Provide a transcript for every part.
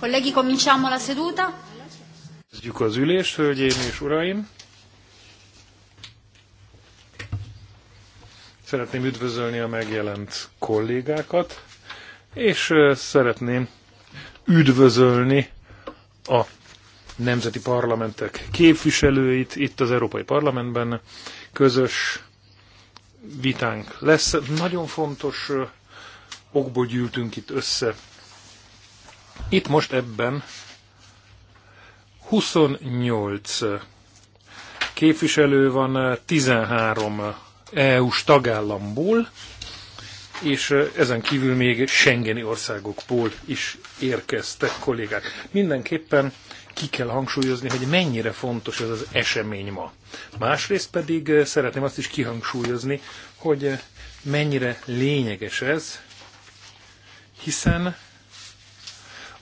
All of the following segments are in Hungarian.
Colleghi, cominciamo la seduta. Kezdjük az ülést, hölgyeim és uraim. Szeretném üdvözölni a megjelent kollégákat, és szeretném üdvözölni a nemzeti parlamentek képviselőit itt az Európai Parlamentben. Közös vitánk lesz. Nagyon fontos okból gyűltünk itt össze itt most ebben 28 képviselő van 13 EU-s tagállamból, és ezen kívül még Schengeni országokból is érkeztek kollégák. Mindenképpen ki kell hangsúlyozni, hogy mennyire fontos ez az esemény ma. Másrészt pedig szeretném azt is kihangsúlyozni, hogy mennyire lényeges ez, hiszen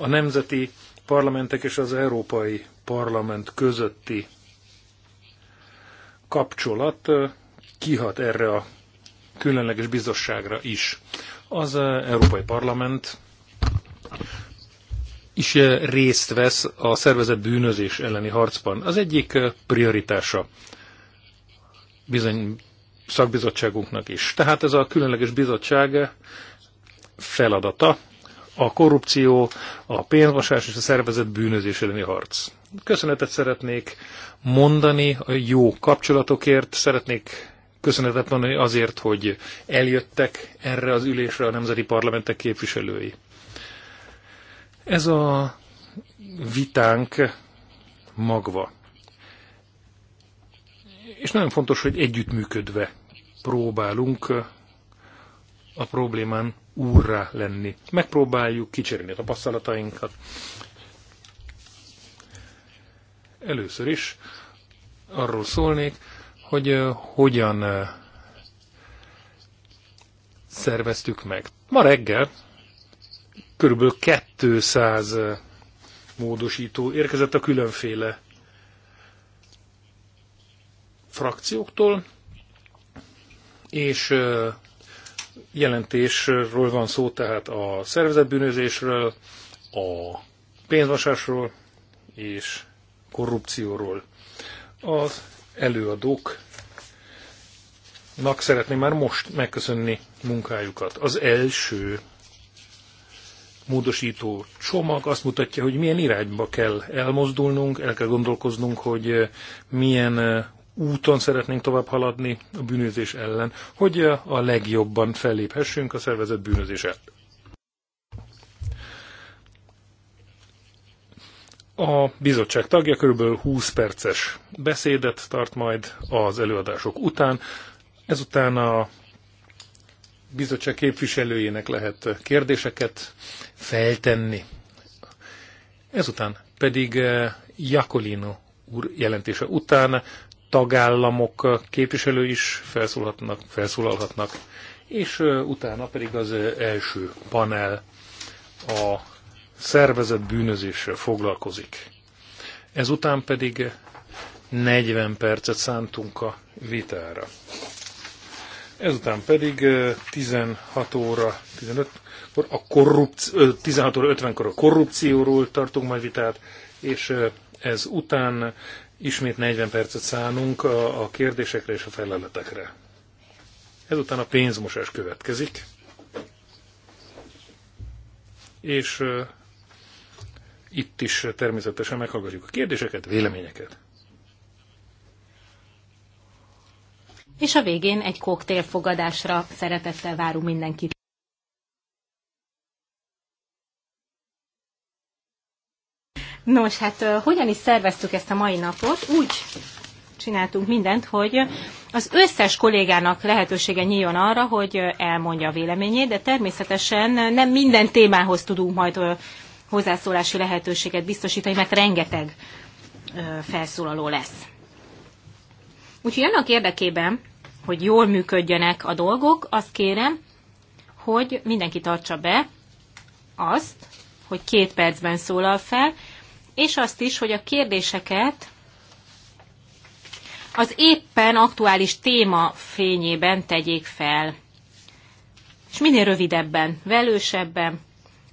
a nemzeti parlamentek és az Európai Parlament közötti kapcsolat kihat erre a különleges bizosságra is. Az Európai Parlament is részt vesz a szervezet bűnözés elleni harcban. Az egyik prioritása bizony szakbizottságunknak is. Tehát ez a különleges bizottság feladata, a korrupció, a pénzmosás és a szervezet bűnözés elleni harc. Köszönetet szeretnék mondani a jó kapcsolatokért, szeretnék köszönetet mondani azért, hogy eljöttek erre az ülésre a nemzeti parlamentek képviselői. Ez a vitánk magva. És nagyon fontos, hogy együttműködve próbálunk a problémán úrra lenni. Megpróbáljuk kicserélni a tapasztalatainkat. Először is arról szólnék, hogy hogyan szerveztük meg. Ma reggel körülbelül 200 módosító érkezett a különféle frakcióktól, és jelentésről van szó, tehát a szervezetbűnözésről, a pénzvasásról és korrupcióról. Az előadóknak szeretném már most megköszönni munkájukat. Az első módosító csomag azt mutatja, hogy milyen irányba kell elmozdulnunk, el kell gondolkoznunk, hogy milyen úton szeretnénk tovább haladni a bűnözés ellen, hogy a legjobban felléphessünk a szervezet bűnözés ellen. A bizottság tagja kb. 20 perces beszédet tart majd az előadások után. Ezután a bizottság képviselőjének lehet kérdéseket feltenni. Ezután pedig eh, Jakolino úr jelentése után tagállamok képviselői is felszólalhatnak, felszólalhatnak, és utána pedig az első panel a szervezet bűnözéssel foglalkozik. Ezután pedig 40 percet szántunk a vitára. Ezután pedig 16 óra 15, kor a korrupció, 16 óra 50-kor a korrupcióról tartunk majd vitát, és ez után Ismét 40 percet szánunk a, a kérdésekre és a feleletekre. Ezután a pénzmosás következik. És itt is természetesen meghallgatjuk a kérdéseket, véleményeket. És a végén egy koktélfogadásra szeretettel várunk mindenkit. Nos, hát hogyan is szerveztük ezt a mai napot? Úgy csináltunk mindent, hogy az összes kollégának lehetősége nyíljon arra, hogy elmondja a véleményét, de természetesen nem minden témához tudunk majd hozzászólási lehetőséget biztosítani, mert rengeteg felszólaló lesz. Úgyhogy annak érdekében, hogy jól működjenek a dolgok, azt kérem, hogy mindenki tartsa be azt, hogy két percben szólal fel, és azt is, hogy a kérdéseket az éppen aktuális téma fényében tegyék fel. És minél rövidebben, velősebben,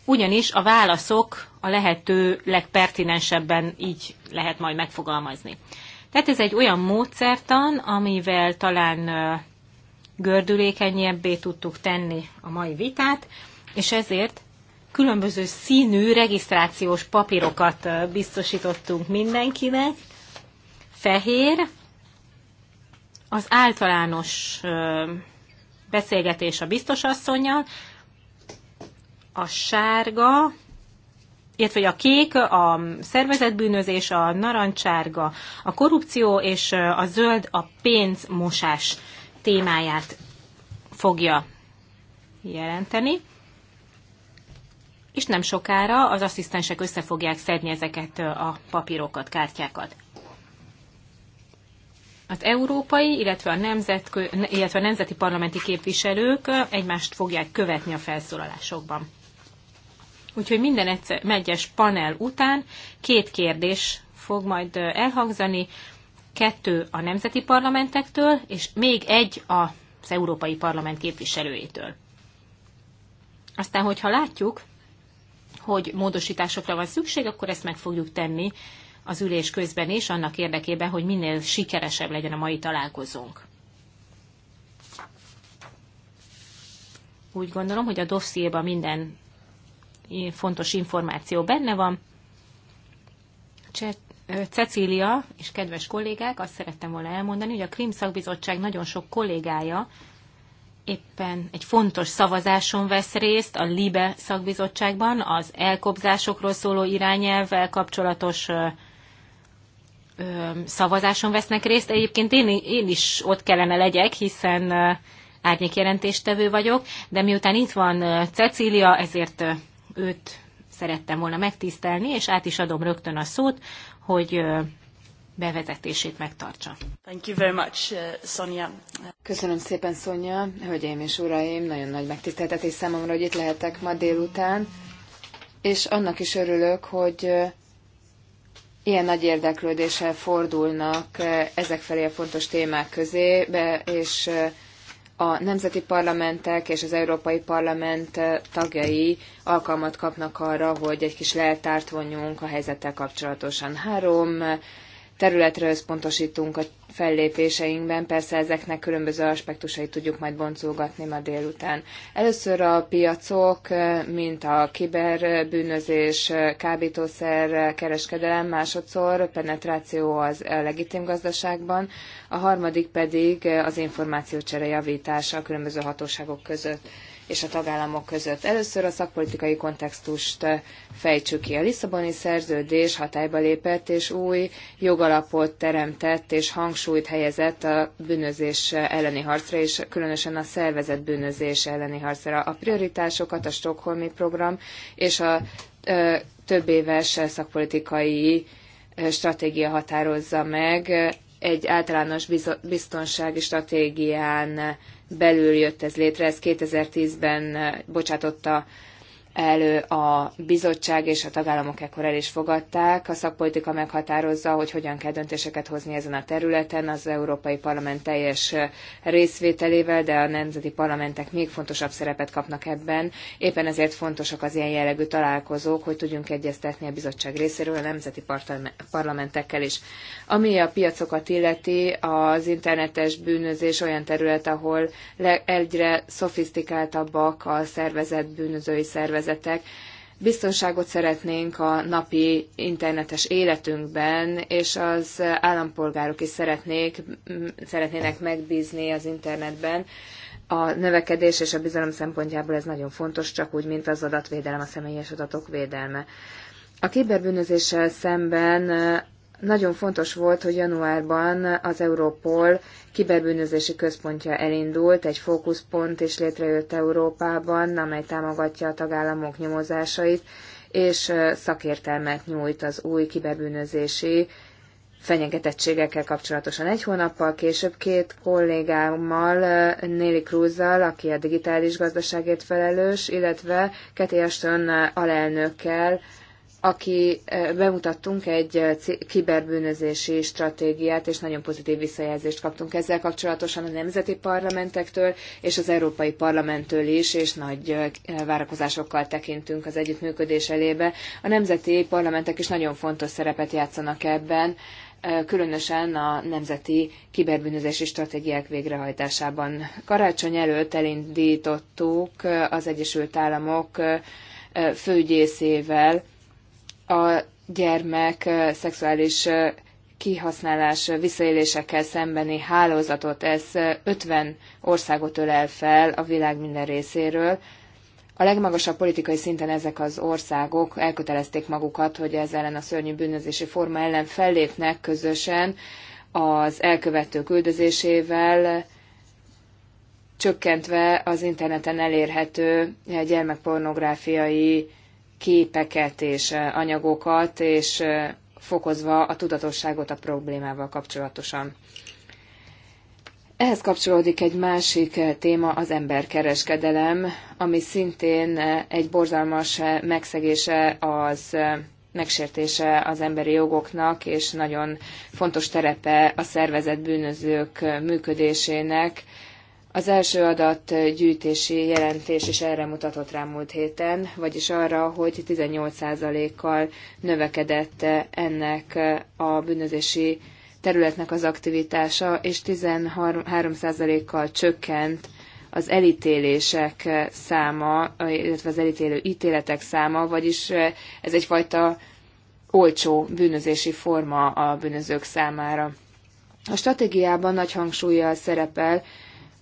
ugyanis a válaszok a lehető legpertinensebben így lehet majd megfogalmazni. Tehát ez egy olyan módszertan, amivel talán gördülékenyebbé tudtuk tenni a mai vitát, és ezért különböző színű regisztrációs papírokat biztosítottunk mindenkinek. Fehér, az általános beszélgetés a biztosasszonynal, a sárga, illetve a kék, a szervezetbűnözés, a narancsárga, a korrupció és a zöld a pénzmosás témáját fogja jelenteni és nem sokára az asszisztensek össze fogják szedni ezeket a papírokat, kártyákat. Az európai, illetve a, nemzet, illetve a nemzeti parlamenti képviselők egymást fogják követni a felszólalásokban. Úgyhogy minden egyszer, egyes panel után két kérdés fog majd elhangzani, kettő a nemzeti parlamentektől, és még egy az Európai Parlament képviselőjétől. Aztán, hogyha látjuk, hogy módosításokra van szükség, akkor ezt meg fogjuk tenni az ülés közben is, annak érdekében, hogy minél sikeresebb legyen a mai találkozónk. Úgy gondolom, hogy a dossziéban minden fontos információ benne van. Cset Cecília és kedves kollégák, azt szerettem volna elmondani, hogy a Krim szakbizottság nagyon sok kollégája éppen egy fontos szavazáson vesz részt a LIBE szakbizottságban, az elkobzásokról szóló irányelvvel kapcsolatos szavazáson vesznek részt. Egyébként én, én is ott kellene legyek, hiszen árnyékjelentéstevő vagyok, de miután itt van Cecília, ezért őt szerettem volna megtisztelni, és át is adom rögtön a szót, hogy bevezetését megtartsa. Thank you very much, uh, Sonia. Köszönöm szépen, Sonja. Hölgyeim és uraim, nagyon nagy megtiszteltetés számomra, hogy itt lehetek ma délután, és annak is örülök, hogy uh, ilyen nagy érdeklődéssel fordulnak uh, ezek felé a fontos témák közé, és a nemzeti parlamentek és az Európai Parlament tagjai alkalmat kapnak arra, hogy egy kis leltárt vonjunk a helyzettel kapcsolatosan. Három területre összpontosítunk a fellépéseinkben, persze ezeknek különböző aspektusait tudjuk majd boncolgatni ma délután. Először a piacok, mint a kiberbűnözés, kábítószer, kereskedelem, másodszor penetráció az legitim gazdaságban, a harmadik pedig az információcsere javítása a különböző hatóságok között és a tagállamok között. Először a szakpolitikai kontextust eh, fejtsük ki. A Lisszaboni szerződés hatályba lépett, és új jogalapot teremtett, és hangsúlyt helyezett a bűnözés elleni harcra, és különösen a szervezett bűnözés elleni harcra. A prioritásokat a Stockholmi program és a eh, több éves szakpolitikai eh, stratégia határozza meg, egy általános biztonsági stratégián belül jött ez létre, ez 2010-ben bocsátotta elő a bizottság és a tagállamok ekkor el is fogadták. A szakpolitika meghatározza, hogy hogyan kell döntéseket hozni ezen a területen az Európai Parlament teljes részvételével, de a nemzeti parlamentek még fontosabb szerepet kapnak ebben. Éppen ezért fontosak az ilyen jellegű találkozók, hogy tudjunk egyeztetni a bizottság részéről a nemzeti parlamentekkel is. Ami a piacokat illeti, az internetes bűnözés olyan terület, ahol egyre szofisztikáltabbak a szervezett bűnözői szervezetek, szervezetek. Biztonságot szeretnénk a napi internetes életünkben, és az állampolgárok is szeretnék, szeretnének megbízni az internetben. A növekedés és a bizalom szempontjából ez nagyon fontos, csak úgy, mint az adatvédelem, a személyes adatok védelme. A kiberbűnözéssel szemben nagyon fontos volt, hogy januárban az Európol kiberbűnözési központja elindult, egy fókuszpont is létrejött Európában, amely támogatja a tagállamok nyomozásait, és szakértelmet nyújt az új kiberbűnözési fenyegetettségekkel kapcsolatosan. Egy hónappal később két kollégámmal, Néli Krúzzal, aki a digitális gazdaságért felelős, illetve Keti Aston alelnökkel aki bemutattunk egy kiberbűnözési stratégiát, és nagyon pozitív visszajelzést kaptunk ezzel kapcsolatosan a nemzeti parlamentektől és az Európai Parlamenttől is, és nagy várakozásokkal tekintünk az együttműködés elébe. A nemzeti parlamentek is nagyon fontos szerepet játszanak ebben, különösen a nemzeti kiberbűnözési stratégiák végrehajtásában. Karácsony előtt elindítottuk az Egyesült Államok főgyészével, a gyermek szexuális kihasználás visszaélésekkel szembeni hálózatot, ez 50 országot ölel fel a világ minden részéről. A legmagasabb politikai szinten ezek az országok elkötelezték magukat, hogy ez ellen a szörnyű bűnözési forma ellen fellépnek közösen az elkövető küldözésével, csökkentve az interneten elérhető gyermekpornográfiai képeket és eh, anyagokat, és eh, fokozva a tudatosságot a problémával kapcsolatosan. Ehhez kapcsolódik egy másik eh, téma, az emberkereskedelem, ami szintén egy borzalmas megszegése az megsértése az emberi jogoknak, és nagyon fontos terepe a szervezett bűnözők működésének, az első adatgyűjtési jelentés is erre mutatott rá múlt héten, vagyis arra, hogy 18%-kal növekedett ennek a bűnözési területnek az aktivitása, és 13%-kal csökkent az elítélések száma, illetve az elítélő ítéletek száma, vagyis ez egyfajta olcsó bűnözési forma a bűnözők számára. A stratégiában nagy hangsúlyjal szerepel,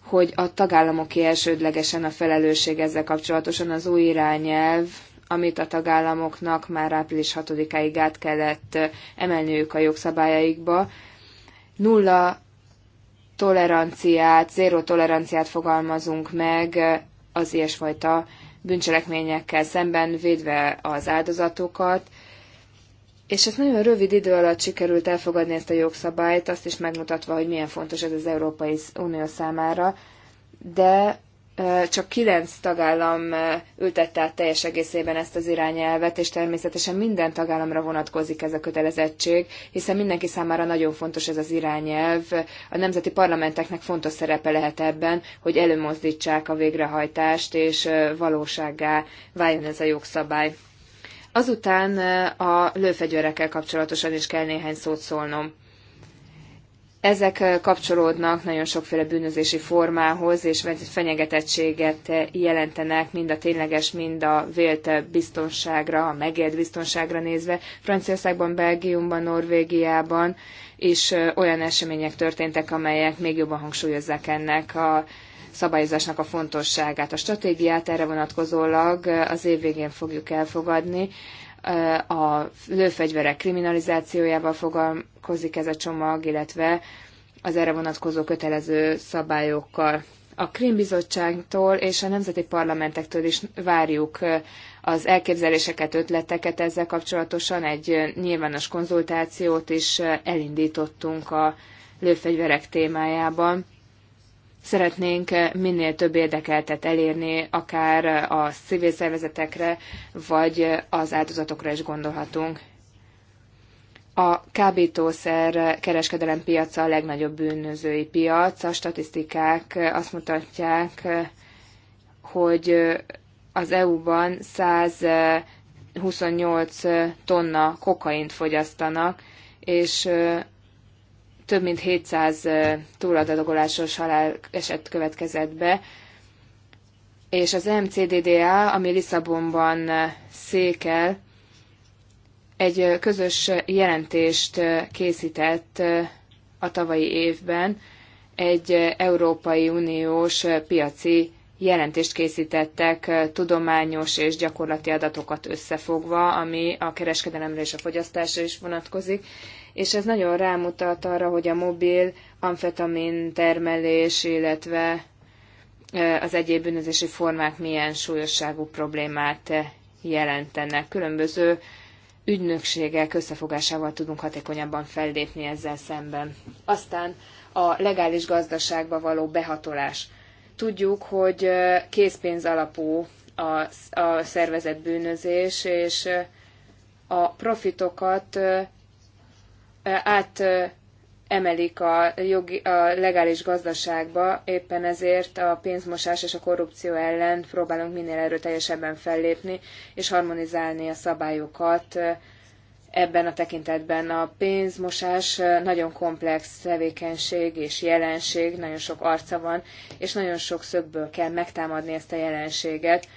hogy a tagállamoké elsődlegesen a felelősség ezzel kapcsolatosan az új irányelv, amit a tagállamoknak már április 6-áig át kellett emelniük a jogszabályaikba, nulla toleranciát, zéró toleranciát fogalmazunk meg az ilyesfajta bűncselekményekkel szemben, védve az áldozatokat, és ezt nagyon rövid idő alatt sikerült elfogadni ezt a jogszabályt, azt is megmutatva, hogy milyen fontos ez az Európai Unió számára, de csak kilenc tagállam ültette át teljes egészében ezt az irányelvet, és természetesen minden tagállamra vonatkozik ez a kötelezettség, hiszen mindenki számára nagyon fontos ez az irányelv. A nemzeti parlamenteknek fontos szerepe lehet ebben, hogy előmozdítsák a végrehajtást, és valósággá váljon ez a jogszabály. Azután eh, a lőfegyverekkel kapcsolatosan is kell néhány szót szólnom. Ezek eh, kapcsolódnak nagyon sokféle bűnözési formához, és fenyegetettséget eh, jelentenek mind a tényleges, mind a vélt biztonságra, a megélt biztonságra nézve. Franciaországban, Belgiumban, Norvégiában is olyan események történtek, amelyek még jobban hangsúlyozzák ennek a szabályozásnak a fontosságát. A stratégiát erre vonatkozólag az év végén fogjuk elfogadni. A lőfegyverek kriminalizációjával foglalkozik ez a csomag, illetve az erre vonatkozó kötelező szabályokkal. A Krimbizottságtól és a nemzeti parlamentektől is várjuk az elképzeléseket, ötleteket ezzel kapcsolatosan. Egy nyilvános konzultációt is elindítottunk a lőfegyverek témájában szeretnénk minél több érdekeltet elérni, akár a civil szervezetekre, vagy az áldozatokra is gondolhatunk. A kábítószer kereskedelem piaca a legnagyobb bűnözői piac. A statisztikák azt mutatják, hogy az EU-ban 128 tonna kokaint fogyasztanak, és több mint 700 túladagolásos haláleset következett be, és az MCDDA, ami Lisszabonban székel, egy közös jelentést készített a tavalyi évben, egy Európai Uniós piaci jelentést készítettek tudományos és gyakorlati adatokat összefogva, ami a kereskedelemre és a fogyasztásra is vonatkozik, és ez nagyon rámutat arra, hogy a mobil amfetamin termelés, illetve az egyéb bűnözési formák milyen súlyosságú problémát jelentenek. Különböző ügynökségek összefogásával tudunk hatékonyabban fellépni ezzel szemben. Aztán a legális gazdaságba való behatolás. Tudjuk, hogy készpénz alapú a, a szervezett bűnözés, és a profitokat átemelik a, jogi, a legális gazdaságba, éppen ezért a pénzmosás és a korrupció ellen próbálunk minél erőteljesebben fellépni, és harmonizálni a szabályokat ebben a tekintetben. A pénzmosás nagyon komplex tevékenység és jelenség, nagyon sok arca van, és nagyon sok szögből kell megtámadni ezt a jelenséget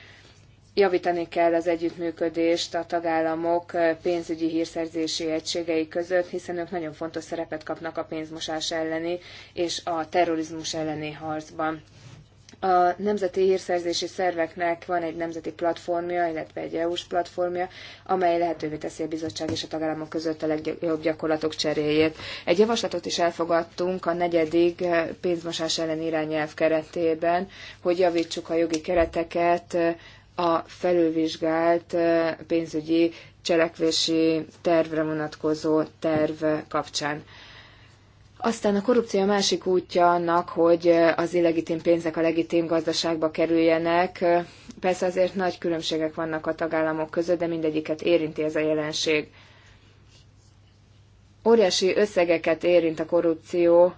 Javítani kell az együttműködést a tagállamok pénzügyi hírszerzési egységei között, hiszen ők nagyon fontos szerepet kapnak a pénzmosás elleni és a terrorizmus elleni harcban. A nemzeti hírszerzési szerveknek van egy nemzeti platformja, illetve egy EU-s platformja, amely lehetővé teszi a bizottság és a tagállamok között a legjobb gyakorlatok cseréjét. Egy javaslatot is elfogadtunk a negyedik pénzmosás elleni irányelv keretében, hogy javítsuk a jogi kereteket a felülvizsgált pénzügyi cselekvési tervre vonatkozó terv kapcsán. Aztán a korrupció a másik útja annak, hogy az illegitim pénzek a legitim gazdaságba kerüljenek. Persze azért nagy különbségek vannak a tagállamok között, de mindegyiket érinti ez a jelenség. Óriási összegeket érint a korrupció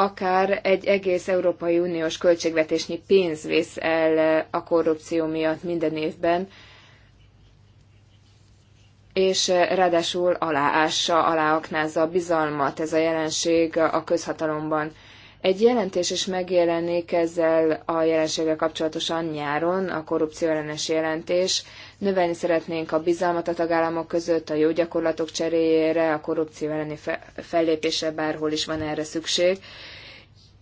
akár egy egész Európai Uniós költségvetésnyi pénz vész el a korrupció miatt minden évben, és ráadásul aláássa, aláaknázza a bizalmat ez a jelenség a közhatalomban. Egy jelentés is megjelenik ezzel a jelenséggel kapcsolatosan nyáron, a korrupció ellenes jelentés. Növelni szeretnénk a bizalmat a tagállamok között, a jó gyakorlatok cseréjére, a korrupció elleni fellépésre bárhol is van erre szükség.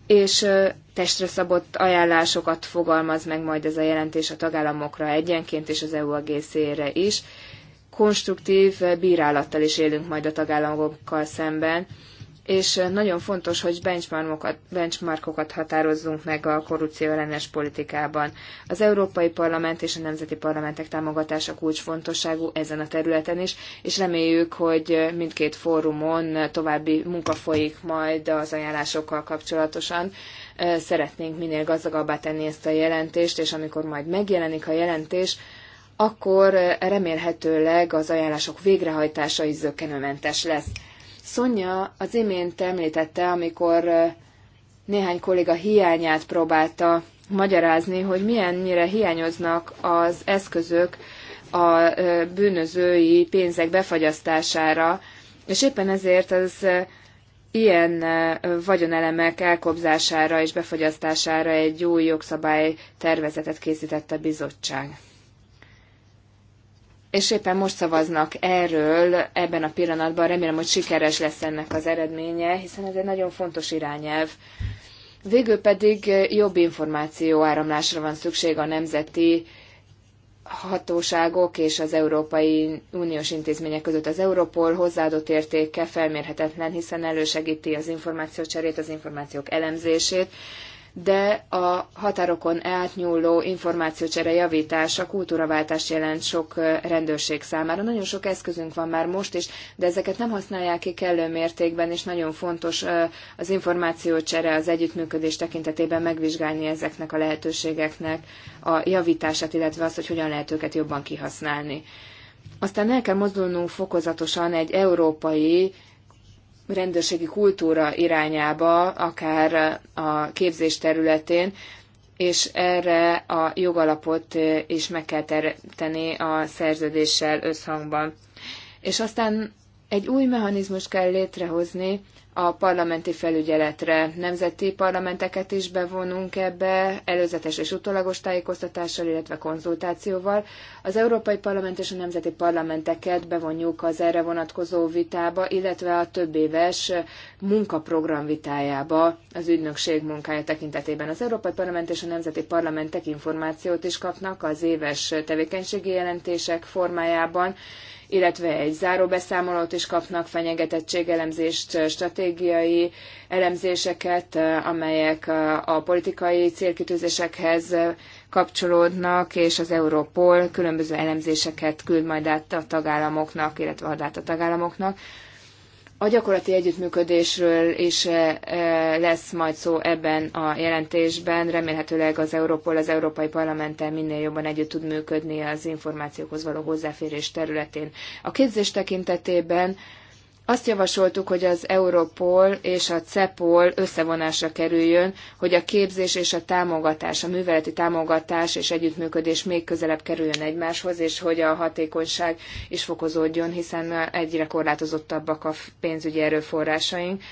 És testre szabott ajánlásokat fogalmaz meg majd ez a jelentés a tagállamokra egyenként és az EU egészére is. Konstruktív bírálattal is élünk majd a tagállamokkal szemben és nagyon fontos, hogy benchmarkokat, benchmarkokat határozzunk meg a korrupció ellenes politikában. Az Európai Parlament és a Nemzeti Parlamentek támogatása kulcsfontosságú ezen a területen is, és reméljük, hogy mindkét fórumon további munka folyik majd az ajánlásokkal kapcsolatosan. Szeretnénk minél gazdagabbá tenni ezt a jelentést, és amikor majd megjelenik a jelentés, akkor remélhetőleg az ajánlások végrehajtása is zökkenőmentes lesz. Szonya az imént említette, amikor néhány kolléga hiányát próbálta magyarázni, hogy milyennyire hiányoznak az eszközök a bűnözői pénzek befagyasztására, és éppen ezért az ilyen vagyonelemek elkobzására és befagyasztására egy új jogszabály tervezetet készített a bizottság és éppen most szavaznak erről ebben a pillanatban. Remélem, hogy sikeres lesz ennek az eredménye, hiszen ez egy nagyon fontos irányelv. Végül pedig jobb információ áramlásra van szükség a nemzeti hatóságok és az Európai Uniós intézmények között az Európol hozzáadott értéke felmérhetetlen, hiszen elősegíti az információcserét, az információk elemzését, de a határokon átnyúló információcsere javítása kultúraváltás jelent sok rendőrség számára. Nagyon sok eszközünk van már most is, de ezeket nem használják ki kellő mértékben, és nagyon fontos az információcsere, az együttműködés tekintetében megvizsgálni ezeknek a lehetőségeknek a javítását, illetve azt, hogy hogyan lehet őket jobban kihasználni. Aztán el kell mozdulnunk fokozatosan egy európai rendőrségi kultúra irányába, akár a képzés területén, és erre a jogalapot is meg kell teremteni a szerződéssel összhangban. És aztán egy új mechanizmust kell létrehozni, a parlamenti felügyeletre. Nemzeti parlamenteket is bevonunk ebbe, előzetes és utólagos tájékoztatással, illetve konzultációval. Az Európai Parlament és a nemzeti parlamenteket bevonjuk az erre vonatkozó vitába, illetve a több éves munkaprogram vitájába az ügynökség munkája tekintetében. Az Európai Parlament és a nemzeti parlamentek információt is kapnak az éves tevékenységi jelentések formájában, illetve egy záróbeszámolót is kapnak, fenyegetettségelemzést, stratégiát, stratégiai elemzéseket, amelyek a politikai célkitűzésekhez kapcsolódnak, és az Europol különböző elemzéseket küld majd át a tagállamoknak, illetve ad át a tagállamoknak. A gyakorlati együttműködésről is e, e, lesz majd szó ebben a jelentésben. Remélhetőleg az Európol az Európai Parlamenttel minél jobban együtt tud működni az információkhoz való hozzáférés területén. A képzés tekintetében azt javasoltuk, hogy az Europol és a CEPOL összevonásra kerüljön, hogy a képzés és a támogatás, a műveleti támogatás és együttműködés még közelebb kerüljön egymáshoz, és hogy a hatékonyság is fokozódjon, hiszen egyre korlátozottabbak a pénzügyi erőforrásaink.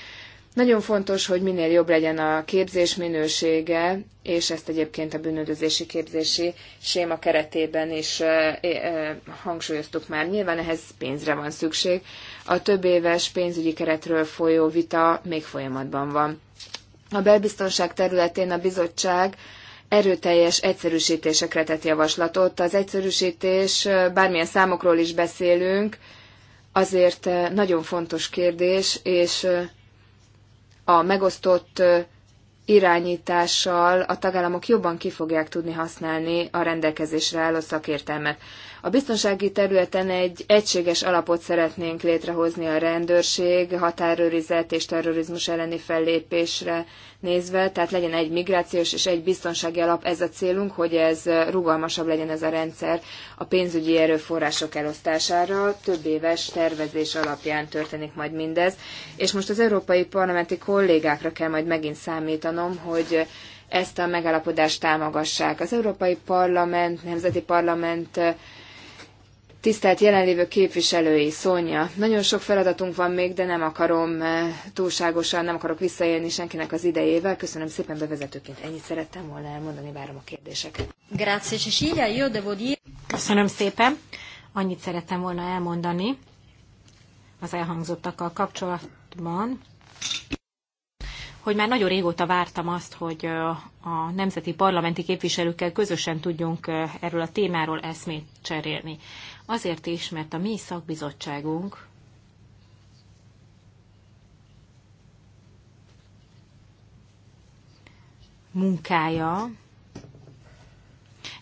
Nagyon fontos, hogy minél jobb legyen a képzés minősége, és ezt egyébként a bűnöldözési képzési séma keretében is hangsúlyoztuk már. Nyilván ehhez pénzre van szükség. A több éves pénzügyi keretről folyó vita még folyamatban van. A belbiztonság területén a bizottság erőteljes egyszerűsítésekre tett javaslatot. Az egyszerűsítés, bármilyen számokról is beszélünk, azért nagyon fontos kérdés, és a megosztott irányítással a tagállamok jobban ki fogják tudni használni a rendelkezésre álló szakértelmet. A biztonsági területen egy egységes alapot szeretnénk létrehozni a rendőrség, határőrizet és terrorizmus elleni fellépésre nézve, tehát legyen egy migrációs és egy biztonsági alap, ez a célunk, hogy ez rugalmasabb legyen ez a rendszer a pénzügyi erőforrások elosztására, több éves tervezés alapján történik majd mindez. És most az európai parlamenti kollégákra kell majd megint számítanom, hogy ezt a megállapodást támogassák. Az Európai Parlament, Nemzeti Parlament Tisztelt jelenlévő képviselői, Szónia, nagyon sok feladatunk van még, de nem akarom eh, túlságosan, nem akarok visszaélni senkinek az idejével. Köszönöm szépen bevezetőként. Ennyit szerettem volna elmondani, várom a kérdéseket. Grazie, Cecilia. Io devo dire... Köszönöm szépen. Annyit szerettem volna elmondani az elhangzottakkal kapcsolatban, hogy már nagyon régóta vártam azt, hogy eh, a nemzeti parlamenti képviselőkkel közösen tudjunk eh, erről a témáról eszmét cserélni. Azért is, mert a mi szakbizottságunk munkája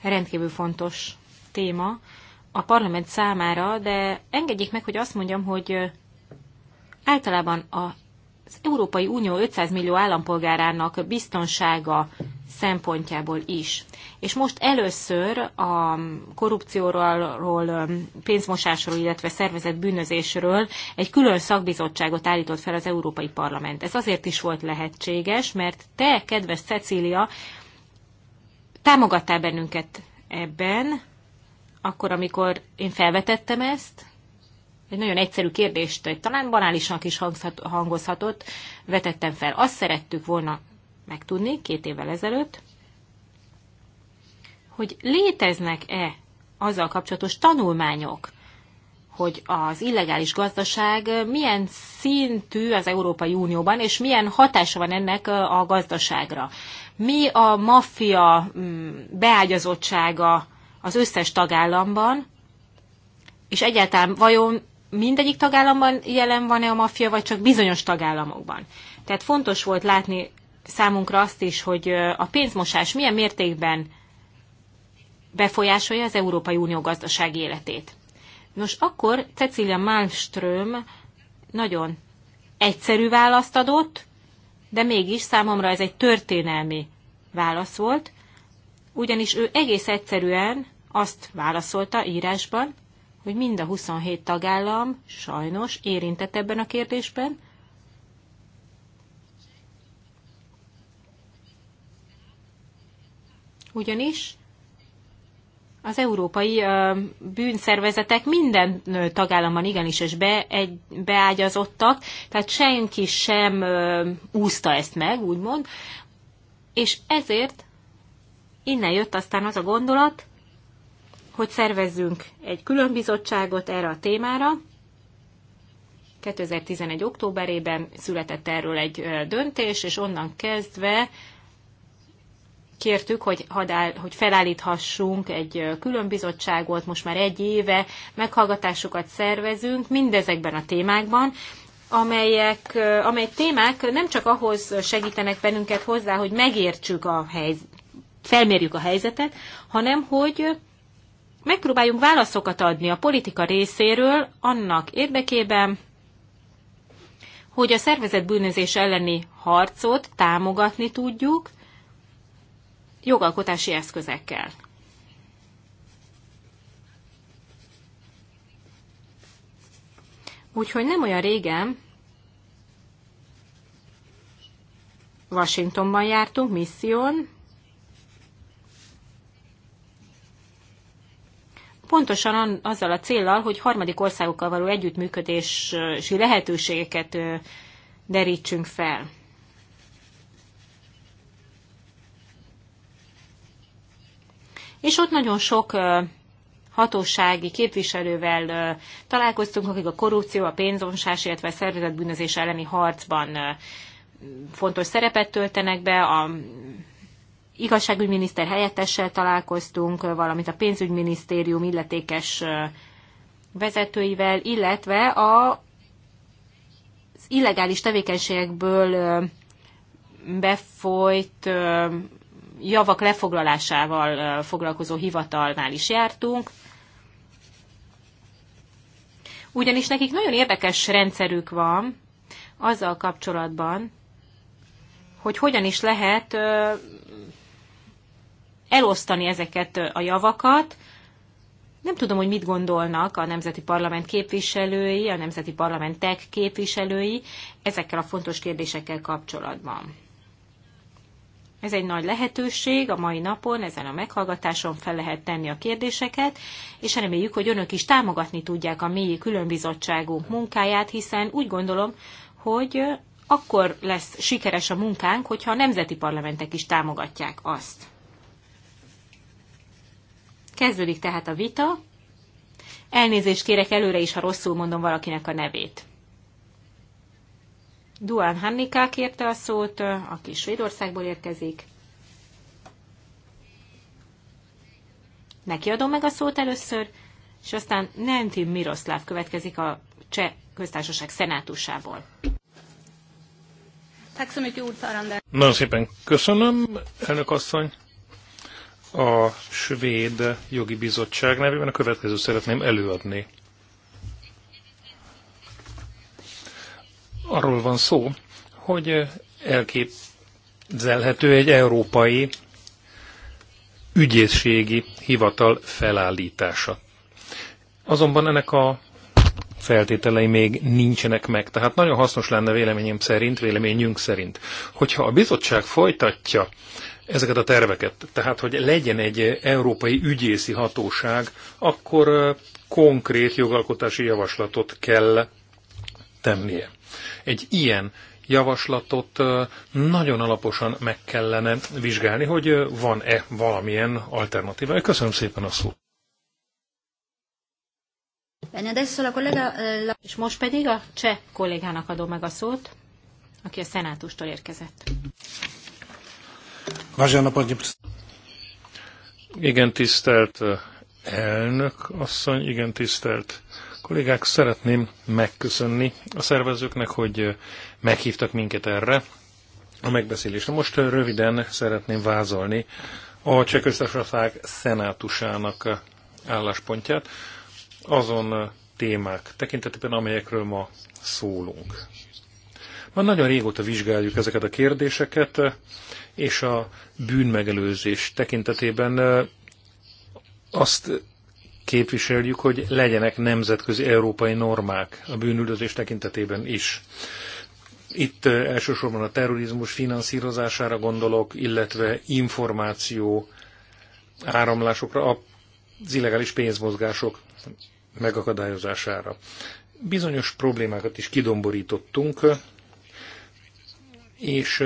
rendkívül fontos téma a parlament számára, de engedjék meg, hogy azt mondjam, hogy általában az Európai Unió 500 millió állampolgárának biztonsága szempontjából is. És most először a korrupcióról, pénzmosásról, illetve szervezett bűnözésről egy külön szakbizottságot állított fel az Európai Parlament. Ez azért is volt lehetséges, mert te, kedves Cecília, támogattál bennünket ebben, akkor, amikor én felvetettem ezt, egy nagyon egyszerű kérdést, talán banálisan is hangozhatott, vetettem fel. Azt szerettük volna megtudni két évvel ezelőtt, hogy léteznek-e azzal kapcsolatos tanulmányok, hogy az illegális gazdaság milyen szintű az Európai Unióban, és milyen hatása van ennek a gazdaságra. Mi a maffia mm, beágyazottsága az összes tagállamban, és egyáltalán vajon mindegyik tagállamban jelen van-e a maffia, vagy csak bizonyos tagállamokban. Tehát fontos volt látni számunkra azt is, hogy a pénzmosás milyen mértékben befolyásolja az Európai Unió gazdasági életét. Nos, akkor Cecilia Malmström nagyon egyszerű választ adott, de mégis számomra ez egy történelmi válasz volt, ugyanis ő egész egyszerűen azt válaszolta írásban, hogy mind a 27 tagállam sajnos érintett ebben a kérdésben, Ugyanis az európai bűnszervezetek minden tagállamban igenis és be, egy, beágyazottak, tehát senki sem úszta ezt meg, úgymond, és ezért innen jött aztán az a gondolat, hogy szervezzünk egy külön bizottságot erre a témára. 2011. októberében született erről egy döntés, és onnan kezdve kértük, hogy, hadál, hogy felállíthassunk egy külön bizottságot, most már egy éve meghallgatásokat szervezünk mindezekben a témákban, amelyek, amely témák nem csak ahhoz segítenek bennünket hozzá, hogy megértsük a helyzetet, felmérjük a helyzetet, hanem hogy megpróbáljunk válaszokat adni a politika részéről annak érdekében, hogy a szervezet bűnözés elleni harcot támogatni tudjuk, jogalkotási eszközekkel. Úgyhogy nem olyan régen Washingtonban jártunk, misszión. Pontosan azzal a célral, hogy harmadik országokkal való együttműködési lehetőségeket derítsünk fel. és ott nagyon sok hatósági képviselővel találkoztunk, akik a korrupció, a pénzonsás, illetve a szervezetbűnözés elleni harcban fontos szerepet töltenek be, a igazságügyminiszter helyettessel találkoztunk, valamint a pénzügyminisztérium illetékes vezetőivel, illetve a, illegális tevékenységekből befolyt javak lefoglalásával foglalkozó hivatalnál is jártunk, ugyanis nekik nagyon érdekes rendszerük van azzal kapcsolatban, hogy hogyan is lehet elosztani ezeket a javakat. Nem tudom, hogy mit gondolnak a nemzeti parlament képviselői, a nemzeti parlamentek képviselői ezekkel a fontos kérdésekkel kapcsolatban. Ez egy nagy lehetőség, a mai napon ezen a meghallgatáson fel lehet tenni a kérdéseket, és reméljük, hogy önök is támogatni tudják a mi különbizottságunk munkáját, hiszen úgy gondolom, hogy akkor lesz sikeres a munkánk, hogyha a nemzeti parlamentek is támogatják azt. Kezdődik tehát a vita. Elnézést kérek előre is, ha rosszul mondom valakinek a nevét. Duan Hannika kérte a szót, aki Svédországból érkezik. Neki adom meg a szót először, és aztán Nenti Miroslav következik a Cseh köztársaság szenátusából. Nagyon szépen köszönöm, elnök asszony. A Svéd Jogi Bizottság nevében a következő szeretném előadni. arról van szó, hogy elképzelhető egy európai ügyészségi hivatal felállítása. Azonban ennek a feltételei még nincsenek meg. Tehát nagyon hasznos lenne véleményem szerint, véleményünk szerint, hogyha a bizottság folytatja ezeket a terveket, tehát hogy legyen egy európai ügyészi hatóság, akkor konkrét jogalkotási javaslatot kell tennie. Egy ilyen javaslatot nagyon alaposan meg kellene vizsgálni, hogy van-e valamilyen alternatíva. Köszönöm szépen a szót. Eh, És most pedig a cseh kollégának adom meg a szót, aki a szenátustól érkezett. Igen, tisztelt elnök asszony, igen, tisztelt Kollégák, szeretném megköszönni a szervezőknek, hogy meghívtak minket erre a megbeszélésre. Most röviden szeretném vázolni a Cseh Köztársaság szenátusának álláspontját azon témák tekintetében, amelyekről ma szólunk. Már nagyon régóta vizsgáljuk ezeket a kérdéseket, és a bűnmegelőzés tekintetében azt képviseljük, hogy legyenek nemzetközi európai normák a bűnüldözés tekintetében is. Itt elsősorban a terrorizmus finanszírozására gondolok, illetve információ áramlásokra, az illegális pénzmozgások megakadályozására. Bizonyos problémákat is kidomborítottunk, és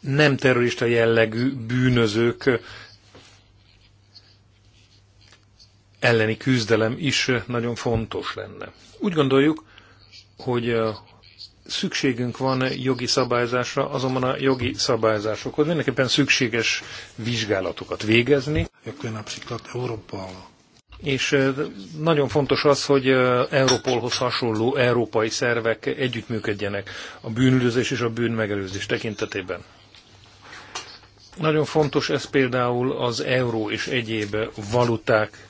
nem terrorista jellegű bűnözők elleni küzdelem is nagyon fontos lenne. Úgy gondoljuk, hogy szükségünk van jogi szabályzásra, azonban a jogi szabályzásokhoz mindenképpen szükséges vizsgálatokat végezni. És nagyon fontos az, hogy Európolhoz hasonló európai szervek együttműködjenek a bűnüldözés és a bűnmegelőzés tekintetében. Nagyon fontos ez például az euró és egyéb valuták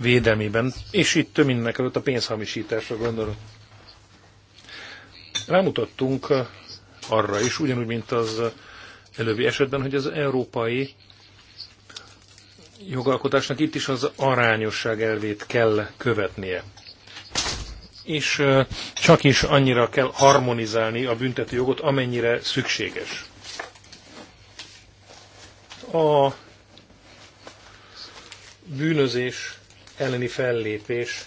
védelmében, és itt mindenek előtt a pénzhamisításra gondolok. Rámutattunk arra is, ugyanúgy, mint az előbbi esetben, hogy az európai jogalkotásnak itt is az arányosság elvét kell követnie. És csak is annyira kell harmonizálni a büntető jogot, amennyire szükséges. A bűnözés elleni fellépés,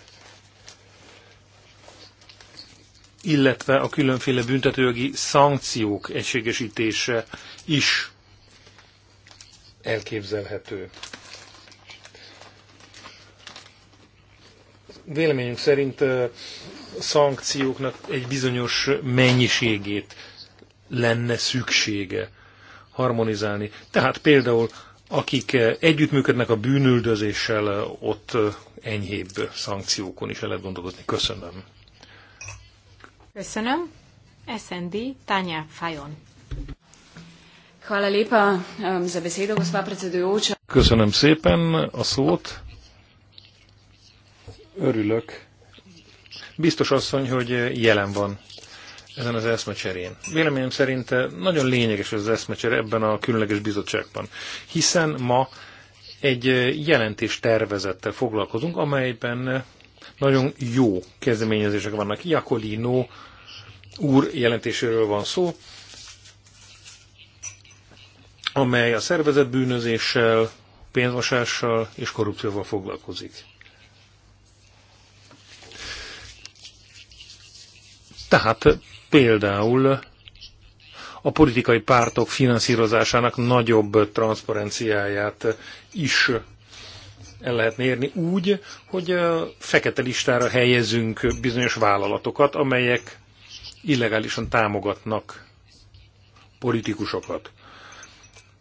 illetve a különféle büntetőjogi szankciók egységesítése is elképzelhető. Véleményünk szerint szankcióknak egy bizonyos mennyiségét lenne szüksége harmonizálni. Tehát például akik eh, együttműködnek a bűnüldözéssel, eh, ott eh, enyhébb szankciókon is el lehet gondolkodni. Köszönöm. Köszönöm. SND Tanya Fajon. Hvala lepa za besedo, gospa predsedujoča. Köszönöm szépen a szót. Örülök. Biztos asszony, hogy jelen van ezen az eszmecserén. Véleményem szerint eh, nagyon lényeges az eszmecsere ebben a különleges bizottságban, hiszen ma egy eh, jelentés tervezettel foglalkozunk, amelyben eh, nagyon jó kezdeményezések vannak. Jakolino úr jelentéséről van szó, amely a szervezetbűnözéssel, pénzmosással és korrupcióval foglalkozik. Tehát Például a politikai pártok finanszírozásának nagyobb transzparenciáját is el lehet érni úgy, hogy fekete listára helyezünk bizonyos vállalatokat, amelyek illegálisan támogatnak politikusokat.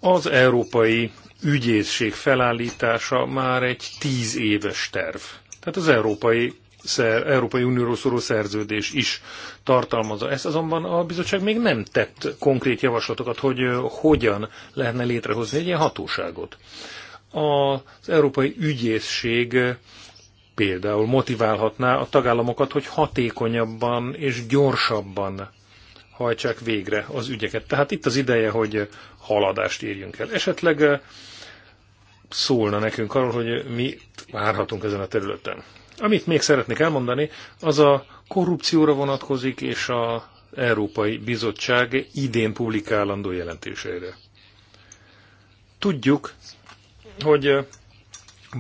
Az európai ügyészség felállítása már egy tíz éves terv. Tehát az európai Európai Unióról szóló szerződés is tartalmazza. Ezt azonban a bizottság még nem tett konkrét javaslatokat, hogy hogyan lehetne létrehozni egy ilyen hatóságot. Az Európai Ügyészség például motiválhatná a tagállamokat, hogy hatékonyabban és gyorsabban hajtsák végre az ügyeket. Tehát itt az ideje, hogy haladást érjünk el. Esetleg szólna nekünk arról, hogy mi várhatunk ezen a területen. Amit még szeretnék elmondani, az a korrupcióra vonatkozik, és a Európai Bizottság idén publikálandó jelentéseire. Tudjuk, hogy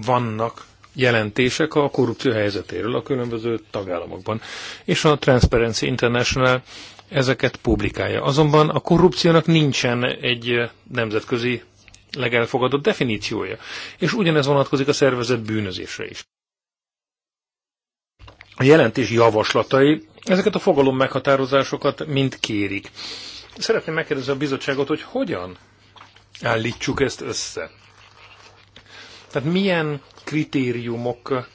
vannak jelentések a korrupció helyzetéről a különböző tagállamokban, és a Transparency International ezeket publikálja. Azonban a korrupciónak nincsen egy nemzetközi legelfogadott definíciója, és ugyanez vonatkozik a szervezet bűnözésre is a jelentés javaslatai ezeket a fogalom meghatározásokat mind kérik. Szeretném megkérdezni a bizottságot, hogy hogyan állítsuk ezt össze. Tehát milyen kritériumok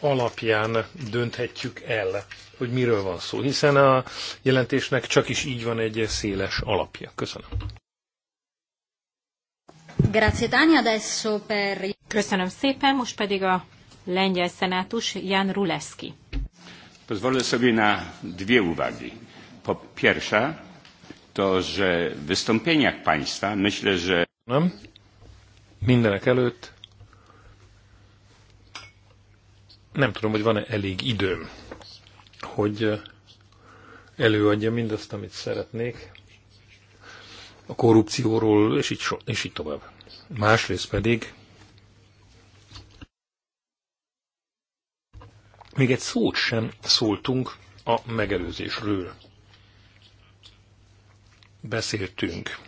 alapján dönthetjük el, hogy miről van szó, hiszen a jelentésnek csak is így van egy széles alapja. Köszönöm. adesso Köszönöm szépen, most pedig a lengyel szenátus Jan Ruleszki. Pozwolę sobie na dwie uwagi. Po pierwsza, to, że w wystąpieniach państwa myślę, że... Mindenek előtt nem tudom, hogy van-e elég időm, hogy eh, előadja mindazt, amit szeretnék a korrupcióról, és így, so, és így tovább. Másrészt pedig Még egy szót sem szóltunk a megelőzésről. Beszéltünk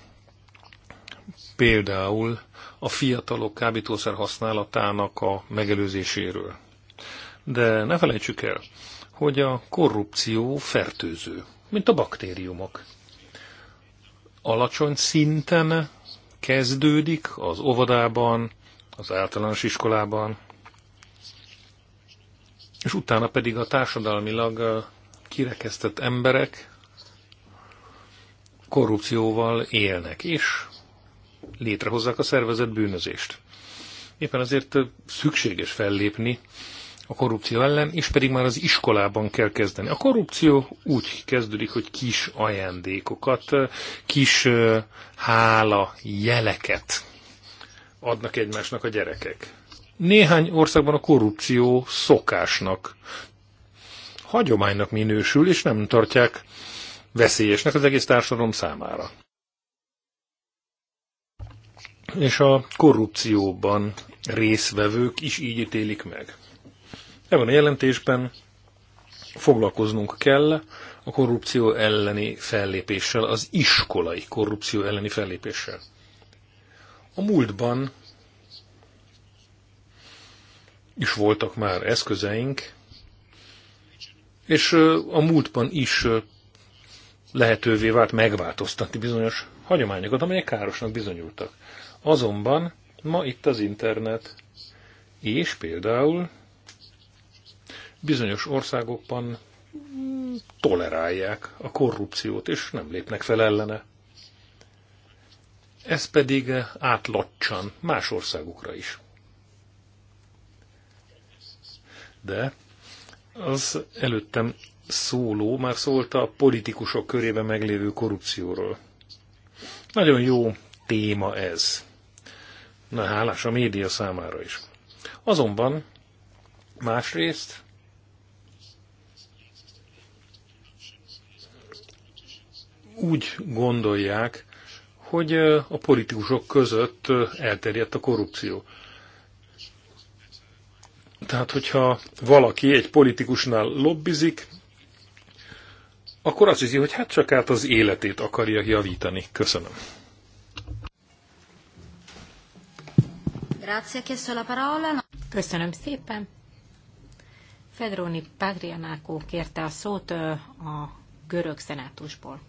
például a fiatalok kábítószer használatának a megelőzéséről. De ne felejtsük el, hogy a korrupció fertőző, mint a baktériumok. Alacsony szinten kezdődik az óvodában, az általános iskolában, és utána pedig a társadalmilag kirekesztett emberek korrupcióval élnek, és létrehozzák a szervezet bűnözést. Éppen azért szükséges fellépni a korrupció ellen, és pedig már az iskolában kell kezdeni. A korrupció úgy kezdődik, hogy kis ajándékokat, kis hála jeleket adnak egymásnak a gyerekek. Néhány országban a korrupció szokásnak, hagyománynak minősül, és nem tartják veszélyesnek az egész társadalom számára. És a korrupcióban részvevők is így ítélik meg. Ebben a jelentésben foglalkoznunk kell a korrupció elleni fellépéssel, az iskolai korrupció elleni fellépéssel. A múltban is voltak már eszközeink, és a múltban is lehetővé vált megváltoztatni bizonyos hagyományokat, amelyek károsnak bizonyultak. Azonban ma itt az internet, és például bizonyos országokban mm, tolerálják a korrupciót, és nem lépnek fel ellene. Ez pedig átlacsan más országokra is. de az előttem szóló már szólt a politikusok körében meglévő korrupcióról. Nagyon jó téma ez. Na hálás a média számára is. Azonban másrészt úgy gondolják, hogy a politikusok között elterjedt a korrupció. Tehát, hogyha valaki egy politikusnál lobbizik, akkor azt hiszi, hogy hát csak át az életét akarja javítani. Köszönöm. Köszönöm szépen. Fedroni Pagrianákó kérte a szót a görög szenátusból.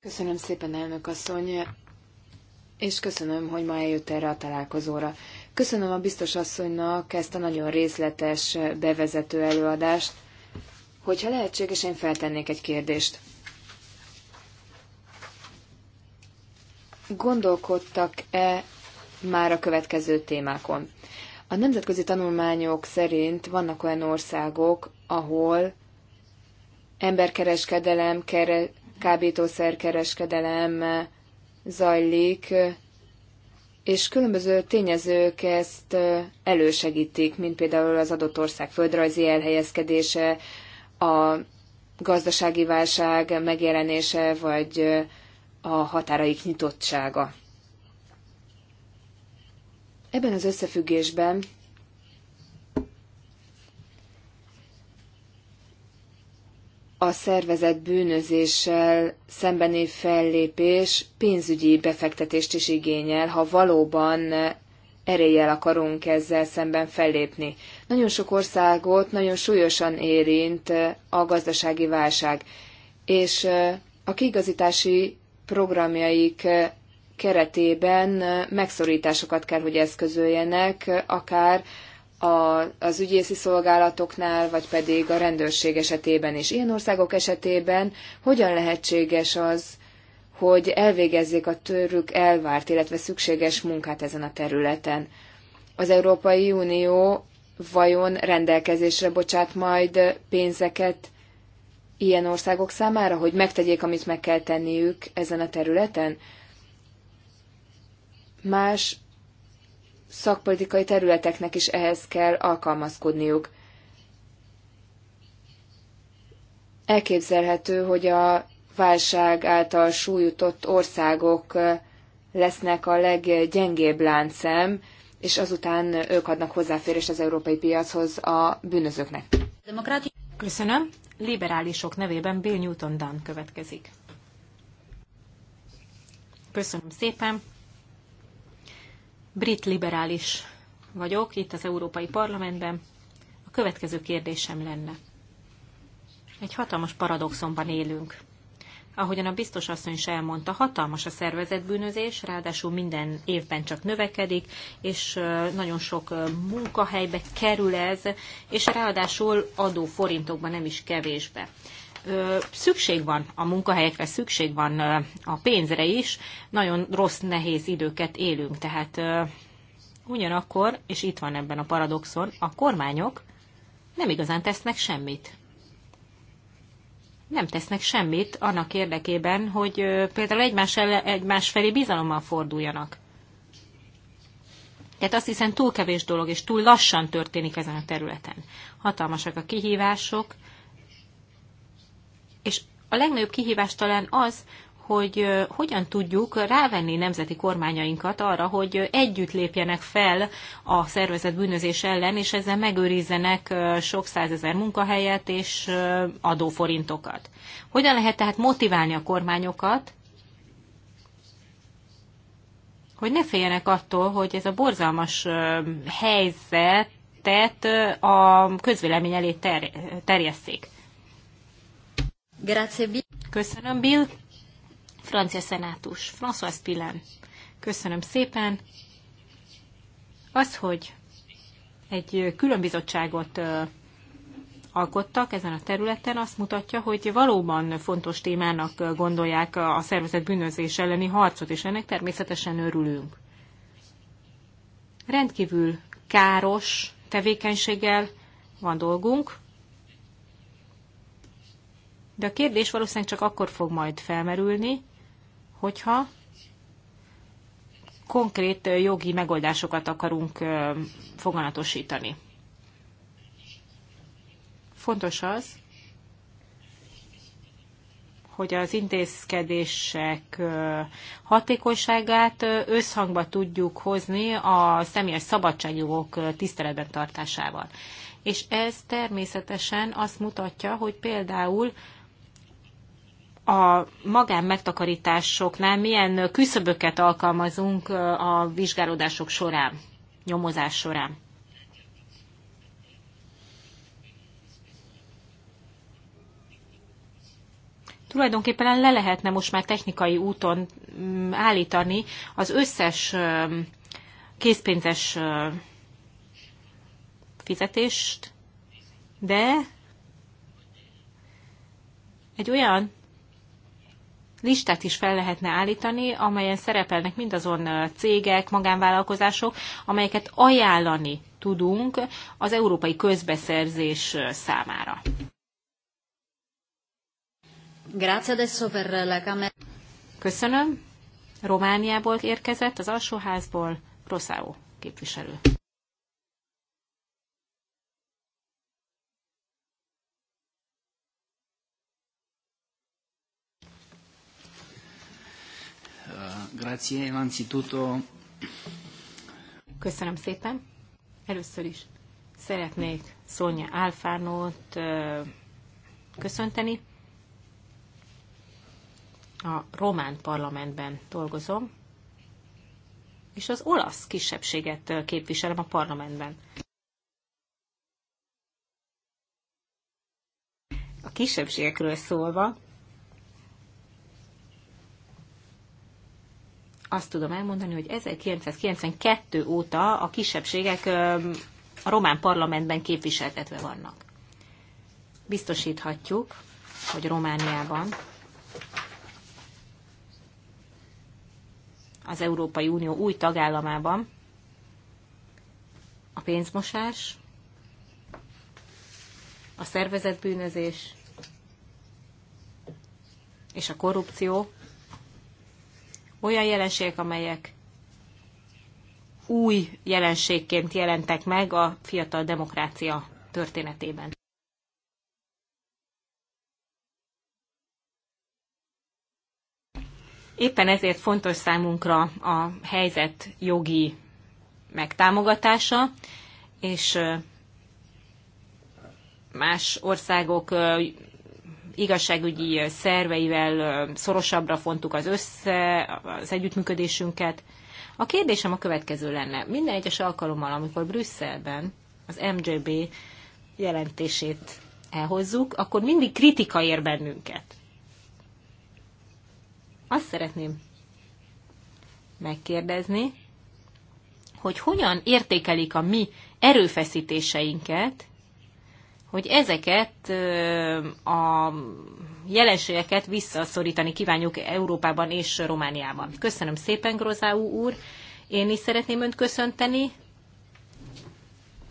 Köszönöm szépen, elnök asszony és köszönöm, hogy ma eljött erre a találkozóra. Köszönöm a biztos asszonynak ezt a nagyon részletes bevezető előadást. Hogyha lehetséges, én feltennék egy kérdést. Gondolkodtak-e már a következő témákon? A nemzetközi tanulmányok szerint vannak olyan országok, ahol emberkereskedelem, kábítószerkereskedelem, zajlik, és különböző tényezők ezt elősegítik, mint például az adott ország földrajzi elhelyezkedése, a gazdasági válság megjelenése, vagy a határaik nyitottsága. Ebben az összefüggésben a szervezett bűnözéssel szembeni fellépés pénzügyi befektetést is igényel, ha valóban eréllyel akarunk ezzel szemben fellépni. Nagyon sok országot nagyon súlyosan érint a gazdasági válság, és a kiigazítási programjaik keretében megszorításokat kell, hogy eszközöljenek, akár a, az ügyészi szolgálatoknál, vagy pedig a rendőrség esetében is. Ilyen országok esetében hogyan lehetséges az, hogy elvégezzék a törük elvárt, illetve szükséges munkát ezen a területen? Az Európai Unió vajon rendelkezésre bocsát majd pénzeket ilyen országok számára, hogy megtegyék, amit meg kell tenniük ezen a területen? Más szakpolitikai területeknek is ehhez kell alkalmazkodniuk. Elképzelhető, hogy a válság által súlyutott országok lesznek a leggyengébb láncem, és azután ők adnak hozzáférést az európai piachoz a bűnözőknek. Köszönöm. Liberálisok nevében Bill Newton Dunn következik. Köszönöm szépen brit liberális vagyok itt az Európai Parlamentben. A következő kérdésem lenne. Egy hatalmas paradoxonban élünk. Ahogyan a biztos asszony is elmondta, hatalmas a szervezetbűnözés, ráadásul minden évben csak növekedik, és nagyon sok munkahelybe kerül ez, és ráadásul adó forintokban nem is kevésbe szükség van a munkahelyekre, szükség van a pénzre is, nagyon rossz, nehéz időket élünk, tehát ugyanakkor, és itt van ebben a paradoxon, a kormányok nem igazán tesznek semmit. Nem tesznek semmit annak érdekében, hogy például egymás, ele, egymás felé bizalommal forduljanak. Tehát azt hiszem túl kevés dolog, és túl lassan történik ezen a területen. Hatalmasak a kihívások, és a legnagyobb kihívás talán az, hogy hogyan tudjuk rávenni nemzeti kormányainkat arra, hogy együtt lépjenek fel a szervezet bűnözés ellen, és ezzel megőrizzenek sok százezer munkahelyet és adóforintokat. Hogyan lehet tehát motiválni a kormányokat, hogy ne féljenek attól, hogy ez a borzalmas helyzetet a közvélemény elé ter- terjesszék. Grazie, Bill. Köszönöm, Bill. Francia szenátus, François Pillen. Köszönöm szépen. Az, hogy egy különbizottságot alkottak ezen a területen, azt mutatja, hogy valóban fontos témának gondolják a szervezet bűnözés elleni harcot, és ennek természetesen örülünk. Rendkívül káros tevékenységgel van dolgunk, de a kérdés valószínűleg csak akkor fog majd felmerülni, hogyha konkrét jogi megoldásokat akarunk foganatosítani. Fontos az, hogy az intézkedések hatékonyságát összhangba tudjuk hozni a személyes szabadságjogok tiszteletben tartásával. És ez természetesen azt mutatja, hogy például a magán megtakarításoknál milyen küszöböket alkalmazunk a vizsgálódások során, nyomozás során? Tulajdonképpen le lehetne most már technikai úton mm, állítani az összes készpénzes fizetést, de egy olyan listát is fel lehetne állítani, amelyen szerepelnek mindazon cégek, magánvállalkozások, amelyeket ajánlani tudunk az európai közbeszerzés számára. Grazie adesso per la camera. Köszönöm. Romániából érkezett, az alsóházból Roszáó képviselő. Grazie, innanzitutto. Köszönöm szépen. Először is szeretnék Szonya Álfánót köszönteni. A román parlamentben dolgozom, és az olasz kisebbséget képviselem a parlamentben. A kisebbségekről szólva, azt tudom elmondani, hogy 1992 óta a kisebbségek a román parlamentben képviseltetve vannak. Biztosíthatjuk, hogy Romániában az Európai Unió új tagállamában a pénzmosás, a szervezetbűnözés és a korrupció olyan jelenségek, amelyek új jelenségként jelentek meg a fiatal demokrácia történetében. Éppen ezért fontos számunkra a helyzet jogi megtámogatása, és más országok igazságügyi szerveivel szorosabbra fontuk az össze, az együttműködésünket. A kérdésem a következő lenne. Minden egyes alkalommal, amikor Brüsszelben az MJB jelentését elhozzuk, akkor mindig kritika ér bennünket. Azt szeretném megkérdezni, hogy hogyan értékelik a mi erőfeszítéseinket, hogy ezeket a jelenségeket visszaszorítani kívánjuk Európában és Romániában. Köszönöm szépen, Grozáú úr! Én is szeretném Önt köszönteni,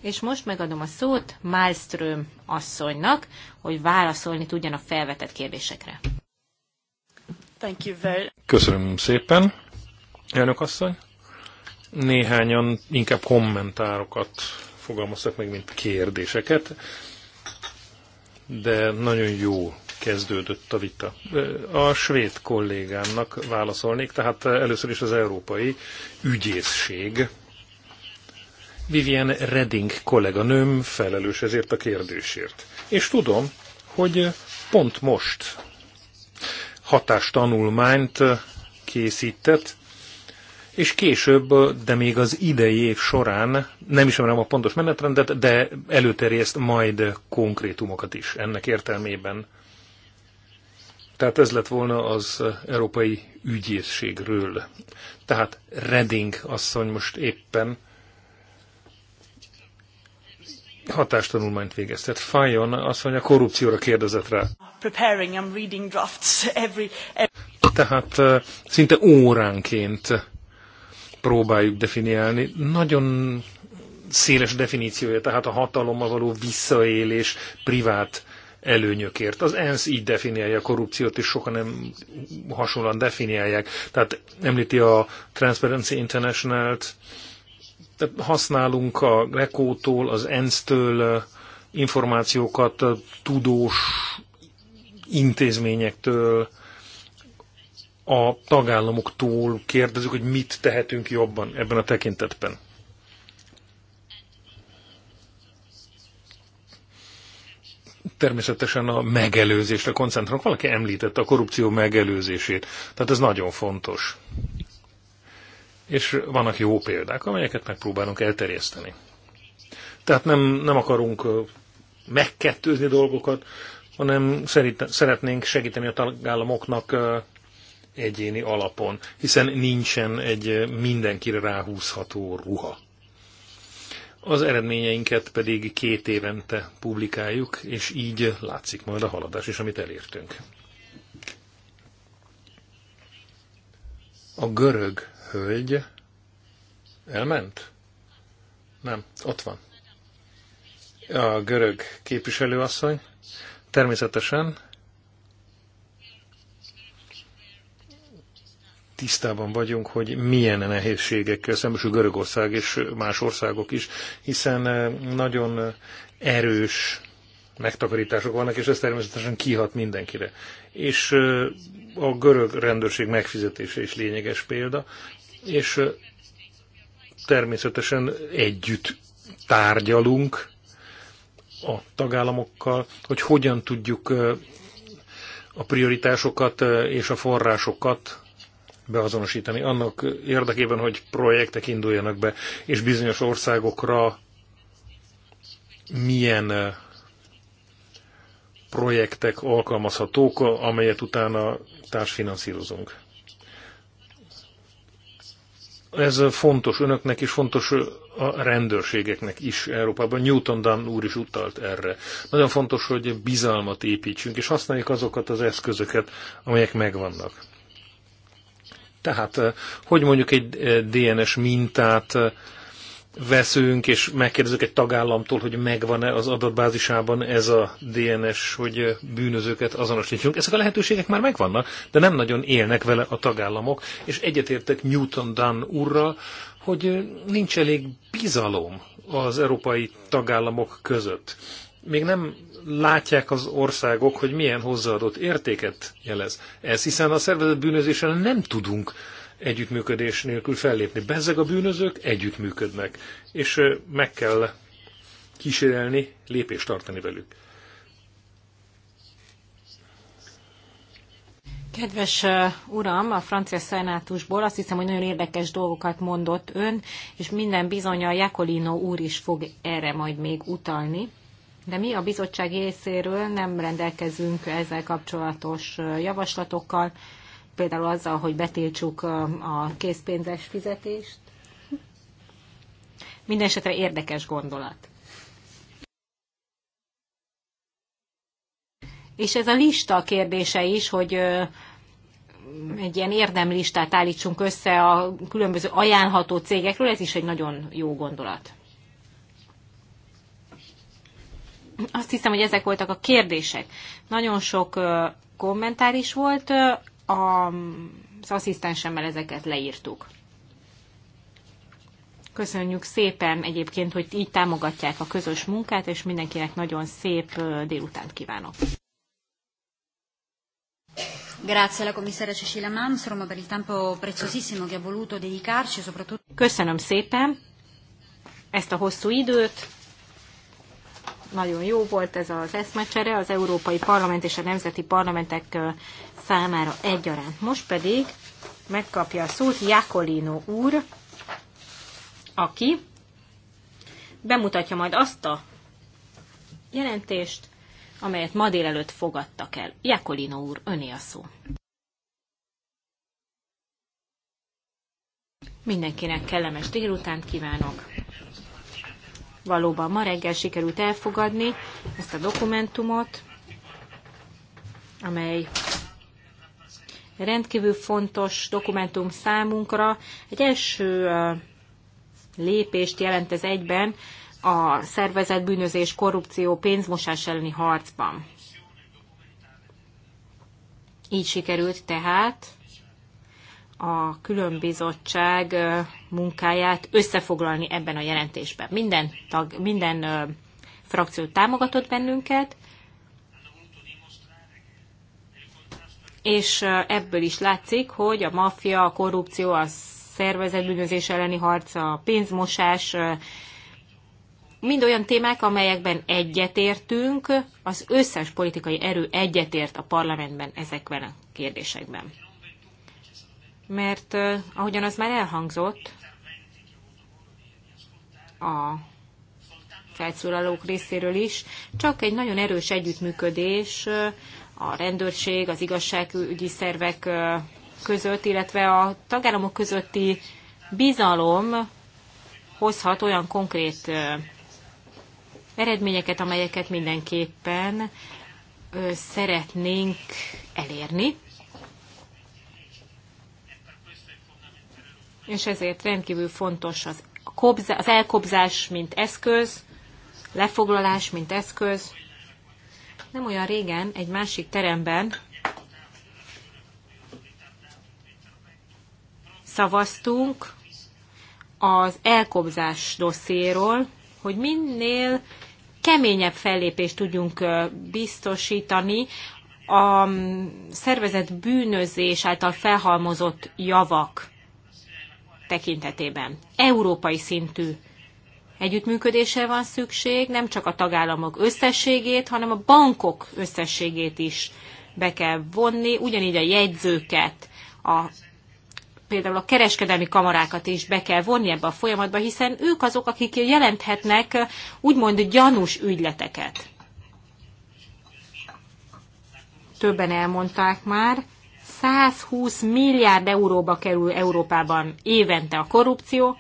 és most megadom a szót Malmström asszonynak, hogy válaszolni tudjon a felvetett kérdésekre. Thank you very... Köszönöm szépen, elnök asszony. Néhányan inkább kommentárokat fogalmaztak meg, mint kérdéseket de nagyon jó kezdődött a vita. A svéd kollégámnak válaszolnék, tehát először is az európai ügyészség. Vivian Redding kolléganőm felelős ezért a kérdésért. És tudom, hogy pont most hatástanulmányt készített és később, de még az idei év során, nem ismerem a pontos menetrendet, de előterjeszt majd konkrétumokat is ennek értelmében. Tehát ez lett volna az európai ügyészségről. Tehát Reding asszony most éppen hatástanulmányt végeztet. Fajon asszony a korrupcióra kérdezett rá. Tehát szinte óránként próbáljuk definiálni. Nagyon széles definíciója, tehát a hatalommal való visszaélés privát előnyökért. Az ENSZ így definiálja a korrupciót, és sokan nem hasonlóan definiálják. Tehát említi a Transparency International-t, tehát használunk a Grekótól, az ENSZ-től információkat, tudós intézményektől, a tagállamoktól kérdezzük, hogy mit tehetünk jobban ebben a tekintetben. Természetesen a megelőzésre koncentrálunk. Valaki említette a korrupció megelőzését. Tehát ez nagyon fontos. És vannak jó példák, amelyeket megpróbálunk elterjeszteni. Tehát nem, nem akarunk megkettőzni dolgokat, hanem szeretnénk segíteni a tagállamoknak egyéni alapon, hiszen nincsen egy eh, mindenkire ráhúzható ruha. Az eredményeinket pedig két évente publikáljuk, és így látszik majd a haladás is, amit elértünk. A görög hölgy elment? Nem, ott van. A görög képviselőasszony természetesen tisztában vagyunk, hogy milyen nehézségekkel szembesül Görögország és más országok is, hiszen eh, nagyon eh, erős megtakarítások vannak, és ez természetesen kihat mindenkire. És eh, a görög rendőrség megfizetése is lényeges példa, és természetesen együtt tárgyalunk a tagállamokkal, hogy hogyan tudjuk a prioritásokat és a forrásokat beazonosítani annak érdekében, hogy projektek induljanak be, és bizonyos országokra milyen eh, projektek alkalmazhatók, amelyet utána társfinanszírozunk. Ez fontos önöknek és fontos a rendőrségeknek is Európában. Newton Dunn úr is utalt erre. Nagyon fontos, hogy bizalmat építsünk, és használjuk azokat az eszközöket, amelyek megvannak tehát, eh, hogy mondjuk egy eh, DNS mintát eh, veszünk, és megkérdezünk egy tagállamtól, hogy megvan-e az adatbázisában ez a DNS, hogy bűnözőket azonosítsunk. Ezek a lehetőségek már megvannak, de nem nagyon élnek vele a tagállamok, és egyetértek Newton Dunn úrral, hogy nincs elég bizalom az európai tagállamok között. Még nem látják az országok, hogy milyen hozzáadott értéket jelez ez, hiszen a szervezet bűnözésen nem tudunk együttműködés nélkül fellépni. Bezzeg a bűnözők együttműködnek, és meg kell kísérelni, lépést tartani velük. Kedves uram, a francia szenátusból azt hiszem, hogy nagyon érdekes dolgokat mondott ön, és minden a Jakolino úr is fog erre majd még utalni de mi a bizottság részéről nem rendelkezünk ezzel kapcsolatos javaslatokkal, például azzal, hogy betiltsuk a készpénzes fizetést. Mindenesetre érdekes gondolat. És ez a lista kérdése is, hogy egy ilyen érdemlistát állítsunk össze a különböző ajánlható cégekről, ez is egy nagyon jó gondolat. Azt hiszem, hogy ezek voltak a kérdések. Nagyon sok kommentár is volt, az asszisztensemmel ezeket leírtuk. Köszönjük szépen egyébként, hogy így támogatják a közös munkát, és mindenkinek nagyon szép délutánt kívánok. Grazie alla commissaria Cecilia Malmström per il tempo preziosissimo che ha voluto dedicarci, soprattutto... Köszönöm szépen ezt a hosszú időt. Nagyon jó volt ez az eszmecsere az Európai Parlament és a Nemzeti Parlamentek számára egyaránt. Most pedig megkapja a szót Jakolino úr, aki bemutatja majd azt a jelentést, amelyet ma délelőtt fogadtak el. Jakolino úr, öné a szó. Mindenkinek kellemes délutánt kívánok! Valóban ma reggel sikerült elfogadni ezt a dokumentumot, amely rendkívül fontos dokumentum számunkra. Egy első lépést jelent ez egyben a szervezett bűnözés, korrupció, pénzmosás elleni harcban. Így sikerült tehát a különbizottság munkáját összefoglalni ebben a jelentésben. Minden, tag, minden ö, frakció támogatott bennünket, és ebből is látszik, hogy a maffia, a korrupció, a szervezetbűnözés elleni harc, a pénzmosás, mind olyan témák, amelyekben egyetértünk, az összes politikai erő egyetért a parlamentben ezekben a kérdésekben. Mert ahogyan az már elhangzott, a felszólalók részéről is, csak egy nagyon erős együttműködés a rendőrség, az igazságügyi szervek között, illetve a tagállamok közötti bizalom hozhat olyan konkrét eredményeket, amelyeket mindenképpen szeretnénk elérni. És ezért rendkívül fontos az kobza, az elkobzás, mint eszköz, lefoglalás, mint eszköz. Nem olyan régen egy másik teremben szavaztunk az elkobzás dosszéről, hogy minél keményebb fellépést tudjunk biztosítani a mm, szervezet bűnözés által felhalmozott javak tekintetében. Európai szintű együttműködésre van szükség, nem csak a tagállamok összességét, hanem a bankok összességét is be kell vonni, ugyanígy a jegyzőket, a, például a kereskedelmi kamarákat is be kell vonni ebbe a folyamatba, hiszen ők azok, akik jelenthetnek úgymond gyanús ügyleteket. Többen elmondták már, 120 milliárd euróba kerül Európában évente a korrupció,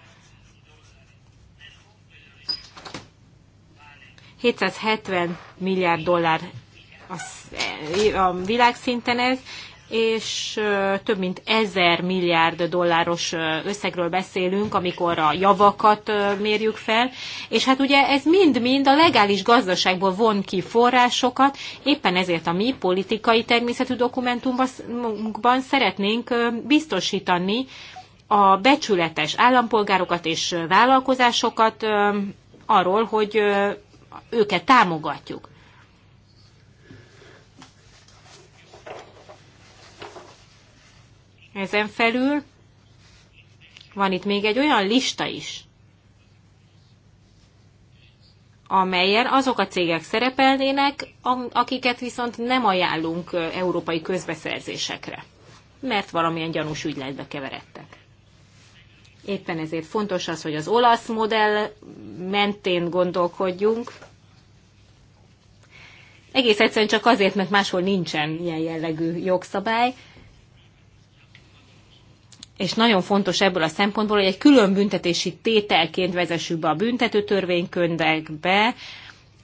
770 milliárd dollár a világszinten ez, és több mint ezer milliárd dolláros összegről beszélünk, amikor a javakat mérjük fel, és hát ugye ez mind-mind a legális gazdaságból von ki forrásokat, éppen ezért a mi politikai természetű dokumentumban szeretnénk biztosítani a becsületes állampolgárokat és vállalkozásokat arról, hogy őket támogatjuk. Ezen felül van itt még egy olyan lista is, amelyen azok a cégek szerepelnének, akiket viszont nem ajánlunk európai közbeszerzésekre, mert valamilyen gyanús ügyletbe keveredtek. Éppen ezért fontos az, hogy az olasz modell mentén gondolkodjunk. Egész egyszerűen csak azért, mert máshol nincsen ilyen jellegű jogszabály, és nagyon fontos ebből a szempontból, hogy egy külön büntetési tételként vezessük be a büntetőtörvénykönyvekbe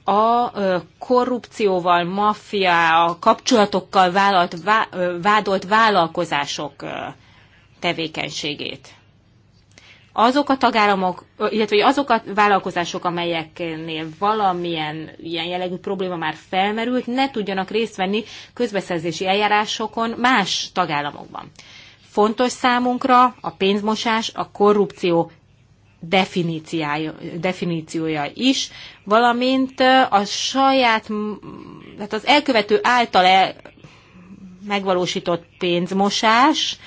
a korrupcióval, maffia, a kapcsolatokkal vállalt, vádolt vállalkozások tevékenységét. Azok a tagállamok, illetve azok a vállalkozások, amelyeknél valamilyen ilyen jellegű probléma már felmerült, ne tudjanak részt venni közbeszerzési eljárásokon más tagállamokban. Fontos számunkra a pénzmosás, a korrupció definíciója, definíciója is, valamint a saját, tehát az elkövető által el, megvalósított pénzmosás,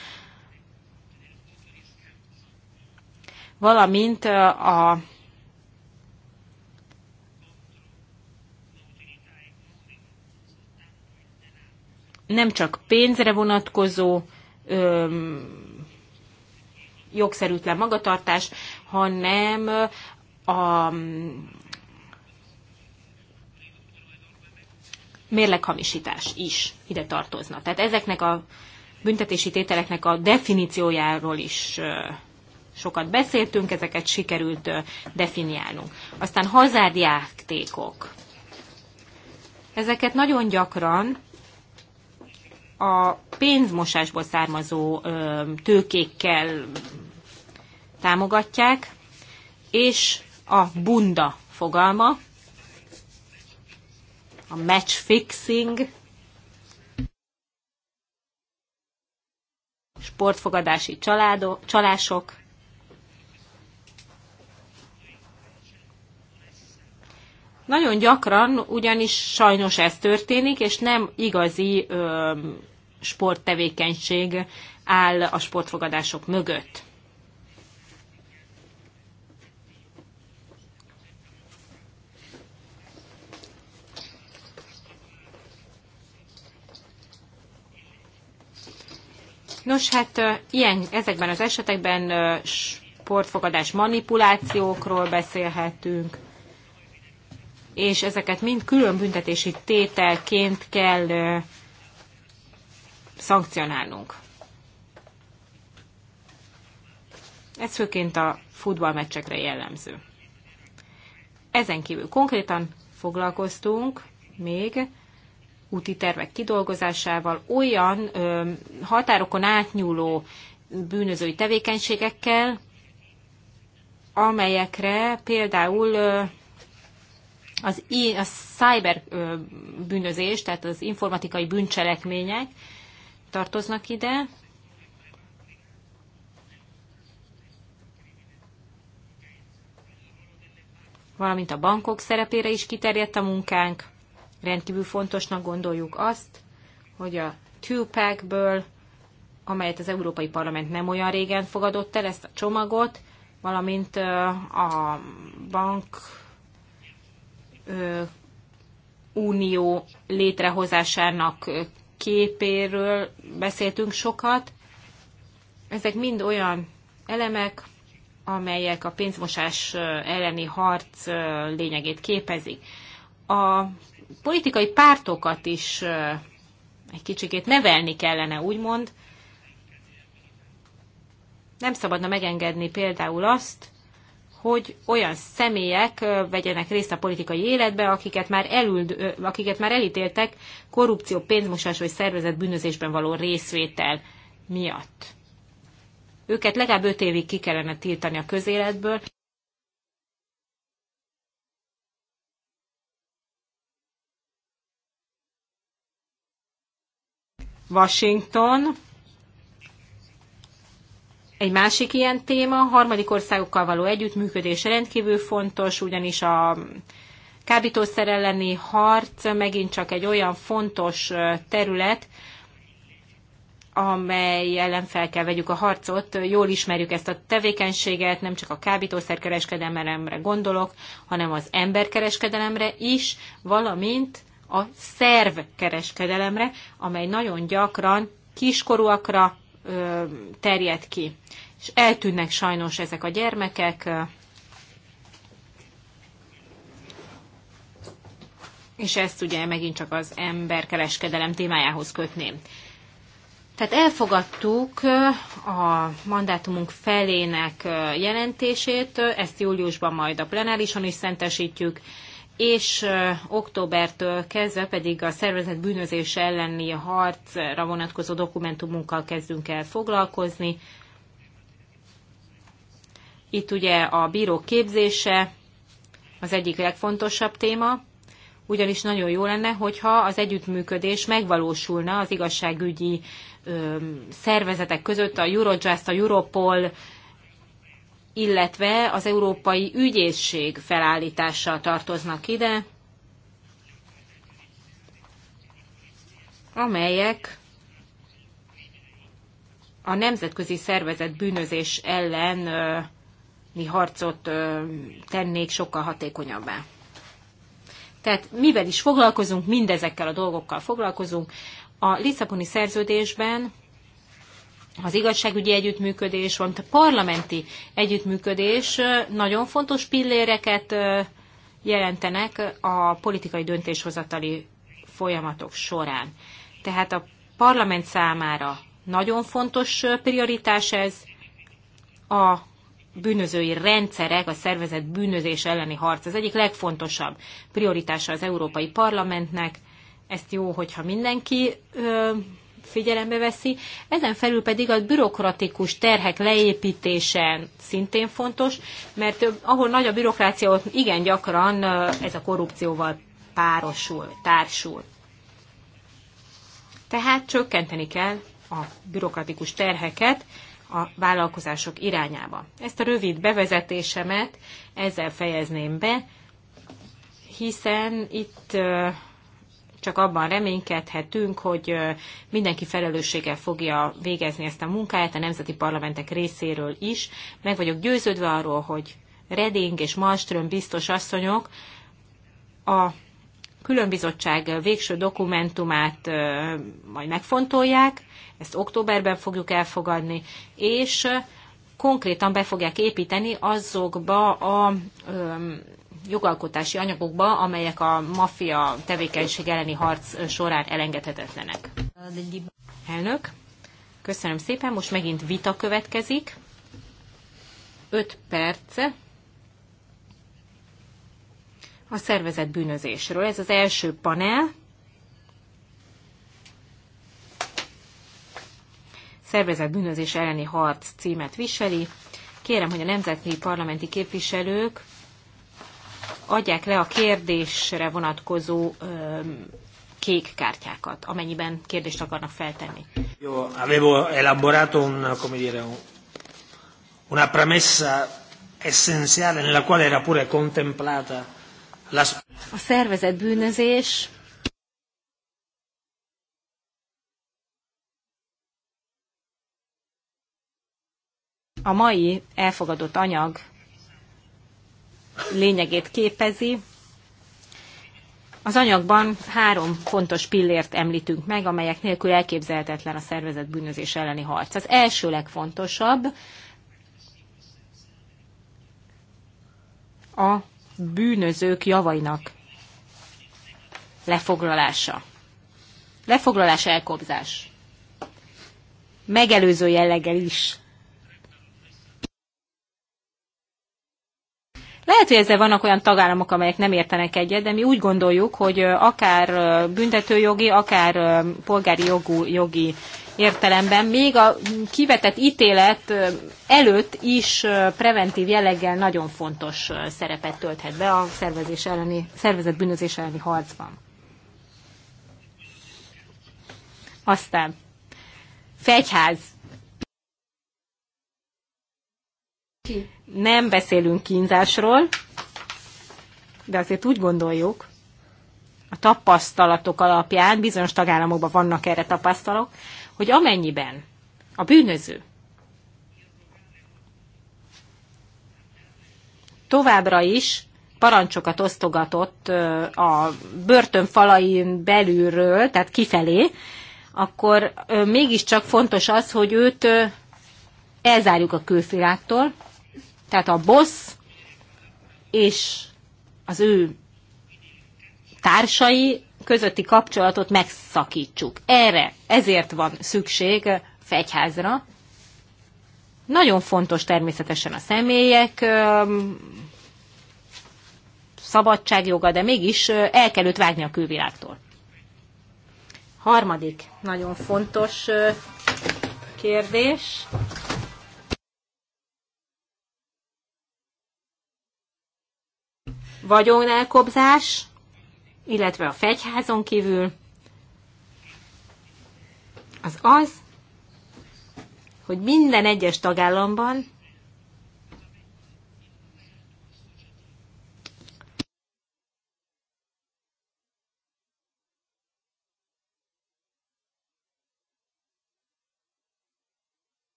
valamint a nem csak pénzre vonatkozó öm, jogszerűtlen magatartás, hanem a mm, mérleghamisítás is ide tartozna. Tehát ezeknek a büntetési tételeknek a definíciójáról is sokat beszéltünk, ezeket sikerült definiálnunk. Aztán hazárjátékok. Ezeket nagyon gyakran a pénzmosásból származó tőkékkel támogatják, és a bunda fogalma, a match fixing, sportfogadási családok, csalások, Nagyon gyakran ugyanis sajnos ez történik, és nem igazi ö, sporttevékenység áll a sportfogadások mögött. Nos, hát ilyen, ezekben az esetekben sportfogadás manipulációkról beszélhetünk, és ezeket mind külön büntetési tételként kell szankcionálnunk. Ez főként a futballmeccsekre jellemző. Ezen kívül konkrétan foglalkoztunk még úti tervek kidolgozásával, olyan ö, határokon átnyúló bűnözői tevékenységekkel, amelyekre például ö, az i, a cyber ö, bűnözés, tehát az informatikai bűncselekmények tartoznak ide. Valamint a bankok szerepére is kiterjedt a munkánk. Rendkívül fontosnak gondoljuk azt, hogy a two Pack-ből, amelyet az Európai Parlament nem olyan régen fogadott el, ezt a csomagot, valamint a bank unió létrehozásának képéről beszéltünk sokat. Ezek mind olyan elemek, amelyek a pénzmosás elleni harc lényegét képezik. A politikai pártokat is egy kicsikét nevelni kellene, úgymond. Nem szabadna megengedni például azt, hogy olyan személyek vegyenek részt a politikai életbe, akiket már, elüld, akiket már elítéltek korrupció, pénzmosás vagy szervezett bűnözésben való részvétel miatt. Őket legalább öt évig ki kellene tiltani a közéletből. Washington egy másik ilyen téma, harmadik országokkal való együttműködés rendkívül fontos, ugyanis a kábítószer elleni harc megint csak egy olyan fontos terület, amely ellen fel kell vegyük a harcot. Jól ismerjük ezt a tevékenységet, nem csak a kábítószerkereskedelemre gondolok, hanem az emberkereskedelemre is, valamint a szervkereskedelemre, amely nagyon gyakran kiskorúakra terjed ki. És eltűnnek sajnos ezek a gyermekek, és ezt ugye megint csak az emberkereskedelem témájához kötném. Tehát elfogadtuk a mandátumunk felének jelentését, ezt júliusban majd a plenárison is szentesítjük, és októbertől kezdve pedig a szervezet bűnözés elleni harcra vonatkozó dokumentumunkkal kezdünk el foglalkozni. Itt ugye a bírók képzése az egyik legfontosabb téma, ugyanis nagyon jó lenne, hogyha az együttműködés megvalósulna az igazságügyi ö, szervezetek között, a Eurojust, a Europol illetve az Európai Ügyészség felállítással tartoznak ide, amelyek a nemzetközi szervezet bűnözés ellen mi harcot tennék sokkal hatékonyabbá. Tehát mivel is foglalkozunk, mindezekkel a dolgokkal foglalkozunk. A Lisszaboni szerződésben az igazságügyi együttműködés, valamint a parlamenti együttműködés nagyon fontos pilléreket jelentenek a politikai döntéshozatali folyamatok során. Tehát a parlament számára nagyon fontos prioritás ez, a bűnözői rendszerek, a szervezet bűnözés elleni harc. Az egyik legfontosabb prioritása az Európai Parlamentnek. Ezt jó, hogyha mindenki figyelembe veszi, ezen felül pedig a bürokratikus terhek leépítése szintén fontos, mert ahol nagy a bürokrácia, ott igen gyakran ez a korrupcióval párosul, társul. Tehát csökkenteni kell a bürokratikus terheket a vállalkozások irányába. Ezt a rövid bevezetésemet ezzel fejezném be, hiszen itt csak abban reménykedhetünk, hogy mindenki felelősséggel fogja végezni ezt a munkáját, a nemzeti parlamentek részéről is. Meg vagyok győződve arról, hogy Reding és Malmström biztos asszonyok a különbizottság végső dokumentumát majd megfontolják, ezt októberben fogjuk elfogadni, és konkrétan be fogják építeni azokba a jogalkotási anyagokba, amelyek a maffia tevékenység elleni harc során elengedhetetlenek. Elnök, köszönöm szépen, most megint vita következik. 5 perc a szervezet bűnözésről. Ez az első panel. Szervezet bűnözés elleni harc címet viseli. Kérem, hogy a nemzeti parlamenti képviselők adják le a kérdésre vonatkozó kék kártyákat, amennyiben kérdést akarnak feltenni. Io avevo elaborato un, come dire, una premessa essenziale nella quale era pure contemplata la... A szervezet bűnözés a mai elfogadott anyag lényegét képezi. Az anyagban három fontos pillért említünk meg, amelyek nélkül elképzelhetetlen a szervezet bűnözés elleni harc. Az első legfontosabb a bűnözők javainak lefoglalása. Lefoglalás, elkobzás. Megelőző jelleggel is Lehet, hogy ezzel vannak olyan tagállamok, amelyek nem értenek egyet, de mi úgy gondoljuk, hogy akár büntetőjogi, akár polgári jogú, jogi értelemben még a kivetett ítélet előtt is preventív jelleggel nagyon fontos szerepet tölthet be a szervezés elleni, szervezett bűnözés elleni harcban. Aztán fegyház Ki? Nem beszélünk kínzásról, de azért úgy gondoljuk, a tapasztalatok alapján, bizonyos tagállamokban vannak erre tapasztalok, hogy amennyiben a bűnöző továbbra is parancsokat osztogatott a börtönfalain belülről, tehát kifelé, akkor mégiscsak fontos az, hogy őt elzárjuk a külfilától. Tehát a boss és az ő társai közötti kapcsolatot megszakítsuk. Erre, ezért van szükség fegyházra. Nagyon fontos természetesen a személyek szabadságjoga, de mégis el kell őt vágni a külvilágtól. Harmadik nagyon fontos kérdés vagyonelkobzás, illetve a fegyházon kívül, az az, hogy minden egyes tagállamban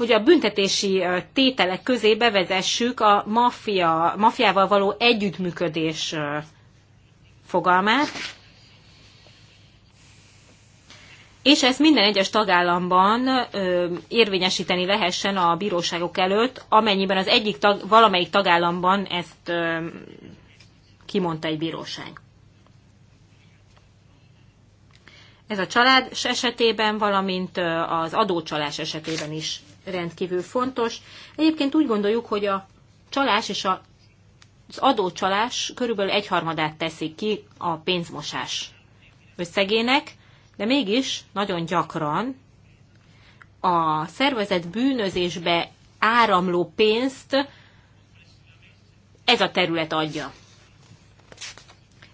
hogy a büntetési tételek közé bevezessük a maffia, maffiával való együttműködés fogalmát, és ezt minden egyes tagállamban ö, érvényesíteni lehessen a bíróságok előtt, amennyiben az egyik tag, valamelyik tagállamban ezt ö, kimondta egy bíróság. Ez a család esetében, valamint az adócsalás esetében is rendkívül fontos. Egyébként úgy gondoljuk, hogy a csalás és a, az adócsalás körülbelül egyharmadát teszik ki a pénzmosás összegének, de mégis nagyon gyakran a szervezet bűnözésbe áramló pénzt ez a terület adja.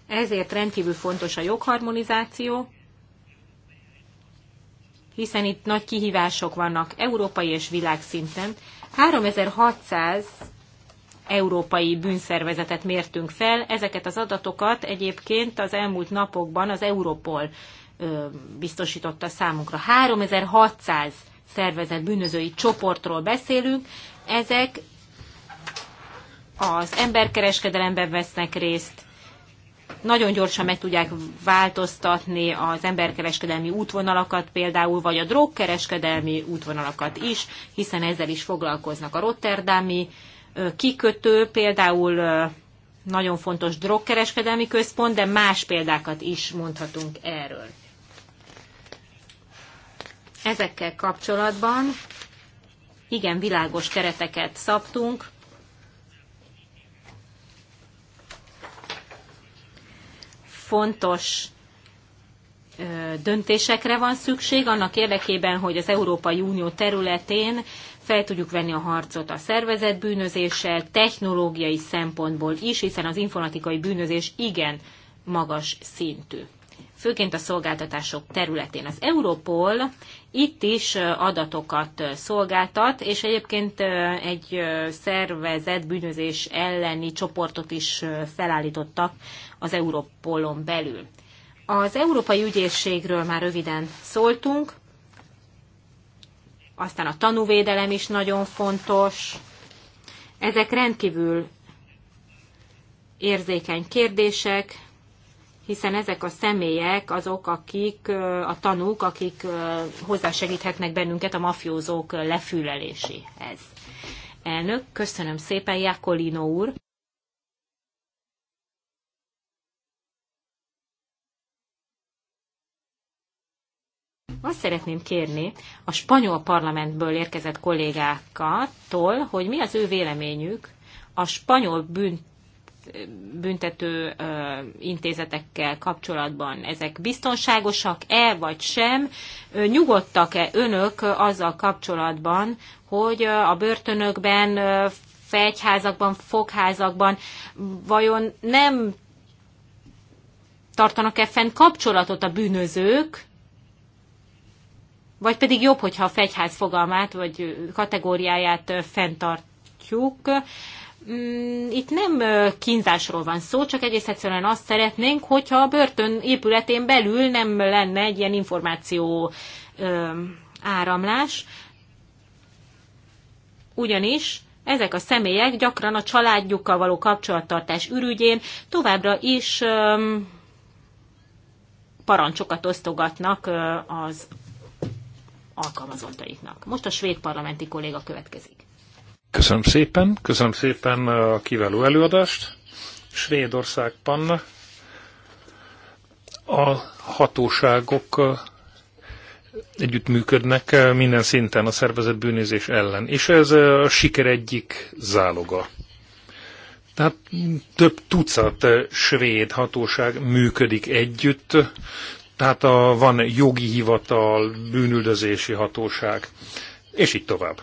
Ezért rendkívül fontos a jogharmonizáció, hiszen itt nagy kihívások vannak európai és világszinten. 3600 európai bűnszervezetet mértünk fel. Ezeket az adatokat egyébként az elmúlt napokban az Europol biztosította számunkra. 3600 szervezet bűnözői csoportról beszélünk. Ezek az emberkereskedelemben vesznek részt, nagyon gyorsan meg tudják változtatni az emberkereskedelmi útvonalakat például, vagy a drogkereskedelmi útvonalakat is, hiszen ezzel is foglalkoznak a rotterdami kikötő, például nagyon fontos drogkereskedelmi központ, de más példákat is mondhatunk erről. Ezekkel kapcsolatban igen világos kereteket szabtunk, fontos döntésekre van szükség, annak érdekében, hogy az Európai Unió területén fel tudjuk venni a harcot a szervezett bűnözéssel, technológiai szempontból is, hiszen az informatikai bűnözés igen magas szintű. Főként a szolgáltatások területén. Az Europol itt is adatokat szolgáltat, és egyébként egy szervezett bűnözés elleni csoportot is felállítottak az Európolon belül. Az Európai Ügyészségről már röviden szóltunk, aztán a tanúvédelem is nagyon fontos. Ezek rendkívül érzékeny kérdések, hiszen ezek a személyek azok, akik a tanúk, akik hozzásegíthetnek bennünket a mafiózók lefüleléséhez. Elnök, köszönöm szépen, Jakolino úr! Azt szeretném kérni a spanyol parlamentből érkezett kollégáktól, hogy mi az ő véleményük a spanyol bűnt büntető ö, intézetekkel kapcsolatban ezek biztonságosak-e vagy sem? Ö, nyugodtak-e önök azzal kapcsolatban, hogy a börtönökben, ö, fegyházakban, fogházakban vajon nem tartanak-e fenn kapcsolatot a bűnözők vagy pedig jobb, hogyha a fegyház fogalmát vagy kategóriáját fenntartjuk. Mm, itt nem kínzásról van szó, csak egész egyszerűen azt szeretnénk, hogyha a börtön épületén belül nem lenne egy ilyen információ áramlás, ugyanis ezek a személyek gyakran a családjukkal való kapcsolattartás ürügyén továbbra is parancsokat osztogatnak az alkalmazottaiknak. Most a svéd parlamenti kolléga következik. Köszönöm szépen, köszönöm szépen a kiváló előadást. Svédországban a hatóságok együttműködnek minden szinten a szervezett bűnözés ellen, és ez a siker egyik záloga. Tehát több tucat svéd hatóság működik együtt, tehát a, van jogi hivatal, bűnüldözési hatóság, és így tovább.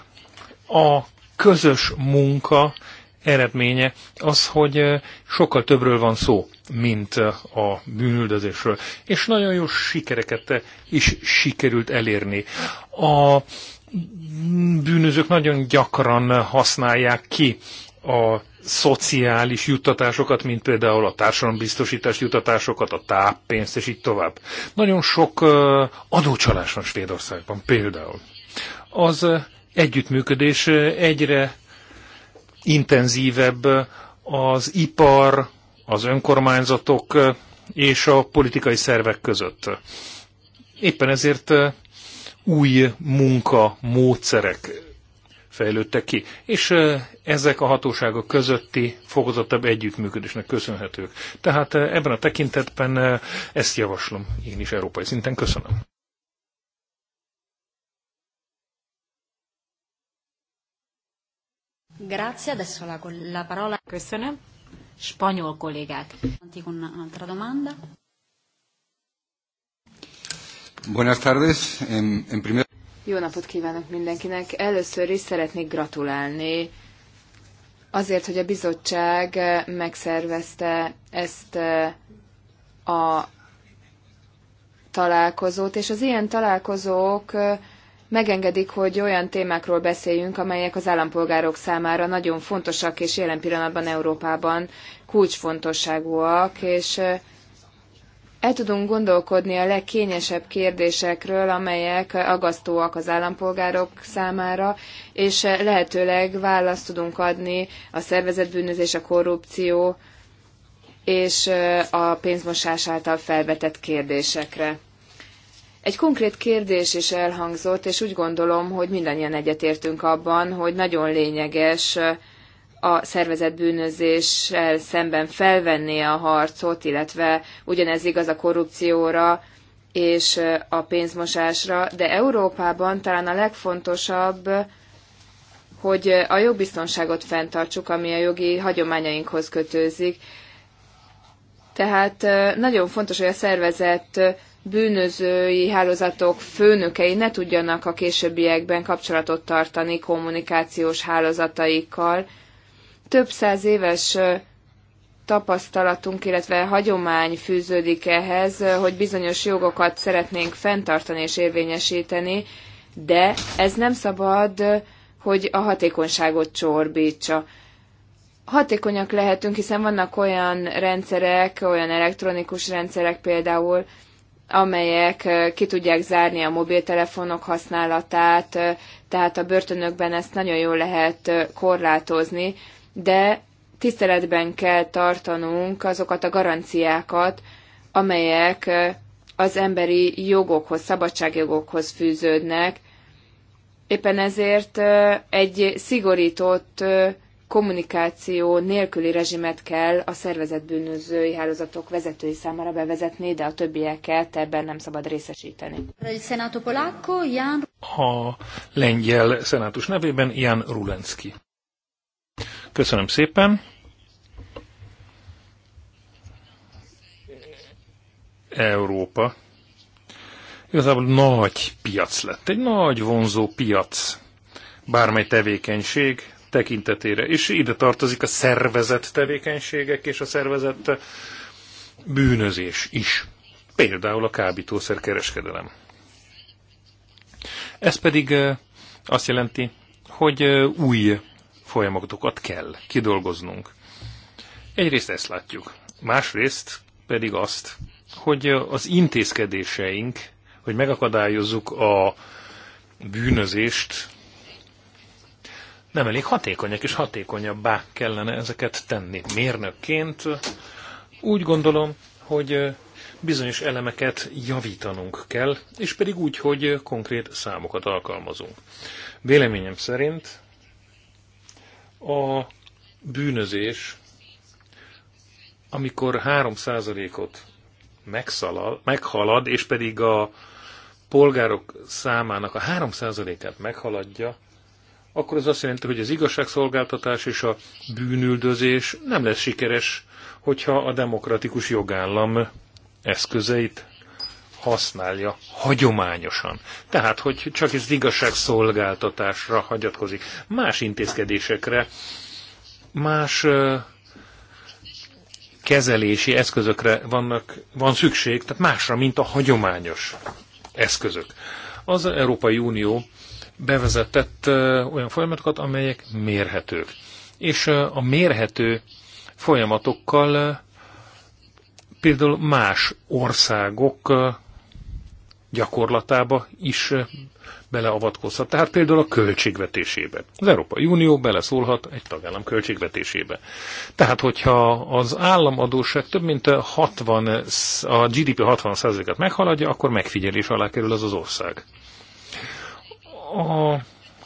A közös munka eredménye az, hogy sokkal többről van szó, mint a bűnüldözésről. És nagyon jó sikereket is sikerült elérni. A bűnözők nagyon gyakran használják ki a szociális juttatásokat, mint például a társadalombiztosítás juttatásokat, a táppénzt, és így tovább. Nagyon sok adócsalás van Svédországban például. Az együttműködés egyre intenzívebb az ipar, az önkormányzatok és a politikai szervek között. Éppen ezért új munka módszerek fejlődtek ki, és ezek a hatóságok közötti fokozottabb együttműködésnek köszönhetők. Tehát ebben a tekintetben ezt javaslom én is európai szinten. Köszönöm. Grazie, adesso la, la parola. Köszönöm. Spanyol kollégák. Buenas tardes. En, en primer... Jó napot kívánok mindenkinek! Először is szeretnék gratulálni azért, hogy a bizottság megszervezte ezt eh, a találkozót, és az ilyen találkozók eh, megengedik, hogy olyan témákról beszéljünk, amelyek az állampolgárok számára nagyon fontosak, és jelen pillanatban Európában kulcsfontosságúak, és eh, el tudunk gondolkodni a legkényesebb kérdésekről, amelyek agasztóak az állampolgárok számára, és lehetőleg választ tudunk adni a szervezetbűnözés, a korrupció és a pénzmosás által felvetett kérdésekre. Egy konkrét kérdés is elhangzott, és úgy gondolom, hogy mindannyian egyetértünk abban, hogy nagyon lényeges a szervezett bűnözéssel szemben felvenné a harcot, illetve ugyanez igaz a korrupcióra és a pénzmosásra, de Európában talán a legfontosabb, hogy a jogbiztonságot fenntartsuk, ami a jogi hagyományainkhoz kötőzik. Tehát nagyon fontos, hogy a szervezett bűnözői hálózatok főnökei ne tudjanak a későbbiekben kapcsolatot tartani kommunikációs hálózataikkal, több száz éves tapasztalatunk, illetve hagyomány fűződik ehhez, hogy bizonyos jogokat szeretnénk fenntartani és érvényesíteni, de ez nem szabad, hogy a hatékonyságot csorbítsa. Hatékonyak lehetünk, hiszen vannak olyan rendszerek, olyan elektronikus rendszerek például, amelyek ki tudják zárni a mobiltelefonok használatát, tehát a börtönökben ezt nagyon jól lehet korlátozni, de tiszteletben kell tartanunk azokat a garanciákat, amelyek az emberi jogokhoz, szabadságjogokhoz fűződnek. Éppen ezért egy szigorított kommunikáció nélküli rezsimet kell a szervezetbűnözői hálózatok vezetői számára bevezetni, de a többieket ebben nem szabad részesíteni. A lengyel szenátus nevében Jan Rulenski. Köszönöm szépen. Európa igazából nagy piac lett, egy nagy vonzó piac bármely tevékenység tekintetére, és ide tartozik a szervezett tevékenységek és a szervezett bűnözés is. Például a kábítószer kereskedelem. Ez pedig eh, azt jelenti, hogy eh, új folyamatokat kell kidolgoznunk. Egyrészt ezt látjuk, másrészt pedig azt, hogy az intézkedéseink, hogy megakadályozzuk a bűnözést, nem elég hatékonyak, és hatékonyabbá kellene ezeket tenni. Mérnökként úgy gondolom, hogy bizonyos elemeket javítanunk kell, és pedig úgy, hogy konkrét számokat alkalmazunk. Véleményem szerint a bűnözés, amikor 3%-ot megszalal, meghalad, és pedig a polgárok számának a 3%-át meghaladja, akkor az azt jelenti, hogy az igazságszolgáltatás és a bűnüldözés nem lesz sikeres, hogyha a demokratikus jogállam eszközeit használja hagyományosan. Tehát, hogy csak ez igazságszolgáltatásra hagyatkozik. Más intézkedésekre, más kezelési eszközökre vannak, van szükség, tehát másra, mint a hagyományos eszközök. Az Európai Unió bevezetett olyan folyamatokat, amelyek mérhetők. És a mérhető folyamatokkal például más országok gyakorlatába is eh, beleavatkozhat. Tehát például a költségvetésébe. Az Európai Unió beleszólhat egy tagállam költségvetésébe. Tehát, hogyha az államadóság több mint 60, a GDP 60%-át meghaladja, akkor megfigyelés alá kerül az az ország. A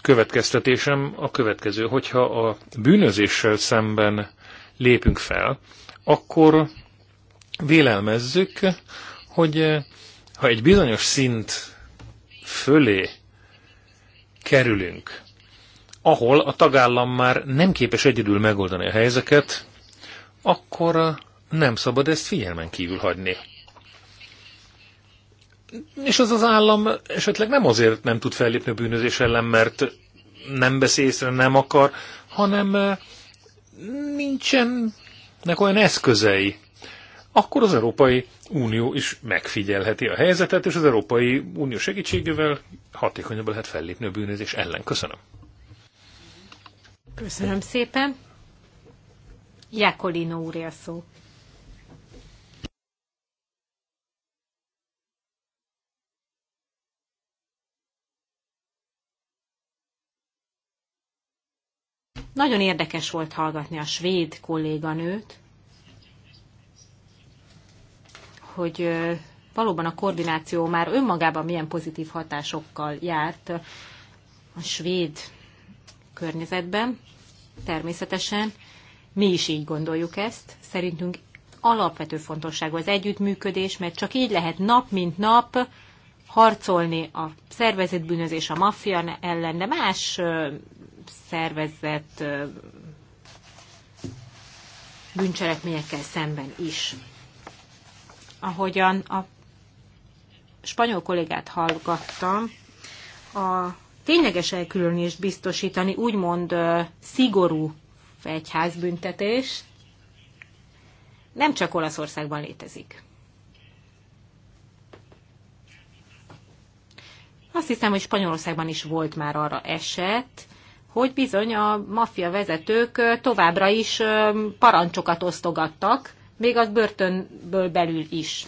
következtetésem a következő, hogyha a bűnözéssel szemben lépünk fel, akkor vélelmezzük, hogy eh, ha egy bizonyos szint fölé kerülünk, ahol a tagállam már nem képes egyedül megoldani a helyzeket, akkor nem szabad ezt figyelmen kívül hagyni. És az az állam esetleg nem azért nem tud fellépni a bűnözés ellen, mert nem vesz észre, nem akar, hanem nincsenek olyan eszközei, akkor az Európai Unió is megfigyelheti a helyzetet, és az Európai Unió segítségével hatékonyabban lehet fellépni a bűnözés ellen. Köszönöm. Köszönöm szépen. Jakolino úr a szó. Nagyon érdekes volt hallgatni a svéd kolléganőt, hogy valóban a koordináció már önmagában milyen pozitív hatásokkal járt a svéd környezetben. Természetesen mi is így gondoljuk ezt. Szerintünk alapvető fontosságú az együttműködés, mert csak így lehet nap mint nap harcolni a szervezett bűnözés, a maffia ellen, de más szervezett bűncselekményekkel szemben is ahogyan a spanyol kollégát hallgattam, a tényleges elkülönést biztosítani úgymond szigorú fegyházbüntetés nem csak Olaszországban létezik. Azt hiszem, hogy Spanyolországban is volt már arra eset, hogy bizony a maffia vezetők továbbra is parancsokat osztogattak, még az börtönből belül is.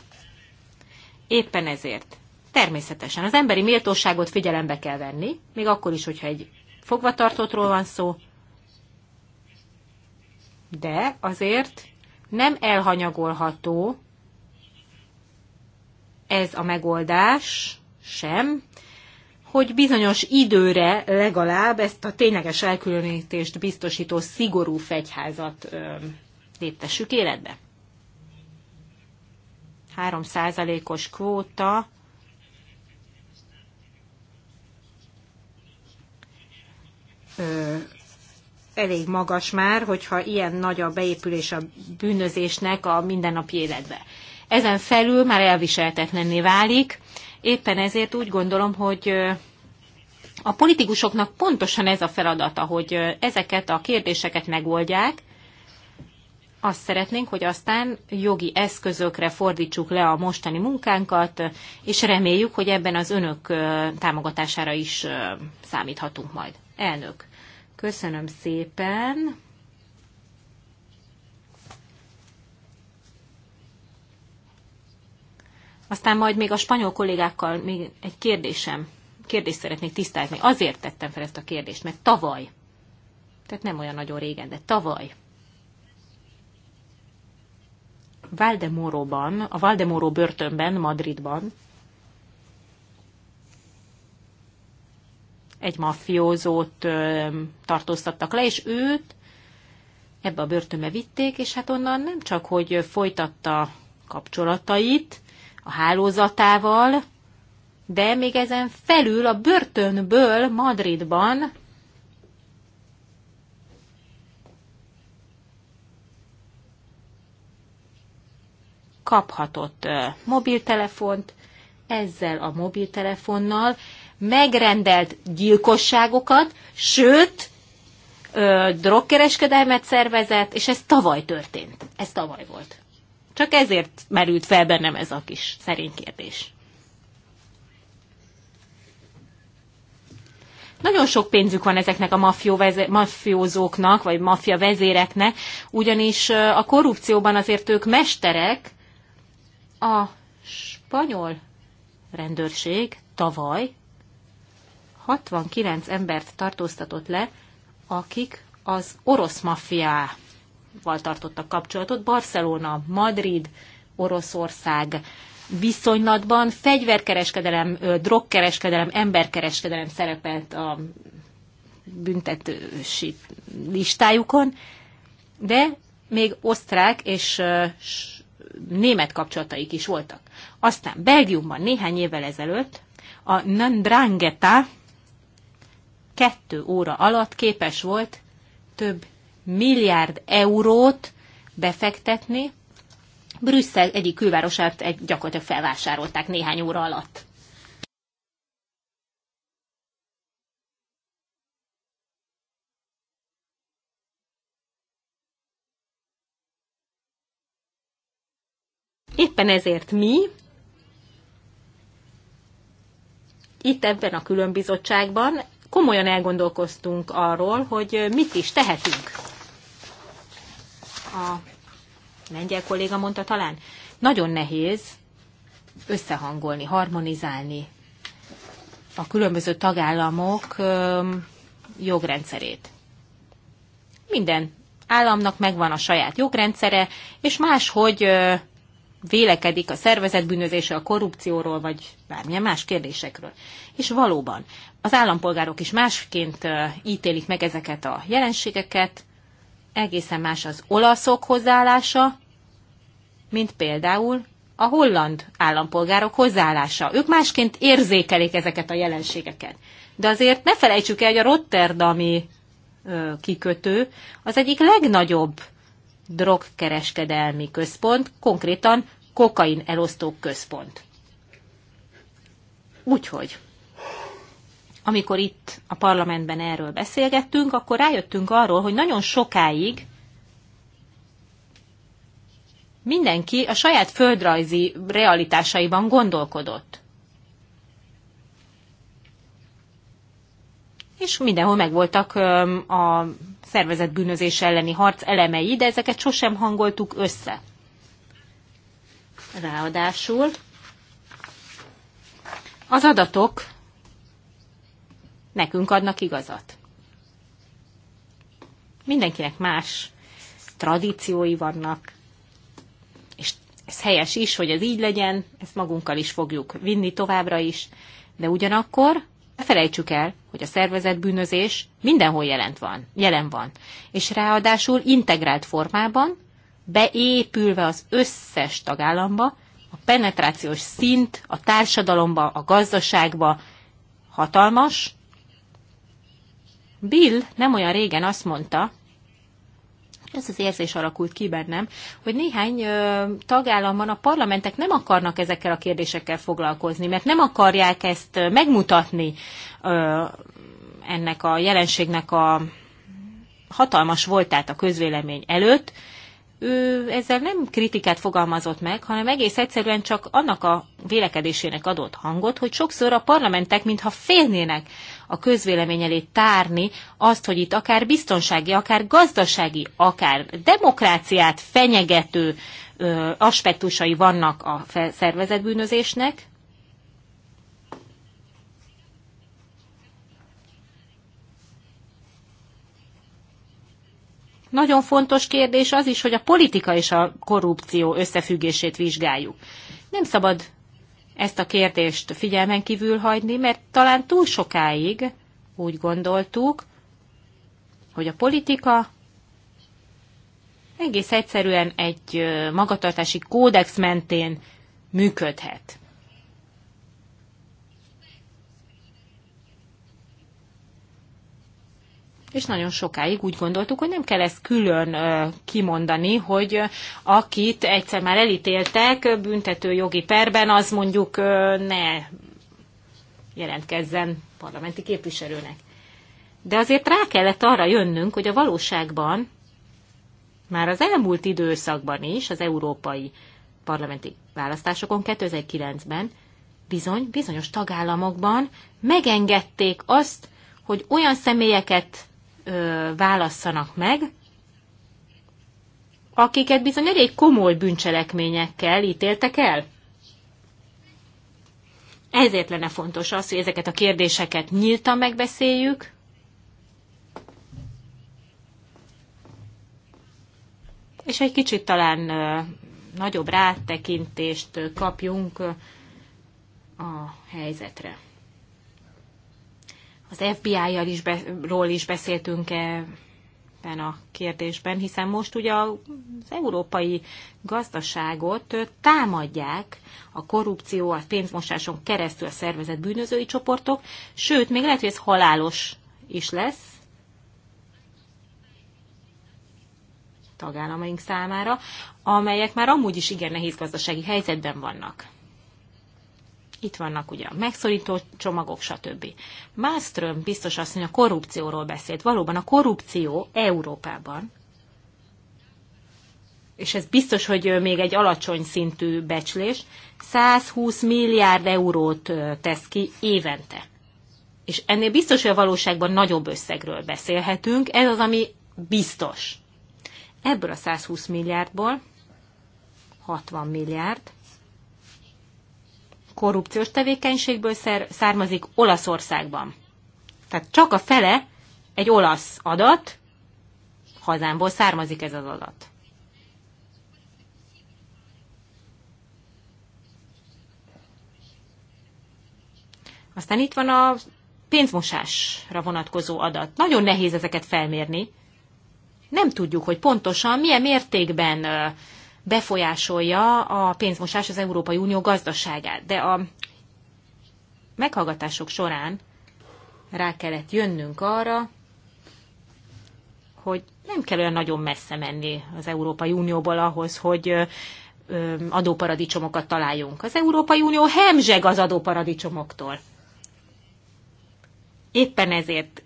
Éppen ezért. Természetesen az emberi méltóságot figyelembe kell venni, még akkor is, hogyha egy fogvatartottról van szó, de azért nem elhanyagolható ez a megoldás sem, hogy bizonyos időre legalább ezt a tényleges elkülönítést biztosító szigorú fegyházat ö, léptessük életbe. 3%-os kvóta ö, elég magas már, hogyha ilyen nagy a beépülés a bűnözésnek a mindennapi életbe. Ezen felül már elviseltetlenné válik, éppen ezért úgy gondolom, hogy a politikusoknak pontosan ez a feladata, hogy ezeket a kérdéseket megoldják, azt szeretnénk, hogy aztán jogi eszközökre fordítsuk le a mostani munkánkat, és reméljük, hogy ebben az önök támogatására is számíthatunk majd. Elnök, köszönöm szépen. Aztán majd még a spanyol kollégákkal még egy kérdésem, kérdést szeretnék tisztázni. Azért tettem fel ezt a kérdést, mert tavaly, tehát nem olyan nagyon régen, de tavaly Valdemoroban, a Valdemoro börtönben, Madridban, egy maffiózót ö, tartóztattak le, és őt ebbe a börtönbe vitték, és hát onnan nem csak, hogy folytatta kapcsolatait a hálózatával, de még ezen felül a börtönből Madridban kaphatott mobiltelefont, ezzel a mobiltelefonnal megrendelt gyilkosságokat, sőt, drogkereskedelmet szervezett, és ez tavaly történt. Ez tavaly volt. Csak ezért merült fel bennem ez a kis szerény kérdés. Nagyon sok pénzük van ezeknek a mafiózóknak, vagy mafia vezéreknek, ugyanis a korrupcióban azért ők mesterek, a spanyol rendőrség tavaly 69 embert tartóztatott le, akik az orosz maffiával tartottak kapcsolatot. Barcelona, Madrid, Oroszország viszonylatban fegyverkereskedelem, drogkereskedelem, emberkereskedelem szerepelt a büntetősi listájukon, de még osztrák és német kapcsolataik is voltak. Aztán Belgiumban néhány évvel ezelőtt a Nandrangeta kettő óra alatt képes volt több milliárd eurót befektetni. Brüsszel egyik külvárosát egy, gyakorlatilag felvásárolták néhány óra alatt. Éppen ezért mi itt ebben a különbizottságban komolyan elgondolkoztunk arról, hogy mit is tehetünk. A lengyel kolléga mondta talán, nagyon nehéz összehangolni, harmonizálni a különböző tagállamok jogrendszerét. Minden államnak megvan a saját jogrendszere, és máshogy vélekedik a szervezetbűnözésről, a korrupcióról, vagy bármilyen más kérdésekről. És valóban az állampolgárok is másként ítélik meg ezeket a jelenségeket, egészen más az olaszok hozzáállása, mint például a holland állampolgárok hozzáállása. Ők másként érzékelik ezeket a jelenségeket. De azért ne felejtsük el, hogy a Rotterdami kikötő az egyik legnagyobb drogkereskedelmi központ, konkrétan kokain elosztó központ. Úgyhogy, amikor itt a parlamentben erről beszélgettünk, akkor rájöttünk arról, hogy nagyon sokáig mindenki a saját földrajzi realitásaiban gondolkodott. és mindenhol megvoltak a szervezetbűnözés bűnözés elleni harc elemei, de ezeket sosem hangoltuk össze. Ráadásul az adatok nekünk adnak igazat. Mindenkinek más tradíciói vannak, és ez helyes is, hogy ez így legyen, ezt magunkkal is fogjuk vinni továbbra is, de ugyanakkor ne felejtsük el, hogy a szervezetbűnözés mindenhol jelent van, jelen van, és ráadásul integrált formában, beépülve az összes tagállamba, a penetrációs szint a társadalomba, a gazdaságba hatalmas. Bill nem olyan régen azt mondta, ez az érzés alakult ki bennem, hogy néhány ö, tagállamban a parlamentek nem akarnak ezekkel a kérdésekkel foglalkozni, mert nem akarják ezt megmutatni ö, ennek a jelenségnek a hatalmas voltát a közvélemény előtt, ő ezzel nem kritikát fogalmazott meg, hanem egész egyszerűen csak annak a vélekedésének adott hangot, hogy sokszor a parlamentek mintha félnének a közvélemény elé tárni azt, hogy itt akár biztonsági, akár gazdasági, akár demokráciát fenyegető ö, aspektusai vannak a szervezetbűnözésnek, Nagyon fontos kérdés az is, hogy a politika és a korrupció összefüggését vizsgáljuk. Nem szabad ezt a kérdést figyelmen kívül hagyni, mert talán túl sokáig úgy gondoltuk, hogy a politika egész egyszerűen egy magatartási kódex mentén működhet. és nagyon sokáig úgy gondoltuk, hogy nem kell ezt külön kimondani, hogy akit egyszer már elítéltek büntető jogi perben, az mondjuk ne jelentkezzen parlamenti képviselőnek. De azért rá kellett arra jönnünk, hogy a valóságban már az elmúlt időszakban is, az európai parlamenti választásokon 2009-ben bizony, bizonyos tagállamokban megengedték azt, hogy olyan személyeket válasszanak meg, akiket bizony elég komoly bűncselekményekkel ítéltek el. Ezért lenne fontos az, hogy ezeket a kérdéseket nyíltan megbeszéljük, és egy kicsit talán nagyobb rátekintést kapjunk a helyzetre. Az FBI-jal is, be, ról is beszéltünk ebben a kérdésben, hiszen most ugye az európai gazdaságot támadják a korrupció, a pénzmosáson keresztül a szervezett bűnözői csoportok, sőt, még lehet, hogy ez halálos is lesz tagállamaink számára, amelyek már amúgy is igen nehéz gazdasági helyzetben vannak itt vannak ugye a megszorító csomagok, stb. Máström biztos azt mondja, a korrupcióról beszélt. Valóban a korrupció Európában, és ez biztos, hogy még egy alacsony szintű becslés, 120 milliárd eurót tesz ki évente. És ennél biztos, hogy a valóságban nagyobb összegről beszélhetünk, ez az, ami biztos. Ebből a 120 milliárdból 60 milliárd korrupciós tevékenységből származik Olaszországban. Tehát csak a fele egy olasz adat, hazámból származik ez az adat. Aztán itt van a pénzmosásra vonatkozó adat. Nagyon nehéz ezeket felmérni. Nem tudjuk, hogy pontosan milyen mértékben befolyásolja a pénzmosás az Európai Unió gazdaságát. De a meghallgatások során rá kellett jönnünk arra, hogy nem kell olyan nagyon messze menni az Európai Unióból ahhoz, hogy adóparadicsomokat találjunk. Az Európai Unió hemzseg az adóparadicsomoktól. Éppen ezért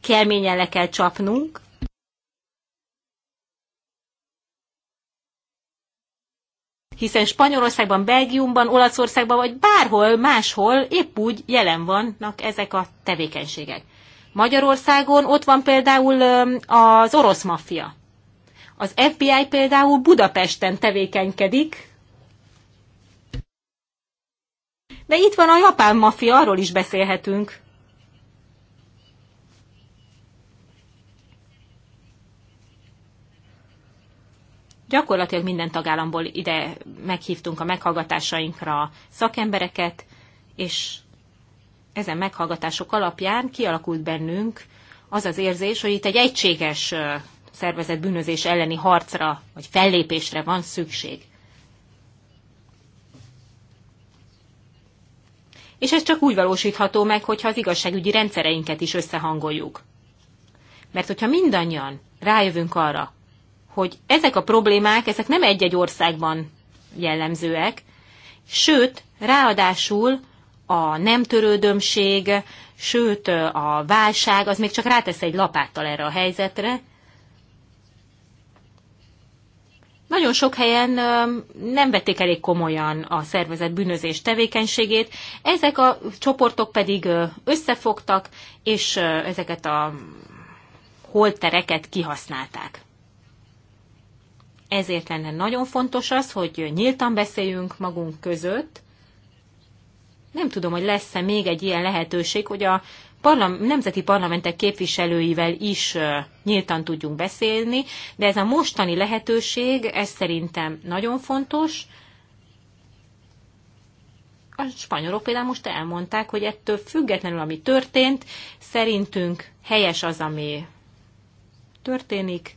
keményen le kell csapnunk, hiszen Spanyolországban, Belgiumban, Olaszországban vagy bárhol máshol épp úgy jelen vannak ezek a tevékenységek. Magyarországon ott van például az orosz maffia. Az FBI például Budapesten tevékenykedik, de itt van a japán maffia, arról is beszélhetünk. Gyakorlatilag minden tagállamból ide meghívtunk a meghallgatásainkra szakembereket, és ezen meghallgatások alapján kialakult bennünk az az érzés, hogy itt egy egységes szervezet bűnözés elleni harcra vagy fellépésre van szükség. És ez csak úgy valósítható meg, hogyha az igazságügyi rendszereinket is összehangoljuk. Mert hogyha mindannyian rájövünk arra, hogy ezek a problémák, ezek nem egy-egy országban jellemzőek, sőt, ráadásul a nem törődömség, sőt a válság, az még csak rátesz egy lapáttal erre a helyzetre. Nagyon sok helyen nem vették elég komolyan a szervezet bűnözés tevékenységét, ezek a csoportok pedig összefogtak, és ezeket a holtereket kihasználták. Ezért lenne nagyon fontos az, hogy nyíltan beszéljünk magunk között. Nem tudom, hogy lesz-e még egy ilyen lehetőség, hogy a parlam- nemzeti parlamentek képviselőivel is nyíltan tudjunk beszélni, de ez a mostani lehetőség, ez szerintem nagyon fontos. A spanyolok például most elmondták, hogy ettől függetlenül, ami történt, szerintünk helyes az, ami történik,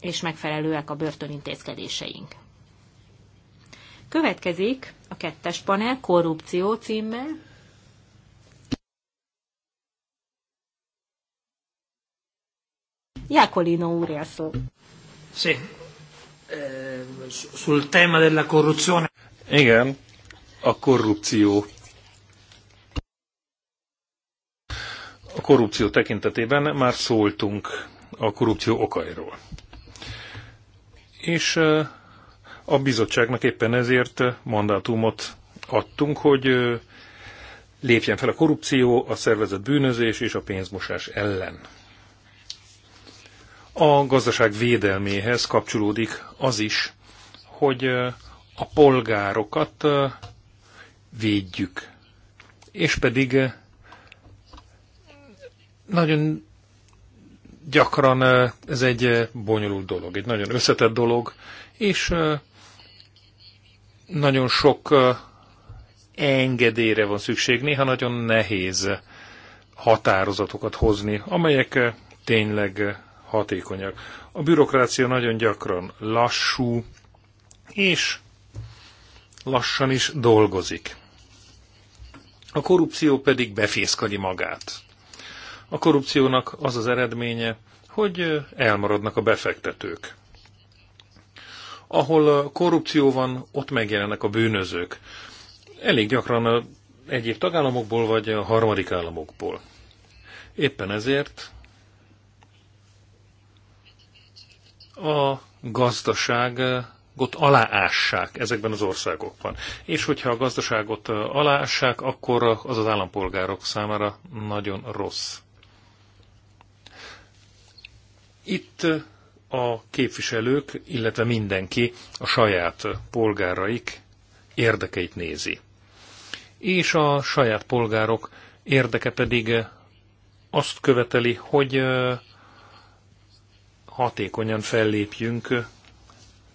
és megfelelőek a börtönintézkedéseink. Következik a kettes panel, korrupció címmel. Jákolino úr szó. Sí. Eh, sul tema della corruzione. Igen, a korrupció. A korrupció tekintetében már szóltunk a korrupció okairól. És a bizottságnak éppen ezért mandátumot adtunk, hogy lépjen fel a korrupció, a szervezett bűnözés és a pénzmosás ellen. A gazdaság védelméhez kapcsolódik az is, hogy a polgárokat védjük. És pedig nagyon gyakran ez egy bonyolult dolog, egy nagyon összetett dolog, és nagyon sok engedélyre van szükség, néha nagyon nehéz határozatokat hozni, amelyek tényleg hatékonyak. A bürokrácia nagyon gyakran lassú, és lassan is dolgozik. A korrupció pedig befészkali magát. A korrupciónak az az eredménye, hogy elmaradnak a befektetők. Ahol korrupció van, ott megjelennek a bűnözők. Elég gyakran egyéb tagállamokból vagy a harmadik államokból. Éppen ezért a gazdaságot aláássák ezekben az országokban. És hogyha a gazdaságot aláássák, akkor az az állampolgárok számára nagyon rossz itt a képviselők, illetve mindenki a saját polgáraik érdekeit nézi. És a saját polgárok érdeke pedig azt követeli, hogy hatékonyan fellépjünk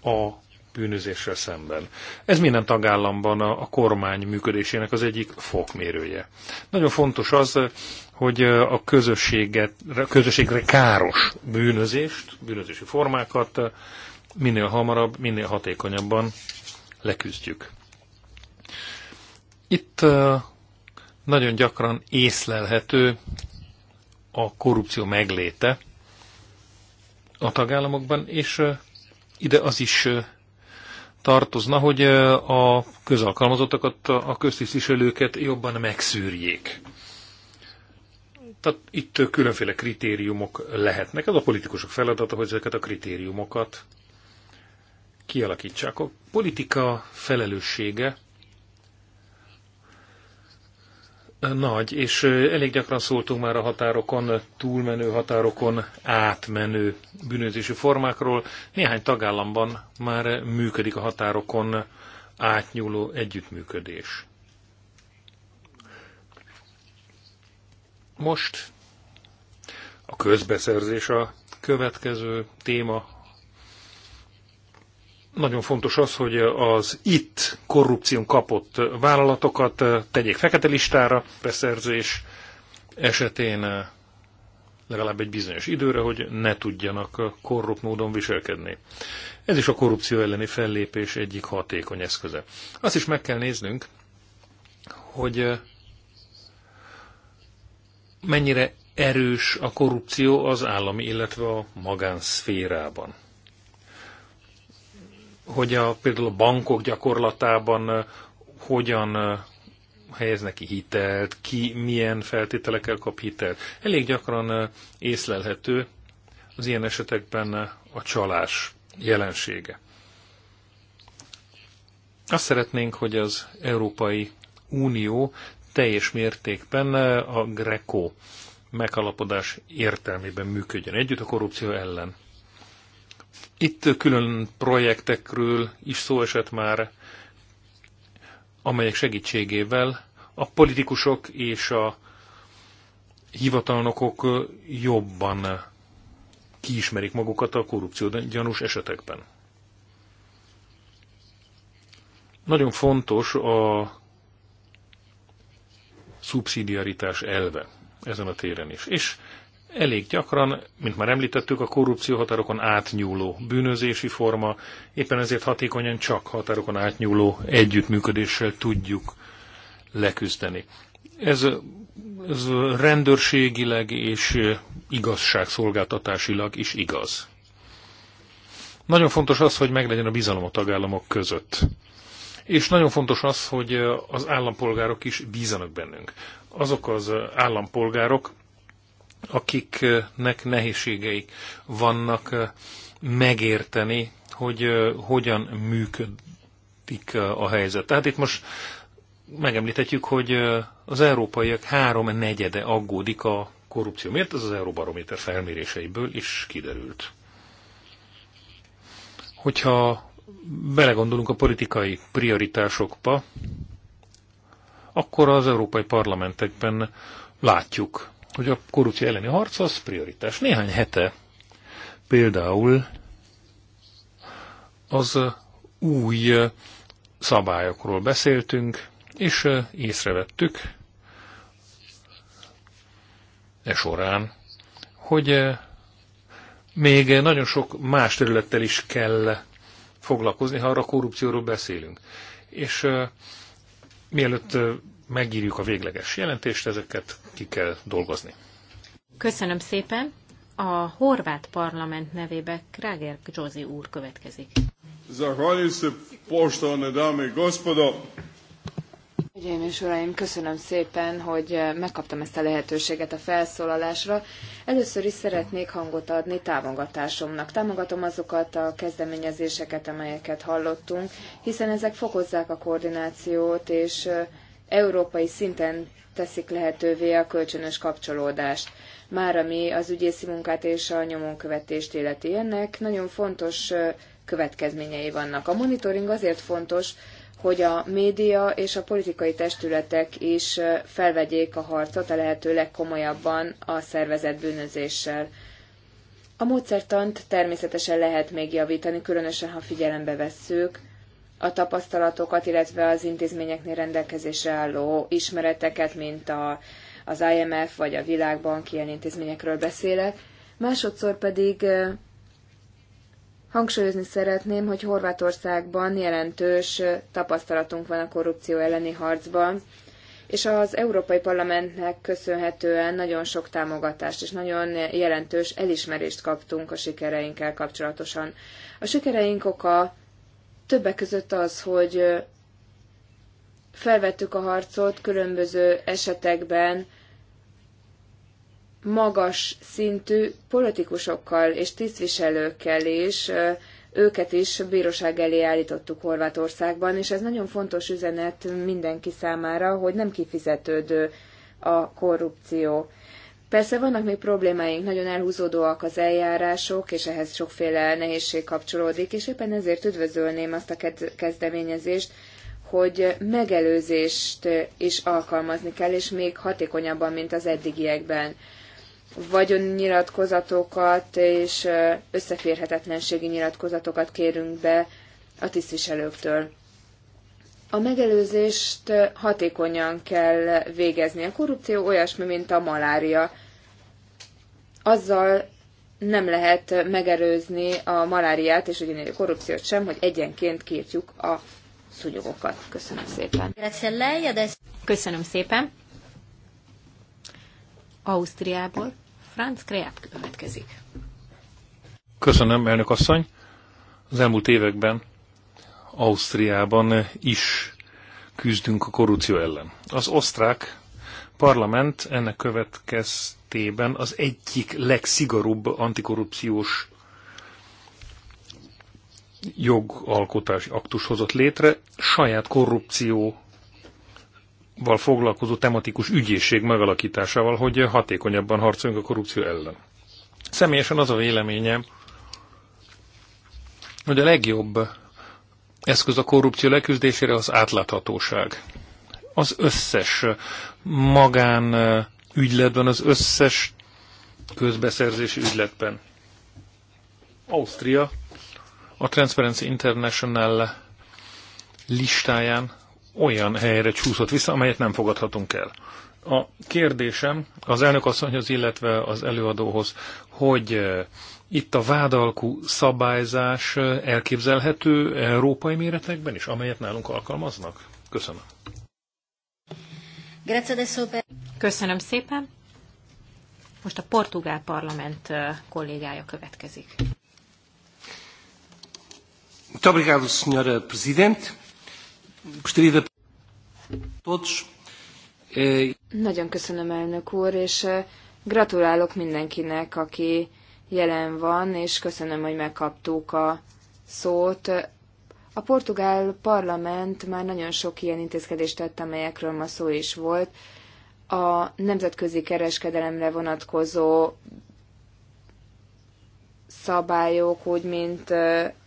a bűnözéssel szemben. Ez minden tagállamban a, a kormány működésének az egyik fokmérője. Nagyon fontos az, hogy a, közösséget, a közösségre káros bűnözést, bűnözési formákat minél hamarabb, minél hatékonyabban leküzdjük. Itt nagyon gyakran észlelhető a korrupció megléte a tagállamokban, és ide az is tartozna, hogy a közalkalmazottakat, a köztisztviselőket jobban megszűrjék. Tehát itt különféle kritériumok lehetnek. Ez a politikusok feladata, hogy ezeket a kritériumokat kialakítsák. A politika felelőssége, nagy, és elég gyakran szóltunk már a határokon, túlmenő határokon átmenő bűnözési formákról. Néhány tagállamban már működik a határokon átnyúló együttműködés. Most a közbeszerzés a következő téma, nagyon fontos az, hogy az itt korrupción kapott vállalatokat tegyék fekete listára beszerzés esetén legalább egy bizonyos időre, hogy ne tudjanak korrupt módon viselkedni. Ez is a korrupció elleni fellépés egyik hatékony eszköze. Azt is meg kell néznünk, hogy mennyire erős a korrupció az állami, illetve a magánszférában hogy a, például a bankok gyakorlatában hogyan helyeznek ki hitelt, ki milyen feltételekkel kap hitelt. Elég gyakran észlelhető az ilyen esetekben a csalás jelensége. Azt szeretnénk, hogy az Európai Unió teljes mértékben a Greco megalapodás értelmében működjön együtt a korrupció ellen. Itt külön projektekről is szó esett már, amelyek segítségével a politikusok és a hivatalnokok jobban kiismerik magukat a korrupció gyanús esetekben. Nagyon fontos a szubszidiaritás elve ezen a téren is. És elég gyakran, mint már említettük, a korrupció határokon átnyúló bűnözési forma, éppen ezért hatékonyan csak határokon átnyúló együttműködéssel tudjuk leküzdeni. Ez, ez rendőrségileg és igazságszolgáltatásilag is igaz. Nagyon fontos az, hogy meglegyen a bizalom a tagállamok között. És nagyon fontos az, hogy az állampolgárok is bízanak bennünk. Azok az állampolgárok, akiknek nehézségeik vannak eh, megérteni, hogy eh, hogyan működik eh, a helyzet. Tehát itt most megemlíthetjük, hogy az európaiak három negyede aggódik a korrupció miért, ez az Euróbarométer felméréseiből is kiderült. Hogyha belegondolunk a politikai prioritásokba, akkor az európai parlamentekben látjuk, hogy a korrupció elleni harc az prioritás. Néhány hete például az új szabályokról beszéltünk, és észrevettük e során, hogy még nagyon sok más területtel is kell foglalkozni, ha arra korrupcióról beszélünk. És eh, mielőtt eh, megírjuk a végleges jelentést, ezeket ki kell dolgozni. Köszönöm szépen. A horvát parlament nevébe Kráger Zsózi úr következik. Zahvaljujem se, poštovane gospodo. Hölgyeim és uraim, köszönöm szépen, hogy megkaptam ezt a lehetőséget a felszólalásra. Először is szeretnék hangot adni támogatásomnak. Támogatom azokat a kezdeményezéseket, amelyeket hallottunk, hiszen ezek fokozzák a koordinációt és európai szinten teszik lehetővé a kölcsönös kapcsolódást. Már ami az ügyészi munkát és a nyomonkövetést illeti, ennek nagyon fontos következményei vannak. A monitoring azért fontos, hogy a média és a politikai testületek is felvegyék a harcot a lehető legkomolyabban a szervezett bűnözéssel. A módszertant természetesen lehet még javítani, különösen ha figyelembe vesszük, a tapasztalatokat, illetve az intézményeknél rendelkezésre álló ismereteket, mint a, az IMF vagy a Világbank, ilyen intézményekről beszélek. Másodszor pedig hangsúlyozni szeretném, hogy Horvátországban jelentős tapasztalatunk van a korrupció elleni harcban, és az Európai Parlamentnek köszönhetően nagyon sok támogatást és nagyon jelentős elismerést kaptunk a sikereinkkel kapcsolatosan. A sikereink oka Többek között az, hogy felvettük a harcot különböző esetekben magas szintű politikusokkal és tisztviselőkkel is, őket is bíróság elé állítottuk Horvátországban, és ez nagyon fontos üzenet mindenki számára, hogy nem kifizetődő a korrupció. Persze vannak még problémáink, nagyon elhúzódóak az eljárások, és ehhez sokféle nehézség kapcsolódik, és éppen ezért üdvözölném azt a kezdeményezést, hogy megelőzést is alkalmazni kell, és még hatékonyabban, mint az eddigiekben. Vagyonnyilatkozatokat és összeférhetetlenségi nyilatkozatokat kérünk be a tisztviselőktől. A megelőzést hatékonyan kell végezni. A korrupció olyasmi, mint a malária azzal nem lehet megerőzni a maláriát és ugyanígy a korrupciót sem, hogy egyenként kértjük a szúnyogokat. Köszönöm szépen. Köszönöm szépen. Ausztriából Franz Kreap következik. Köszönöm, elnök asszony. Az elmúlt években Ausztriában is küzdünk a korrupció ellen. Az osztrák parlament ennek következtében esetében az egyik legszigorúbb antikorrupciós jogalkotási aktus hozott létre, saját korrupció val foglalkozó tematikus ügyészség megalakításával, hogy hatékonyabban harcoljunk a korrupció ellen. Személyesen az a véleményem, hogy a legjobb eszköz a korrupció leküzdésére az átláthatóság. Az összes magán ügyletben, az összes közbeszerzési ügyletben. Ausztria a Transparency International listáján olyan helyre csúszott vissza, amelyet nem fogadhatunk el. A kérdésem az elnök asszonyhoz, illetve az előadóhoz, hogy eh, itt a vádalkú szabályzás eh, elképzelhető európai méretekben is, amelyet nálunk alkalmaznak? Köszönöm. Köszönöm szépen. Most a portugál parlament kollégája következik. Muito obrigado, Sra. Presidente. Gostaria de todos. Eh, nagyon köszönöm, elnök úr, és eh, gratulálok mindenkinek, aki jelen van, és köszönöm, hogy megkaptuk a szót. A portugál parlament már nagyon sok ilyen intézkedést tett, amelyekről ma szó is volt a nemzetközi kereskedelemre vonatkozó szabályok, úgy mint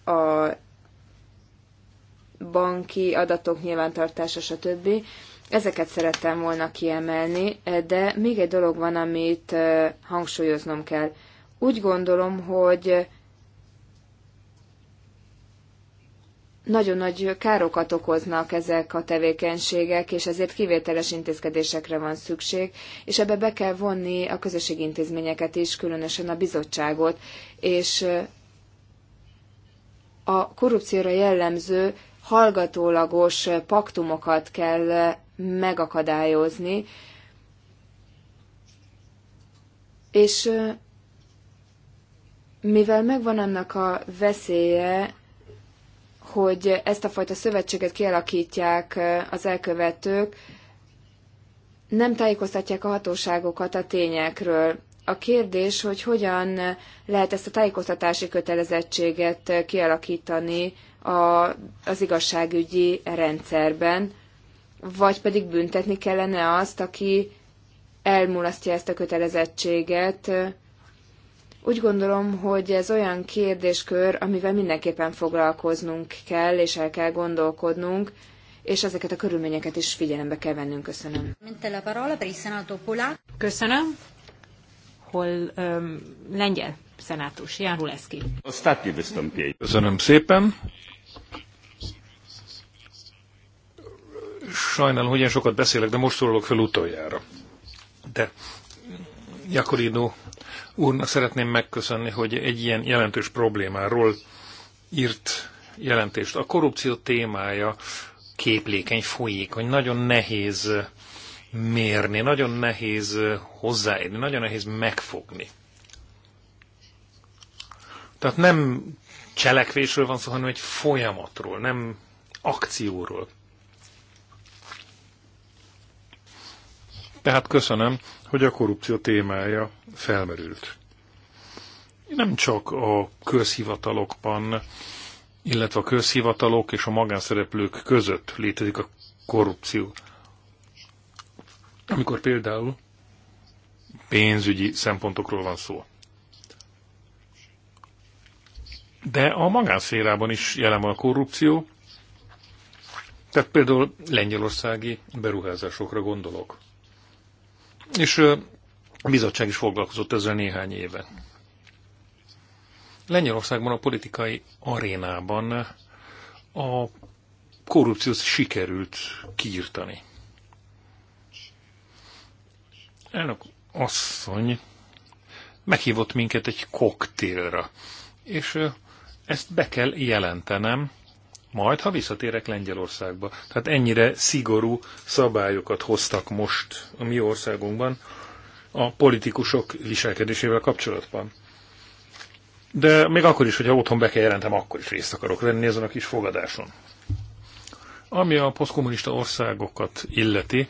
a banki adatok nyilvántartása, stb. Ezeket szerettem volna kiemelni, de még egy dolog van, amit hangsúlyoznom kell. Úgy gondolom, hogy nagyon nagy károkat okoznak ezek a tevékenységek, és ezért kivételes intézkedésekre van szükség, és ebbe be kell vonni a közösségi intézményeket is, különösen a bizottságot, és a korrupcióra jellemző hallgatólagos paktumokat kell megakadályozni, és mivel megvan annak a veszélye, hogy ezt a fajta szövetséget kialakítják az elkövetők, nem tájékoztatják a hatóságokat a tényekről. A kérdés, hogy hogyan lehet ezt a tájékoztatási kötelezettséget kialakítani a, az igazságügyi rendszerben, vagy pedig büntetni kellene azt, aki elmulasztja ezt a kötelezettséget, úgy gondolom, hogy ez olyan kérdéskör, amivel mindenképpen foglalkoznunk kell, és el kell gondolkodnunk, és ezeket a körülményeket is figyelembe kell vennünk. Köszönöm. Köszönöm. Hol um, lengyel szenátus, Jan Huleszki. Köszönöm szépen. Sajnálom, hogy ilyen sokat beszélek, de most szólok fel utoljára. De Jakorino úrnak szeretném megköszönni, hogy egy ilyen jelentős problémáról írt jelentést. A korrupció témája képlékeny, folyékony, nagyon nehéz mérni, nagyon nehéz hozzáérni, nagyon nehéz megfogni. Tehát nem cselekvésről van szó, hanem egy folyamatról, nem akcióról. Tehát köszönöm, hogy a korrupció témája felmerült. Nem csak a közhivatalokban, illetve a közhivatalok és a magánszereplők között létezik a korrupció. Amikor például pénzügyi szempontokról van szó. De a magánszférában is jelen van a korrupció, tehát például lengyelországi beruházásokra gondolok. És a bizottság is foglalkozott ezzel néhány éve. Lengyelországban a politikai arénában a korrupciót sikerült kiirtani. Elnök asszony meghívott minket egy koktélra, és ezt be kell jelentenem, majd, ha visszatérek Lengyelországba. Tehát ennyire szigorú szabályokat hoztak most a mi országunkban a politikusok viselkedésével kapcsolatban. De még akkor is, hogyha otthon be kell jelentem, akkor is részt akarok venni ezen a kis fogadáson. Ami a posztkommunista országokat illeti,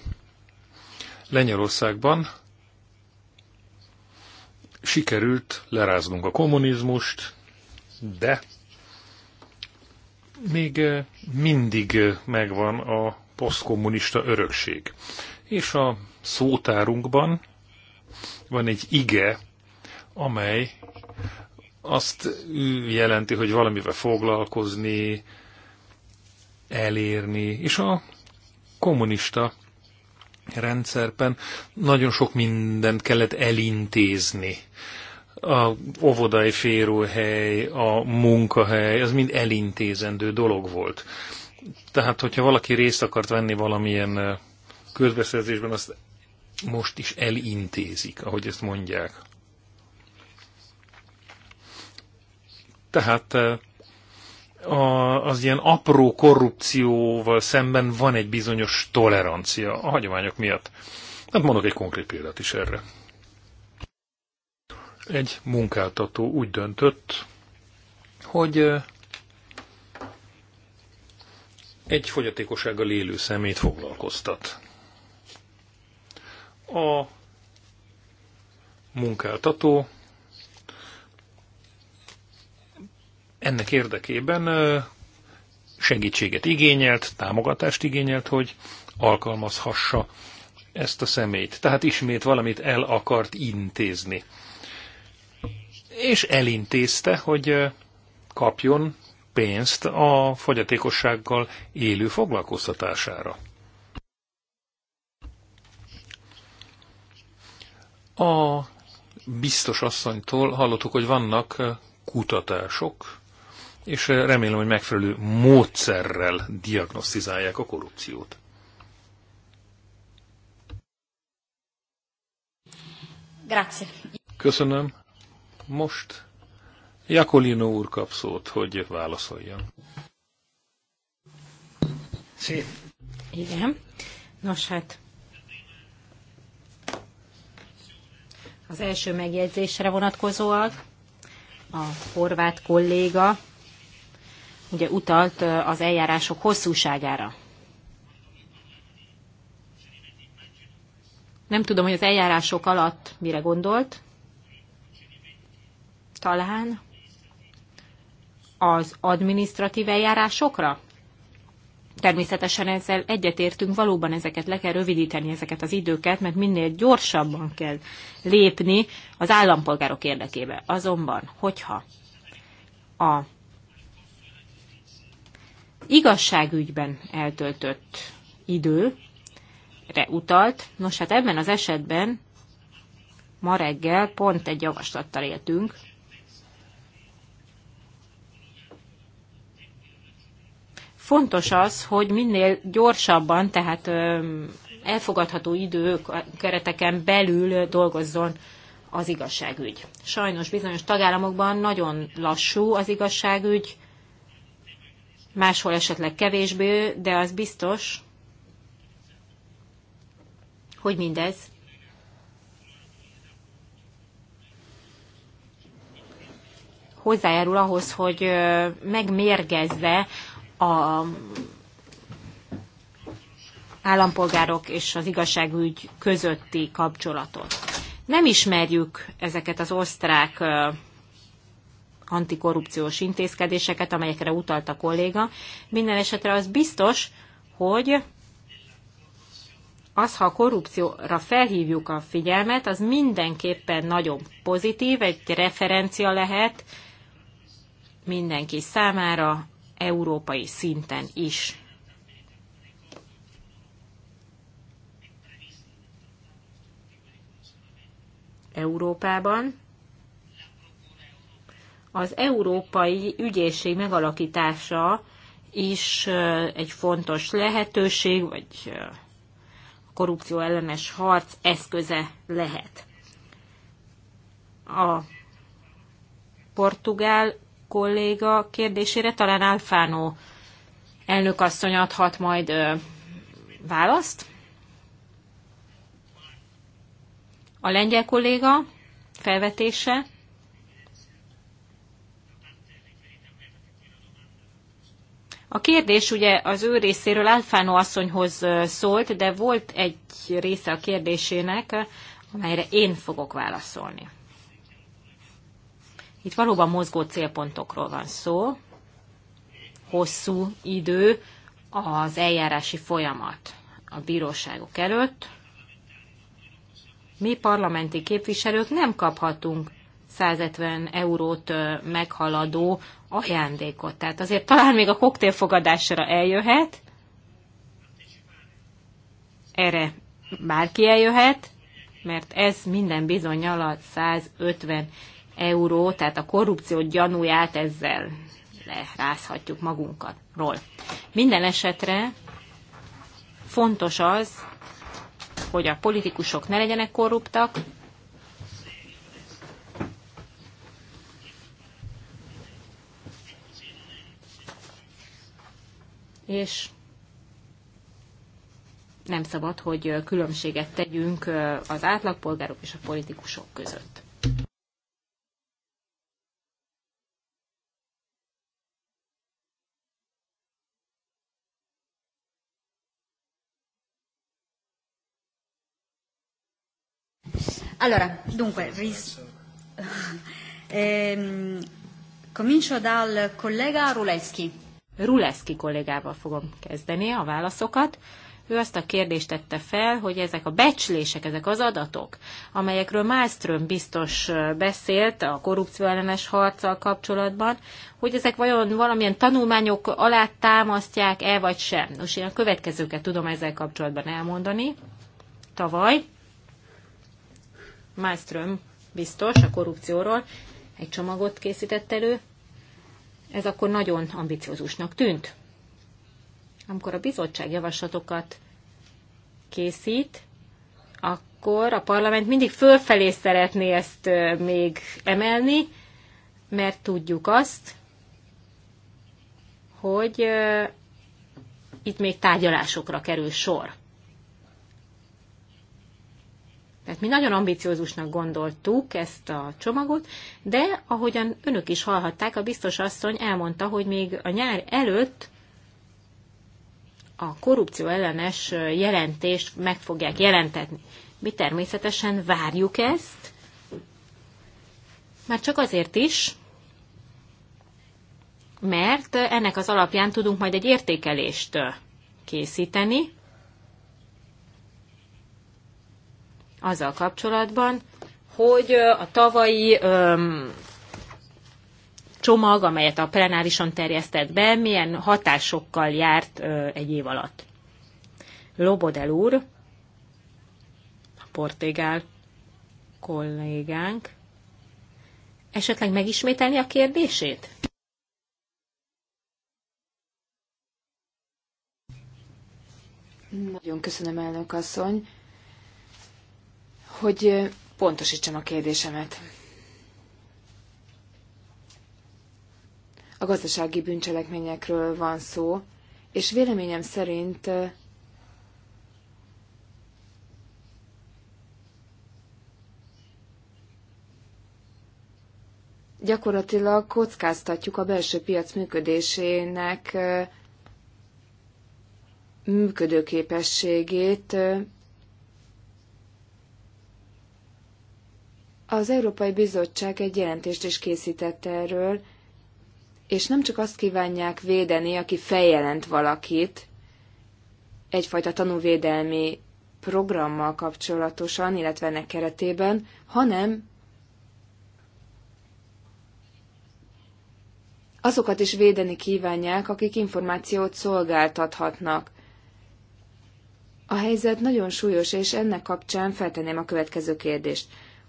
Lengyelországban sikerült leráznunk a kommunizmust, de még mindig megvan a posztkommunista örökség. És a szótárunkban van egy ige, amely azt jelenti, hogy valamivel foglalkozni, elérni, és a kommunista rendszerben nagyon sok mindent kellett elintézni a óvodai férőhely, a munkahely, az mind elintézendő dolog volt. Tehát, hogyha valaki részt akart venni valamilyen közbeszerzésben, azt most is elintézik, ahogy ezt mondják. Tehát a, az ilyen apró korrupcióval szemben van egy bizonyos tolerancia a hagyományok miatt. Hát mondok egy konkrét példát is erre egy munkáltató úgy döntött, hogy egy fogyatékossággal élő szemét foglalkoztat. A munkáltató ennek érdekében segítséget igényelt, támogatást igényelt, hogy alkalmazhassa ezt a szemét. Tehát ismét valamit el akart intézni és elintézte, hogy kapjon pénzt a fogyatékossággal élő foglalkoztatására. A biztos asszonytól hallottuk, hogy vannak kutatások, és remélem, hogy megfelelő módszerrel diagnosztizálják a korrupciót. Grazie. Köszönöm. Most Jakolino úr kap szót, hogy válaszoljon. Szép. Igen. Nos hát, az első megjegyzésre vonatkozóan a horvát kolléga ugye utalt az eljárások hosszúságára. Nem tudom, hogy az eljárások alatt mire gondolt talán az adminisztratív eljárásokra? Természetesen ezzel egyetértünk, valóban ezeket le kell rövidíteni, ezeket az időket, mert minél gyorsabban kell lépni az állampolgárok érdekébe. Azonban, hogyha a igazságügyben eltöltött időre utalt, nos hát ebben az esetben ma reggel pont egy javaslattal éltünk, Fontos az, hogy minél gyorsabban, tehát elfogadható idő kereteken belül dolgozzon az igazságügy. Sajnos bizonyos tagállamokban nagyon lassú az igazságügy, máshol esetleg kevésbé, de az biztos, hogy mindez hozzájárul ahhoz, hogy megmérgezze a állampolgárok és az igazságügy közötti kapcsolatot. Nem ismerjük ezeket az osztrák antikorrupciós intézkedéseket, amelyekre utalt a kolléga. Minden esetre az biztos, hogy az, ha a korrupcióra felhívjuk a figyelmet, az mindenképpen nagyon pozitív, egy referencia lehet mindenki számára, európai szinten is. Európában az európai ügyészség megalakítása is egy fontos lehetőség, vagy korrupció ellenes harc eszköze lehet. A portugál kolléga kérdésére talán Alfánó elnökasszony adhat majd ö, választ. A lengyel kolléga felvetése. A kérdés ugye az ő részéről Alfánó asszonyhoz szólt, de volt egy része a kérdésének, amelyre én fogok válaszolni. Itt valóban mozgó célpontokról van szó, hosszú idő az eljárási folyamat a bíróságok előtt. Mi parlamenti képviselők nem kaphatunk 150 eurót meghaladó ajándékot. Tehát azért talán még a koktélfogadásra eljöhet, erre bárki eljöhet, mert ez minden bizonyal a 150 euró, tehát a korrupció gyanúját ezzel lerázhatjuk magunkról. Minden esetre fontos az, hogy a politikusok ne legyenek korruptak, és nem szabad, hogy különbséget tegyünk az átlagpolgárok és a politikusok között. Allora, dunque, ris- ehm, comincio dal collega Ruleschi. Ruleschi kollégával fogom kezdeni a válaszokat. Ő azt a kérdést tette fel, hogy ezek a becslések, ezek az adatok, amelyekről Malmström biztos beszélt a korrupció ellenes harccal kapcsolatban, hogy ezek vajon valamilyen tanulmányok alá támasztják-e, vagy sem. Nos, én a következőket tudom ezzel kapcsolatban elmondani. Tavaly Malmström biztos a korrupcióról egy csomagot készített elő. Ez akkor nagyon ambiciózusnak tűnt. Amikor a bizottság javaslatokat készít, akkor a parlament mindig fölfelé szeretné ezt még emelni, mert tudjuk azt, hogy itt még tárgyalásokra kerül sor. Tehát mi nagyon ambiciózusnak gondoltuk ezt a csomagot, de ahogyan önök is hallhatták, a biztos asszony elmondta, hogy még a nyár előtt a korrupció ellenes jelentést meg fogják jelentetni. Mi természetesen várjuk ezt, már csak azért is, mert ennek az alapján tudunk majd egy értékelést készíteni, azzal kapcsolatban, hogy a tavalyi öm, csomag, amelyet a plenárison terjesztett be, milyen hatásokkal járt ö, egy év alatt. Lobodel úr, a portugál kollégánk, esetleg megismételni a kérdését? Nagyon köszönöm, elnök asszony hogy pontosítsam a kérdésemet. A gazdasági bűncselekményekről van szó, és véleményem szerint gyakorlatilag kockáztatjuk a belső piac működésének működőképességét, Az Európai Bizottság egy jelentést is készített erről, és nem csak azt kívánják védeni, aki feljelent valakit, egyfajta tanúvédelmi programmal kapcsolatosan, illetve ennek keretében, hanem azokat is védeni kívánják, akik információt szolgáltathatnak. A helyzet nagyon súlyos, és ennek kapcsán feltenném a következő kérdést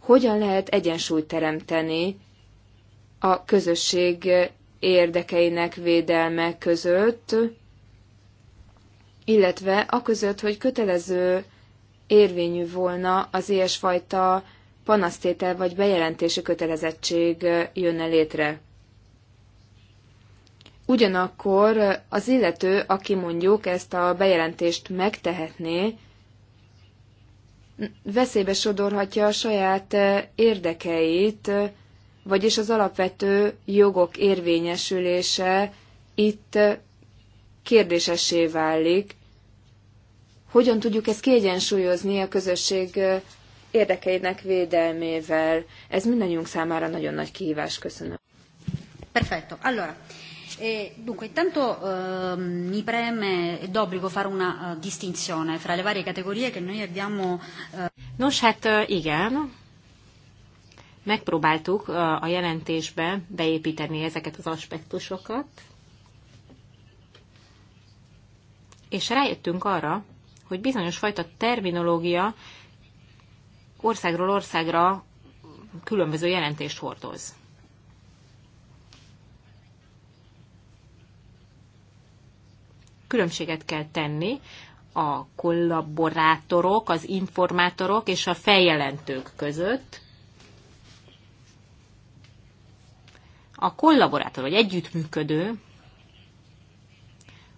hogyan lehet egyensúlyt teremteni a közösség érdekeinek védelme között, illetve a között, hogy kötelező érvényű volna az ilyesfajta panasztétel vagy bejelentési kötelezettség jönne létre. Ugyanakkor az illető, aki mondjuk ezt a bejelentést megtehetné, veszélybe sodorhatja a saját eh, érdekeit, eh, vagyis az alapvető jogok érvényesülése itt eh, kérdésessé válik. Hogyan tudjuk ezt kiegyensúlyozni a közösség érdekeinek védelmével? Ez mindannyiunk számára nagyon nagy kihívás. Köszönöm. Perfetto. Allora, E, dunque, intanto eh, mi preme e d'obbligo fare una uh, distinzione fra le varie categorie che noi abbiamo. Uh... Nos, hát eh, igen, megpróbáltuk uh, a jelentésbe beépíteni ezeket az aspektusokat, és rájöttünk arra, hogy bizonyos fajta terminológia országról országra különböző jelentést hordoz. különbséget kell tenni a kollaborátorok, az informátorok és a feljelentők között. A kollaborátor, vagy együttműködő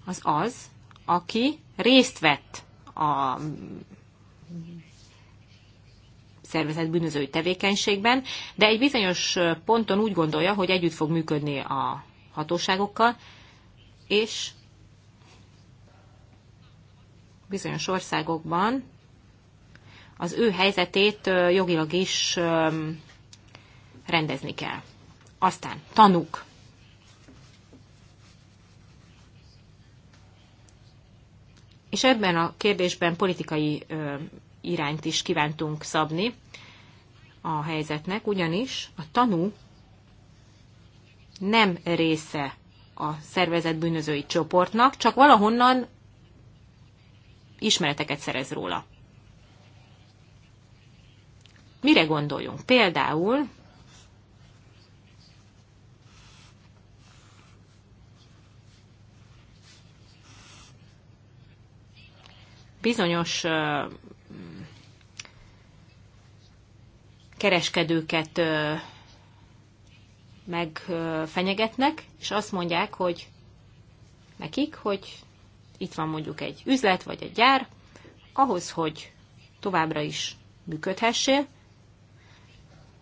az az, aki részt vett a szervezett bűnözői tevékenységben, de egy bizonyos ponton úgy gondolja, hogy együtt fog működni a hatóságokkal, és bizonyos országokban az ő helyzetét jogilag is rendezni kell. Aztán tanuk. És ebben a kérdésben politikai irányt is kívántunk szabni a helyzetnek, ugyanis a tanú nem része a szervezett bűnözői csoportnak, csak valahonnan ismereteket szerez róla. Mire gondoljunk? Például bizonyos kereskedőket megfenyegetnek, és azt mondják, hogy nekik, hogy itt van mondjuk egy üzlet vagy egy gyár, ahhoz, hogy továbbra is működhessél,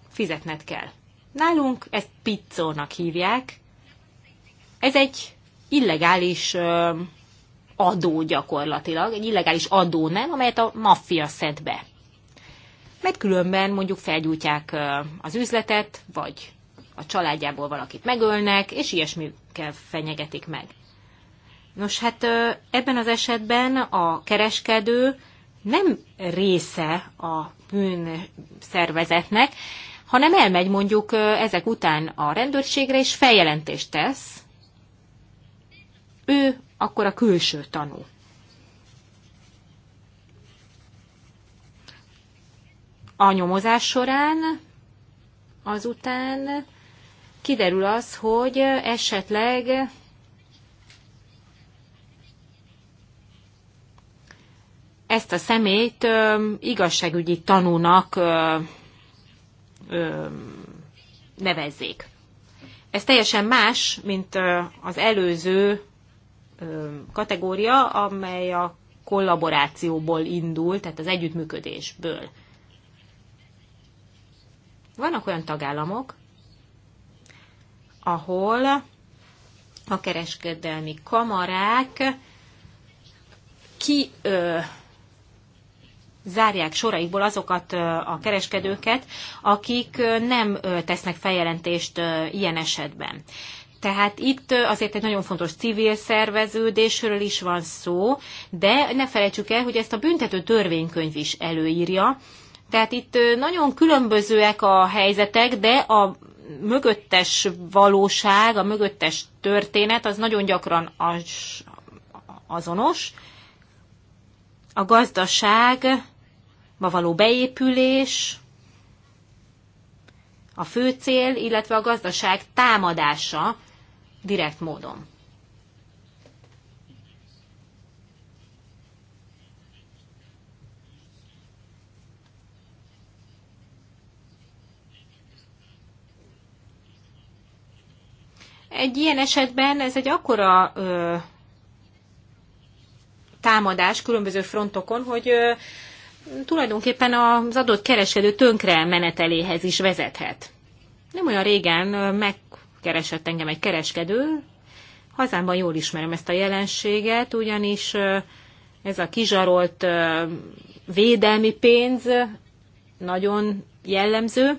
fizetned kell. Nálunk ezt pizzónak hívják. Ez egy illegális adó gyakorlatilag, egy illegális adó nem, amelyet a maffia szed be. Mert különben mondjuk felgyújtják az üzletet, vagy a családjából valakit megölnek, és ilyesmikkel fenyegetik meg. Nos, hát ebben az esetben a kereskedő nem része a bűn szervezetnek, hanem elmegy mondjuk ezek után a rendőrségre, és feljelentést tesz. Ő akkor a külső tanú. A nyomozás során azután kiderül az, hogy esetleg ezt a személyt ö, igazságügyi tanúnak ö, ö, nevezzék. Ez teljesen más, mint az előző kategória, amely a kollaborációból indul, tehát az együttműködésből. Vannak olyan tagállamok, ahol a kereskedelmi kamarák ki ö, zárják soraikból azokat a kereskedőket, akik nem tesznek feljelentést ilyen esetben. Tehát itt azért egy nagyon fontos civil szerveződésről is van szó, de ne felejtsük el, hogy ezt a büntető törvénykönyv is előírja. Tehát itt nagyon különbözőek a helyzetek, de a mögöttes valóság, a mögöttes történet az nagyon gyakran az, azonos. A gazdaság ma való beépülés, a fő cél, illetve a gazdaság támadása direkt módon. Egy ilyen esetben ez egy akkora ö, támadás különböző frontokon, hogy ö, tulajdonképpen az adott kereskedő tönkre meneteléhez is vezethet. Nem olyan régen megkeresett engem egy kereskedő, hazámban jól ismerem ezt a jelenséget, ugyanis ez a kizsarolt védelmi pénz nagyon jellemző.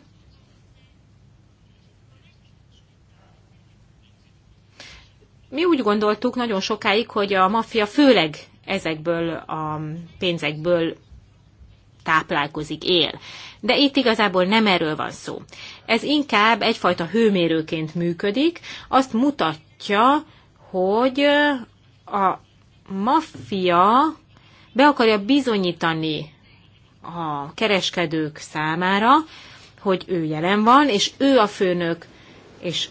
Mi úgy gondoltuk nagyon sokáig, hogy a maffia főleg ezekből a pénzekből táplálkozik, él. De itt igazából nem erről van szó. Ez inkább egyfajta hőmérőként működik, azt mutatja, hogy a maffia be akarja bizonyítani a kereskedők számára, hogy ő jelen van, és ő a főnök, és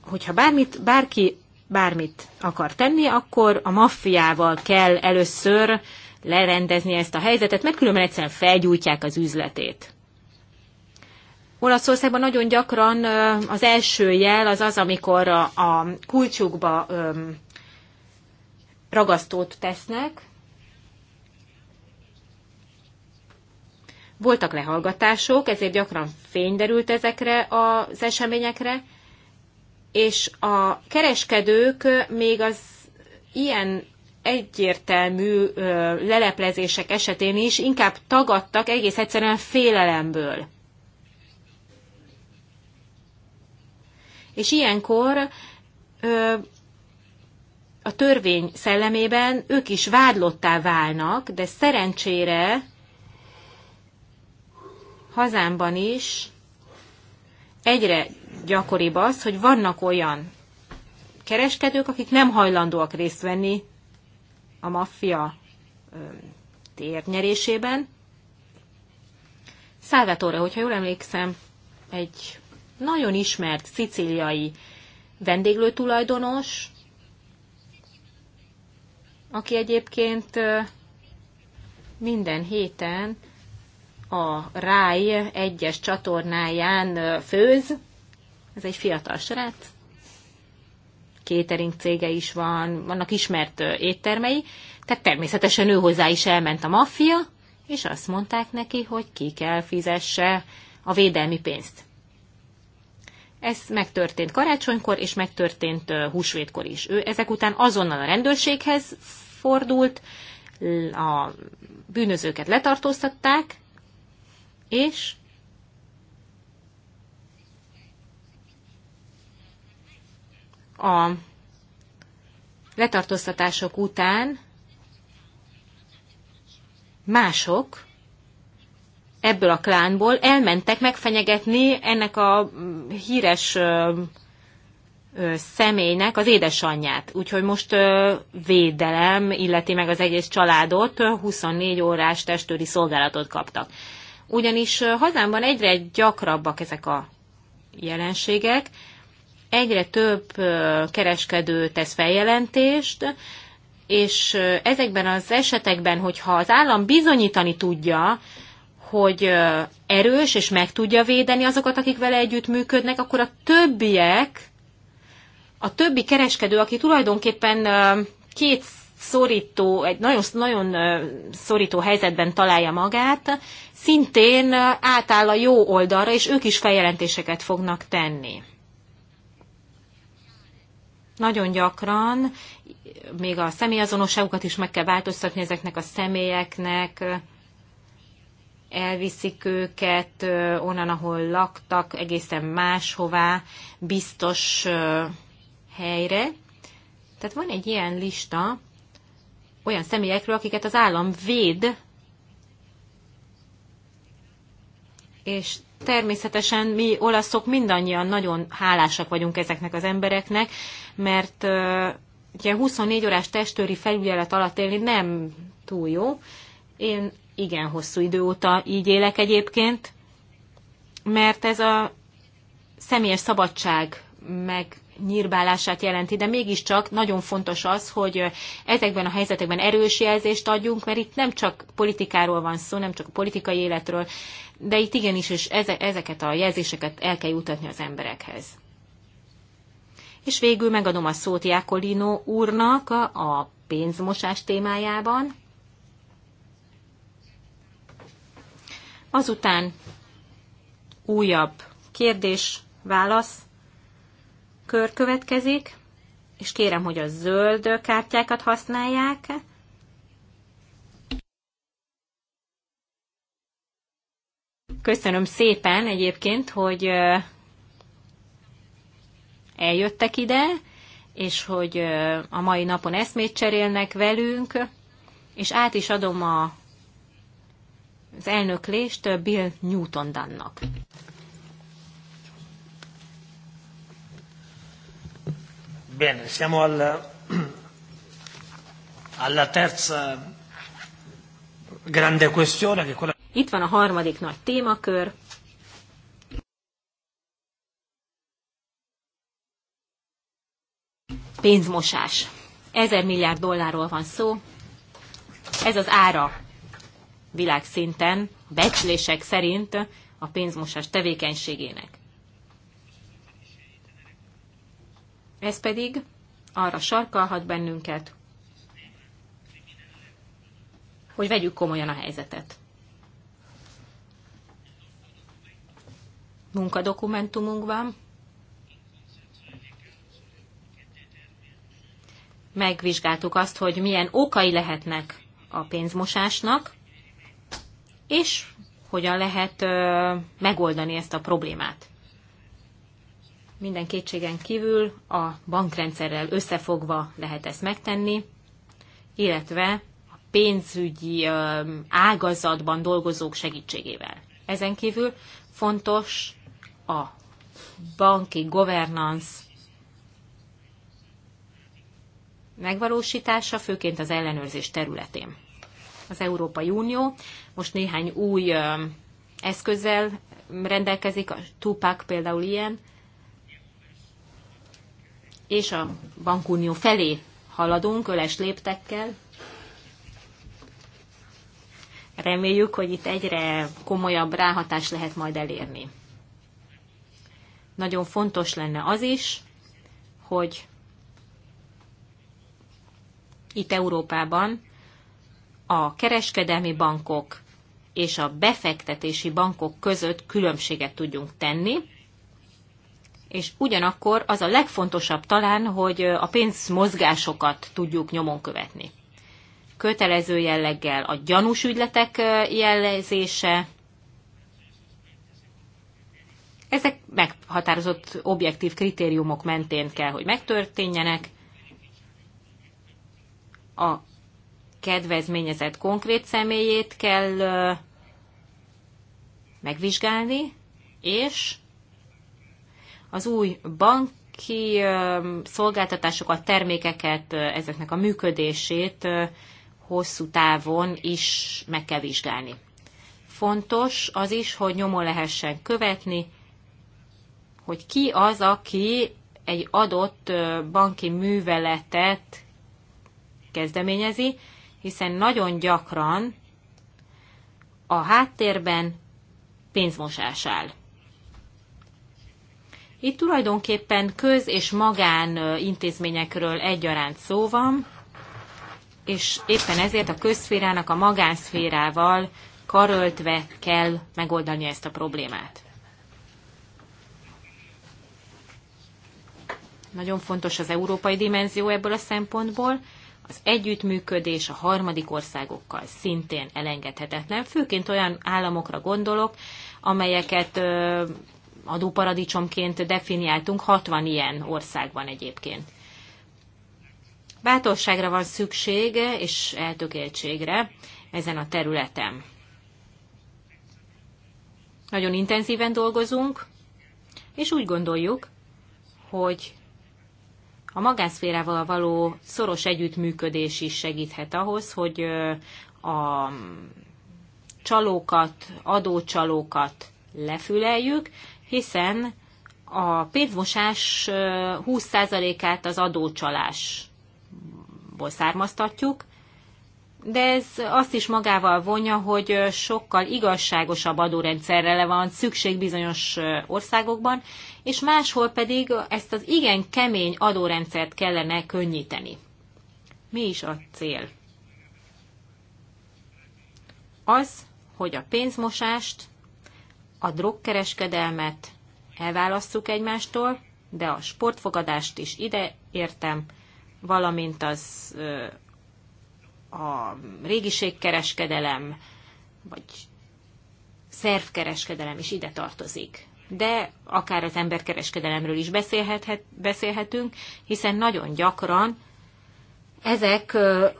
hogyha bármit, bárki bármit akar tenni, akkor a maffiával kell először lerendezni ezt a helyzetet, mert különben egyszerűen felgyújtják az üzletét. Olaszországban nagyon gyakran az első jel az az, amikor a kulcsukba ragasztót tesznek. Voltak lehallgatások, ezért gyakran fény derült ezekre az eseményekre, és a kereskedők még az ilyen egyértelmű leleplezések esetén is inkább tagadtak egész egyszerűen félelemből. És ilyenkor a törvény szellemében ők is vádlottá válnak, de szerencsére hazámban is egyre gyakoribb az, hogy vannak olyan kereskedők, akik nem hajlandóak részt venni a maffia térnyerésében. Salvatore, hogyha jól emlékszem, egy nagyon ismert szicíliai vendéglőtulajdonos, aki egyébként minden héten a Ráj egyes csatornáján főz. Ez egy fiatal srác catering cége is van, vannak ismert éttermei, tehát természetesen ő hozzá is elment a maffia, és azt mondták neki, hogy ki kell fizesse a védelmi pénzt. Ez megtörtént karácsonykor, és megtörtént húsvétkor is. Ő ezek után azonnal a rendőrséghez fordult, a bűnözőket letartóztatták, és a letartóztatások után mások ebből a klánból elmentek megfenyegetni ennek a híres személynek az édesanyját. Úgyhogy most védelem illeti meg az egész családot, 24 órás testőri szolgálatot kaptak. Ugyanis hazámban egyre gyakrabbak ezek a jelenségek, egyre több kereskedő tesz feljelentést, és ezekben az esetekben, hogyha az állam bizonyítani tudja, hogy erős és meg tudja védeni azokat, akik vele együtt működnek, akkor a többiek, a többi kereskedő, aki tulajdonképpen két szorító, egy nagyon, nagyon szorító helyzetben találja magát, szintén átáll a jó oldalra, és ők is feljelentéseket fognak tenni. Nagyon gyakran még a személyazonosságukat is meg kell változtatni ezeknek a személyeknek, elviszik őket onnan, ahol laktak, egészen máshová, biztos helyre. Tehát van egy ilyen lista olyan személyekről, akiket az állam véd, és természetesen mi olaszok mindannyian nagyon hálásak vagyunk ezeknek az embereknek, mert ugye 24 órás testőri felügyelet alatt élni nem túl jó. Én igen hosszú idő óta így élek egyébként, mert ez a személyes szabadság meg nyírbálását jelenti, de mégiscsak nagyon fontos az, hogy ezekben a helyzetekben erős jelzést adjunk, mert itt nem csak politikáról van szó, nem csak a politikai életről, de itt igenis is ezeket a jelzéseket el kell jutatni az emberekhez. És végül megadom a szót Jákolino úrnak a pénzmosás témájában. Azután újabb kérdés, válasz kör következik, és kérem, hogy a zöld kártyákat használják. Köszönöm szépen egyébként, hogy eljöttek ide, és hogy a mai napon eszmét cserélnek velünk, és át is adom a, az elnöklést Bill Newton-dannak. Bene, siamo al, alla terza grande questione che quella... Itt van a harmadik nagy témakör. Pénzmosás. Ezer milliárd dollárról van szó. Ez az ára világszinten, becslések szerint a pénzmosás tevékenységének. Ez pedig arra sarkalhat bennünket, hogy vegyük komolyan a helyzetet. Munkadokumentumunkban megvizsgáltuk azt, hogy milyen okai lehetnek a pénzmosásnak, és hogyan lehet ö, megoldani ezt a problémát minden kétségen kívül a bankrendszerrel összefogva lehet ezt megtenni, illetve a pénzügyi ágazatban dolgozók segítségével. Ezen kívül fontos a banki governance megvalósítása, főként az ellenőrzés területén. Az Európai Unió most néhány új eszközzel rendelkezik, a Tupac például ilyen, és a bankunió felé haladunk öles léptekkel. Reméljük, hogy itt egyre komolyabb ráhatás lehet majd elérni. Nagyon fontos lenne az is, hogy itt Európában a kereskedelmi bankok és a befektetési bankok között különbséget tudjunk tenni, és ugyanakkor az a legfontosabb talán, hogy a pénzmozgásokat tudjuk nyomon követni. Kötelező jelleggel a gyanús ügyletek jellezése, ezek meghatározott objektív kritériumok mentén kell, hogy megtörténjenek. A kedvezményezett konkrét személyét kell megvizsgálni, és az új banki szolgáltatásokat, termékeket, ezeknek a működését hosszú távon is meg kell vizsgálni. Fontos az is, hogy nyomon lehessen követni, hogy ki az, aki egy adott banki műveletet kezdeményezi, hiszen nagyon gyakran a háttérben pénzmosás áll. Itt tulajdonképpen köz- és magán intézményekről egyaránt szó van, és éppen ezért a közszférának a magánszférával karöltve kell megoldani ezt a problémát. Nagyon fontos az európai dimenzió ebből a szempontból. Az együttműködés a harmadik országokkal szintén elengedhetetlen, főként olyan államokra gondolok, amelyeket adóparadicsomként definiáltunk, 60 ilyen ország van egyébként. Bátorságra van szüksége és eltökéltségre ezen a területen. Nagyon intenzíven dolgozunk, és úgy gondoljuk, hogy a magánszférával való szoros együttműködés is segíthet ahhoz, hogy a csalókat, adócsalókat lefüleljük, hiszen a pénzmosás 20%-át az adócsalásból származtatjuk, de ez azt is magával vonja, hogy sokkal igazságosabb adórendszerre van szükség bizonyos országokban, és máshol pedig ezt az igen kemény adórendszert kellene könnyíteni. Mi is a cél? Az, hogy a pénzmosást a drogkereskedelmet elválasszuk egymástól, de a sportfogadást is ide értem, valamint az a régiségkereskedelem, vagy szervkereskedelem is ide tartozik. De akár az emberkereskedelemről is beszélhet, beszélhetünk, hiszen nagyon gyakran ezek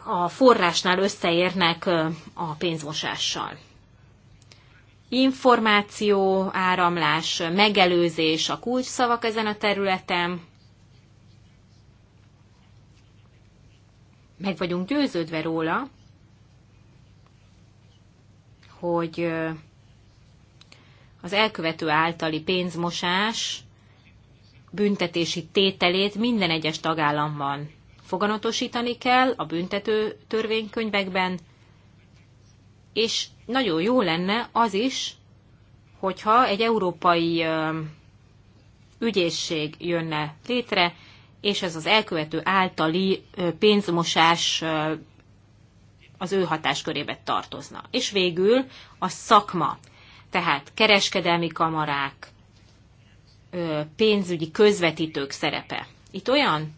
a forrásnál összeérnek a pénzmosással információ, áramlás, megelőzés a kulcsszavak ezen a területen. Meg vagyunk győződve róla, hogy az elkövető általi pénzmosás büntetési tételét minden egyes tagállamban foganatosítani kell a büntető törvénykönyvekben, és nagyon jó lenne az is, hogyha egy európai ügyészség jönne létre, és ez az elkövető általi pénzmosás az ő hatáskörébe tartozna. És végül a szakma, tehát kereskedelmi kamarák, pénzügyi közvetítők szerepe. Itt olyan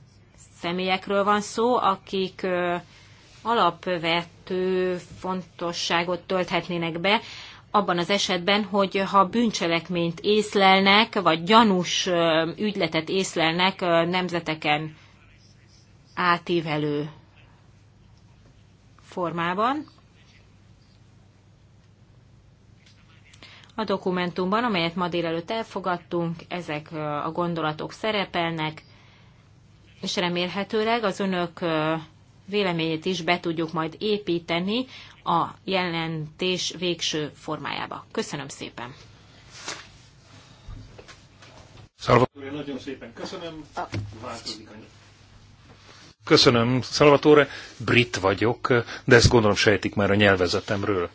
személyekről van szó, akik alapvető fontosságot tölthetnének be abban az esetben, hogy ha bűncselekményt észlelnek, vagy gyanús ügyletet észlelnek nemzeteken átívelő formában. A dokumentumban, amelyet ma délelőtt elfogadtunk, ezek a gondolatok szerepelnek, és remélhetőleg az önök véleményét is be tudjuk majd építeni a jelentés végső formájába. Köszönöm szépen! Szalvatore, nagyon szépen köszönöm. Változik Köszönöm, Szalvatore. Brit vagyok, de ezt gondolom sejtik már a nyelvezetemről.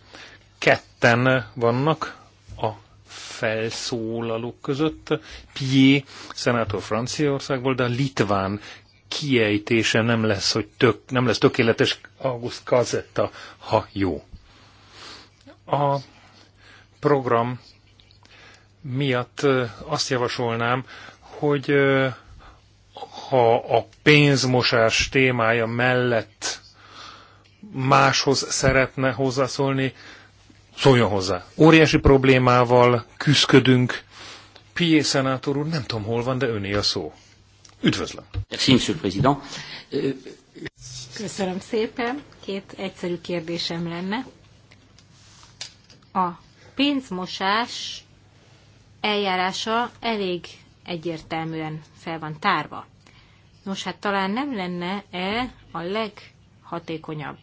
Ketten vannak a felszólalók között. Pié, szenátor Franciaországból, de a litván kiejtése nem lesz, hogy tök, nem lesz tökéletes August Kazetta, ha jó. A program miatt azt javasolnám, hogy ha a pénzmosás témája mellett máshoz szeretne hozzászólni, szóljon hozzá. Óriási problémával küzdködünk. Pié szenátor úr, nem tudom hol van, de öné a szó. Üdvözlöm! Euh, Köszönöm szépen. Két egyszerű kérdésem lenne. A pénzmosás eljárása elég egyértelműen fel van tárva. Nos, hát talán nem lenne-e a leghatékonyabb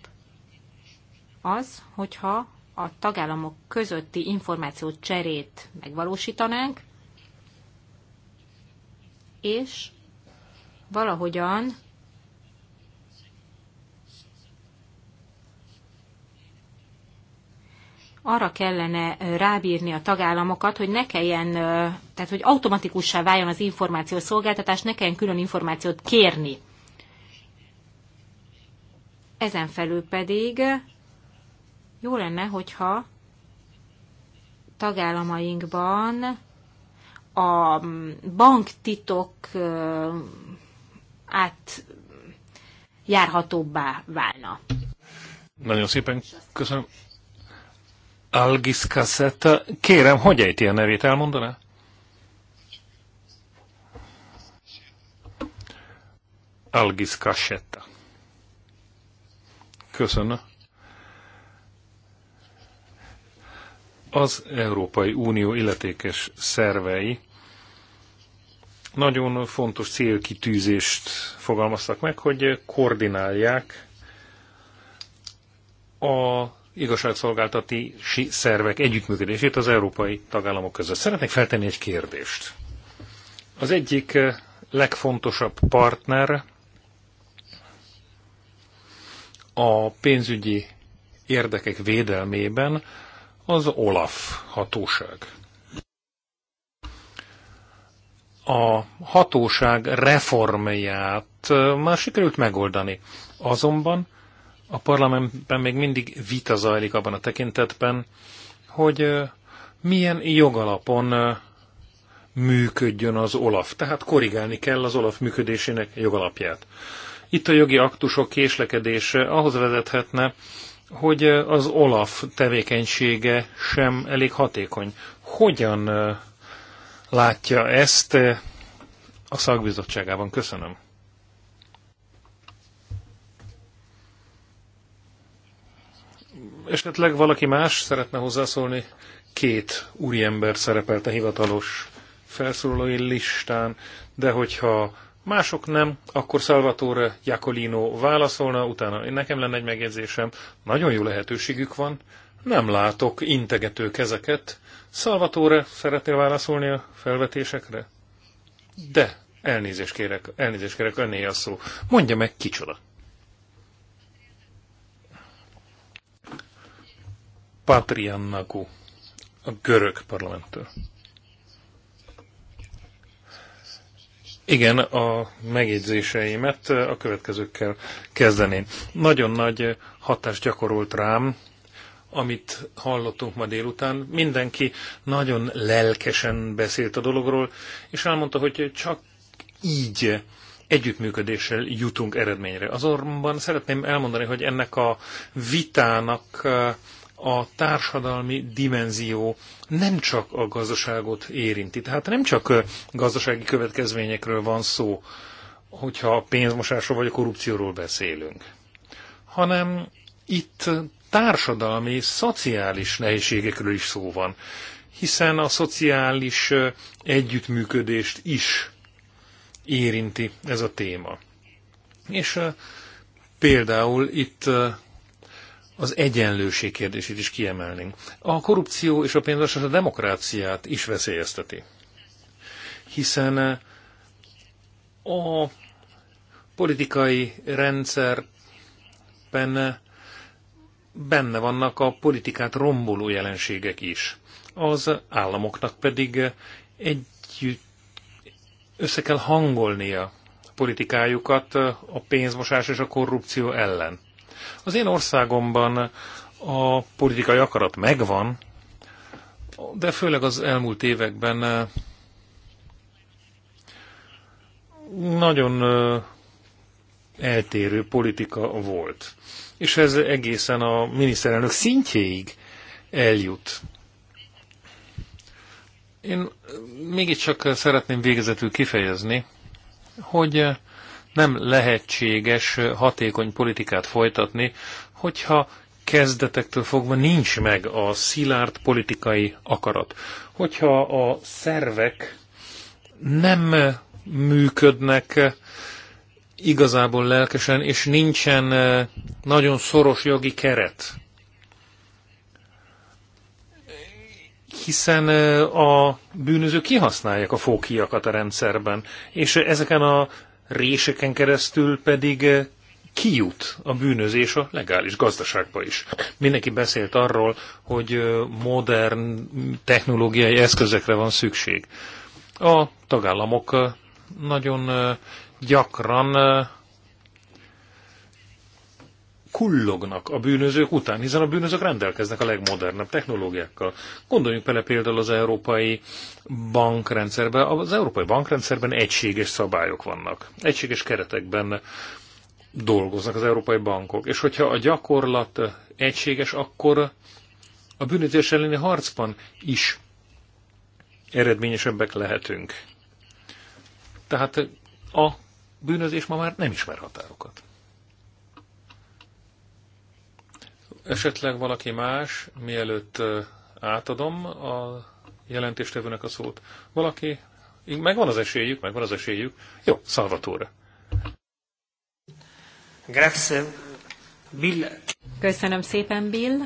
az, hogyha a tagállamok közötti információ cserét megvalósítanánk, és valahogyan arra kellene rábírni a tagállamokat, hogy ne kelljen, tehát hogy automatikussá váljon az szolgáltatás, ne kelljen külön információt kérni. Ezen felül pedig jó lenne, hogyha tagállamainkban a banktitok át járhatóbbá válna. Nagyon szépen köszönöm. Algis Cassetta. Kérem, hogy ejti a nevét, elmondaná? Algis Cassetta. Köszönöm. Az Európai Unió illetékes szervei nagyon fontos célkitűzést fogalmaztak meg, hogy koordinálják a igazságszolgáltatási szervek együttműködését az európai tagállamok között. Szeretnék feltenni egy kérdést. Az egyik legfontosabb partner a pénzügyi érdekek védelmében az OLAF hatóság a hatóság reformját már sikerült megoldani. Azonban a parlamentben még mindig vita zajlik abban a tekintetben, hogy milyen jogalapon működjön az OLAF. Tehát korrigálni kell az OLAF működésének jogalapját. Itt a jogi aktusok késlekedése ahhoz vezethetne, hogy az OLAF tevékenysége sem elég hatékony. Hogyan látja ezt eh, a szakbizottságában. Köszönöm. Esetleg valaki más szeretne hozzászólni? Két úriember szerepelt a hivatalos felszólalói listán, de hogyha mások nem, akkor Salvatore Jacolino válaszolna, utána nekem lenne egy megjegyzésem, nagyon jó lehetőségük van, nem látok integető kezeket, Szalvatóra szeretnél válaszolni a felvetésekre? De, elnézést kérek, elnézést kérek, önné a szó. Mondja meg, kicsoda. Patriannaku, a görög parlamenttől. Igen, a megjegyzéseimet a következőkkel kezdeném. Nagyon nagy hatást gyakorolt rám amit hallottunk ma délután. Mindenki nagyon lelkesen beszélt a dologról, és elmondta, hogy csak így együttműködéssel jutunk eredményre. Azonban szeretném elmondani, hogy ennek a vitának eh, a társadalmi dimenzió nem csak a gazdaságot érinti. Tehát nem csak eh, gazdasági következményekről van szó, hogyha pénzmosásról vagy a korrupcióról beszélünk, hanem itt társadalmi, szociális nehézségekről is szó van, hiszen a szociális együttműködést is érinti ez a téma. És például itt az egyenlőség kérdését is kiemelnénk. A korrupció és a pénzmosás a demokráciát is veszélyezteti. Hiszen a politikai rendszerben benne vannak a politikát romboló jelenségek is. Az államoknak pedig együtt össze kell hangolnia politikájukat a pénzmosás és a korrupció ellen. Az én országomban a politikai akarat megvan, de főleg az elmúlt években nagyon eltérő politika volt. És ez egészen a miniszterelnök szintjéig eljut. Én mégiscsak szeretném végezetül kifejezni, hogy nem lehetséges hatékony politikát folytatni, hogyha kezdetektől fogva nincs meg a szilárd politikai akarat. Hogyha a szervek nem működnek, igazából lelkesen, és nincsen eh, nagyon szoros jogi keret. Hiszen eh, a bűnözők kihasználják a fókiakat a rendszerben, és ezeken a réseken keresztül pedig eh, kijut a bűnözés a legális gazdaságba is. Mindenki beszélt arról, hogy modern technológiai eszközekre van szükség. A tagállamok nagyon gyakran kullognak a bűnözők után, hiszen a bűnözők rendelkeznek a legmodernebb technológiákkal. Gondoljunk bele például az európai bankrendszerbe. Az európai bankrendszerben egységes szabályok vannak. Egységes keretekben dolgoznak az európai bankok. És hogyha a gyakorlat egységes, akkor a bűnözés elleni harcban is eredményesebbek lehetünk. Tehát a bűnözés ma már nem ismer határokat. Esetleg valaki más, mielőtt átadom a jelentéstevőnek a szót. Valaki, megvan az esélyük, megvan az esélyük. Jó, Salvatore. Grazie. Bill. Köszönöm szépen, Bill.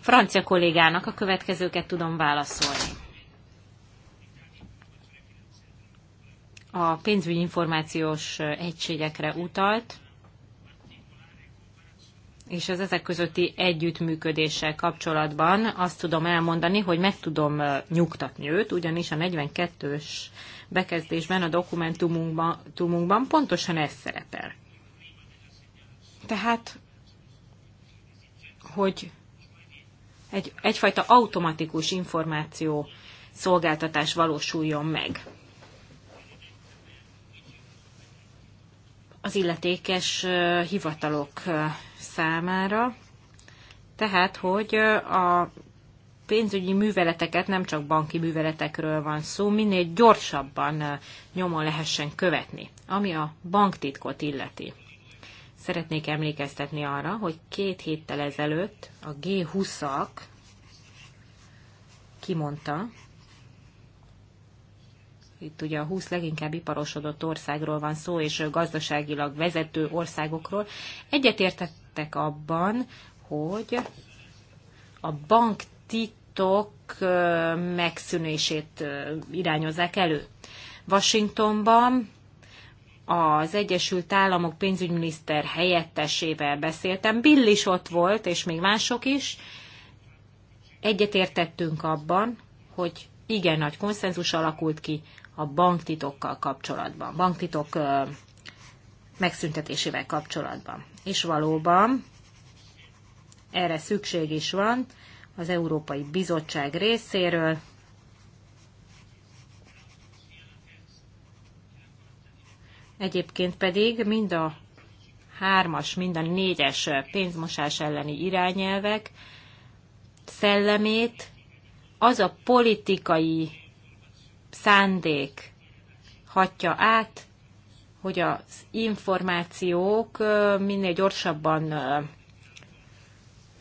Francia kollégának a következőket tudom válaszolni. a pénzügyi információs egységekre utalt, és az ezek közötti együttműködéssel kapcsolatban azt tudom elmondani, hogy meg tudom nyugtatni őt, ugyanis a 42-ös bekezdésben a dokumentumunkban pontosan ez szerepel. Tehát, hogy egy, egyfajta automatikus információ szolgáltatás valósuljon meg. az illetékes hivatalok számára, tehát, hogy a pénzügyi műveleteket nem csak banki műveletekről van szó, minél gyorsabban nyomon lehessen követni, ami a banktitkot illeti. Szeretnék emlékeztetni arra, hogy két héttel ezelőtt a G20-ak kimondta, itt ugye a 20 leginkább iparosodott országról van szó, és gazdaságilag vezető országokról, egyetértettek abban, hogy a banktitok megszűnését irányozzák elő. Washingtonban az Egyesült Államok pénzügyminiszter helyettesével beszéltem, Bill is ott volt, és még mások is, egyetértettünk abban, hogy igen nagy konszenzus alakult ki a banktitokkal kapcsolatban, banktitok megszüntetésével kapcsolatban. És valóban erre szükség is van az Európai Bizottság részéről, Egyébként pedig mind a hármas, mind a négyes pénzmosás elleni irányelvek szellemét az a politikai szándék hatja át, hogy az információk minél gyorsabban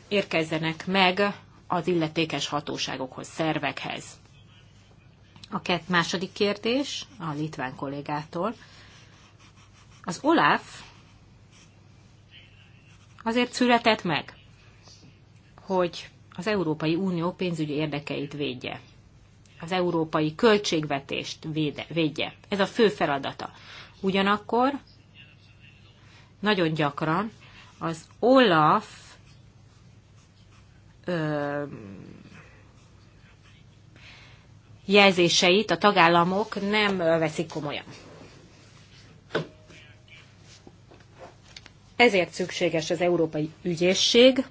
érkezzenek meg az illetékes hatóságokhoz, szervekhez. A két második kérdés a litván kollégától. Az Olaf azért született meg, hogy az Európai Unió pénzügyi érdekeit védje az európai költségvetést véde, védje. Ez a fő feladata. Ugyanakkor nagyon gyakran az Olaf ö, jelzéseit a tagállamok nem veszik komolyan. Ezért szükséges az Európai Ügyészség,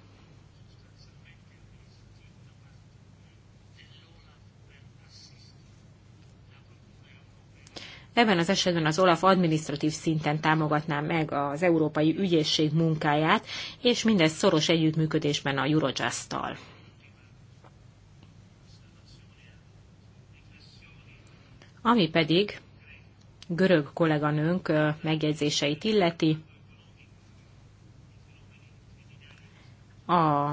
Ebben az esetben az OLAF administratív szinten támogatná meg az Európai Ügyészség munkáját, és mindez szoros együttműködésben a Eurojust-tal. Ami pedig görög kolléganőnk megjegyzéseit illeti, a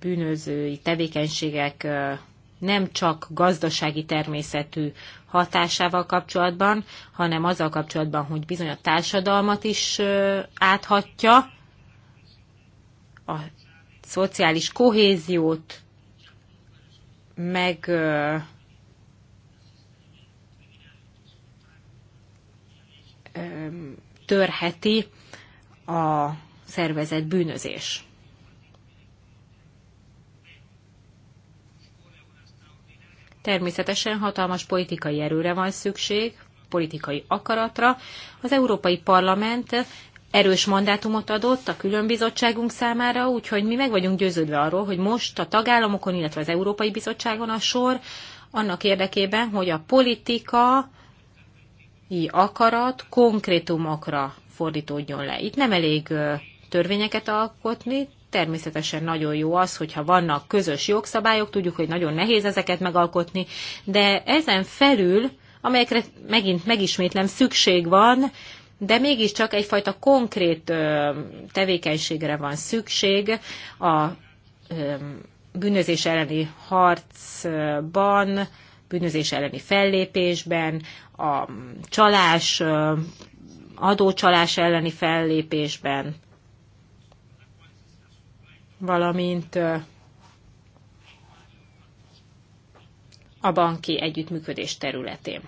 bűnözői tevékenységek nem csak gazdasági természetű hatásával kapcsolatban, hanem azzal kapcsolatban, hogy bizony a társadalmat is áthatja, a szociális kohéziót, meg törheti a szervezet bűnözés. Természetesen hatalmas politikai erőre van szükség, politikai akaratra. Az Európai Parlament erős mandátumot adott a különbizottságunk számára, úgyhogy mi meg vagyunk győződve arról, hogy most a tagállamokon, illetve az Európai Bizottságon a sor, annak érdekében, hogy a politika akarat konkrétumokra fordítódjon le. Itt nem elég törvényeket alkotni, Természetesen nagyon jó az, hogyha vannak közös jogszabályok, tudjuk, hogy nagyon nehéz ezeket megalkotni, de ezen felül, amelyekre megint megismétlem szükség van, de mégiscsak egyfajta konkrét tevékenységre van szükség a bűnözés elleni harcban, bűnözés elleni fellépésben, a csalás, adócsalás elleni fellépésben valamint a banki együttműködés területén.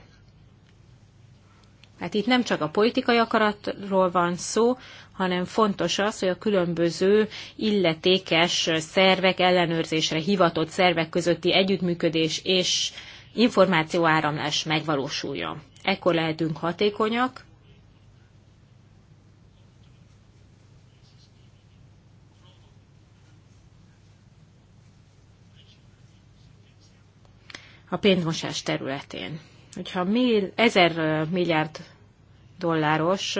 Hát itt nem csak a politikai akaratról van szó, hanem fontos az, hogy a különböző illetékes szervek ellenőrzésre hivatott szervek közötti együttműködés és információáramlás megvalósuljon. Ekkor lehetünk hatékonyak, a pénzmosás területén. Hogyha mil, ezer milliárd dolláros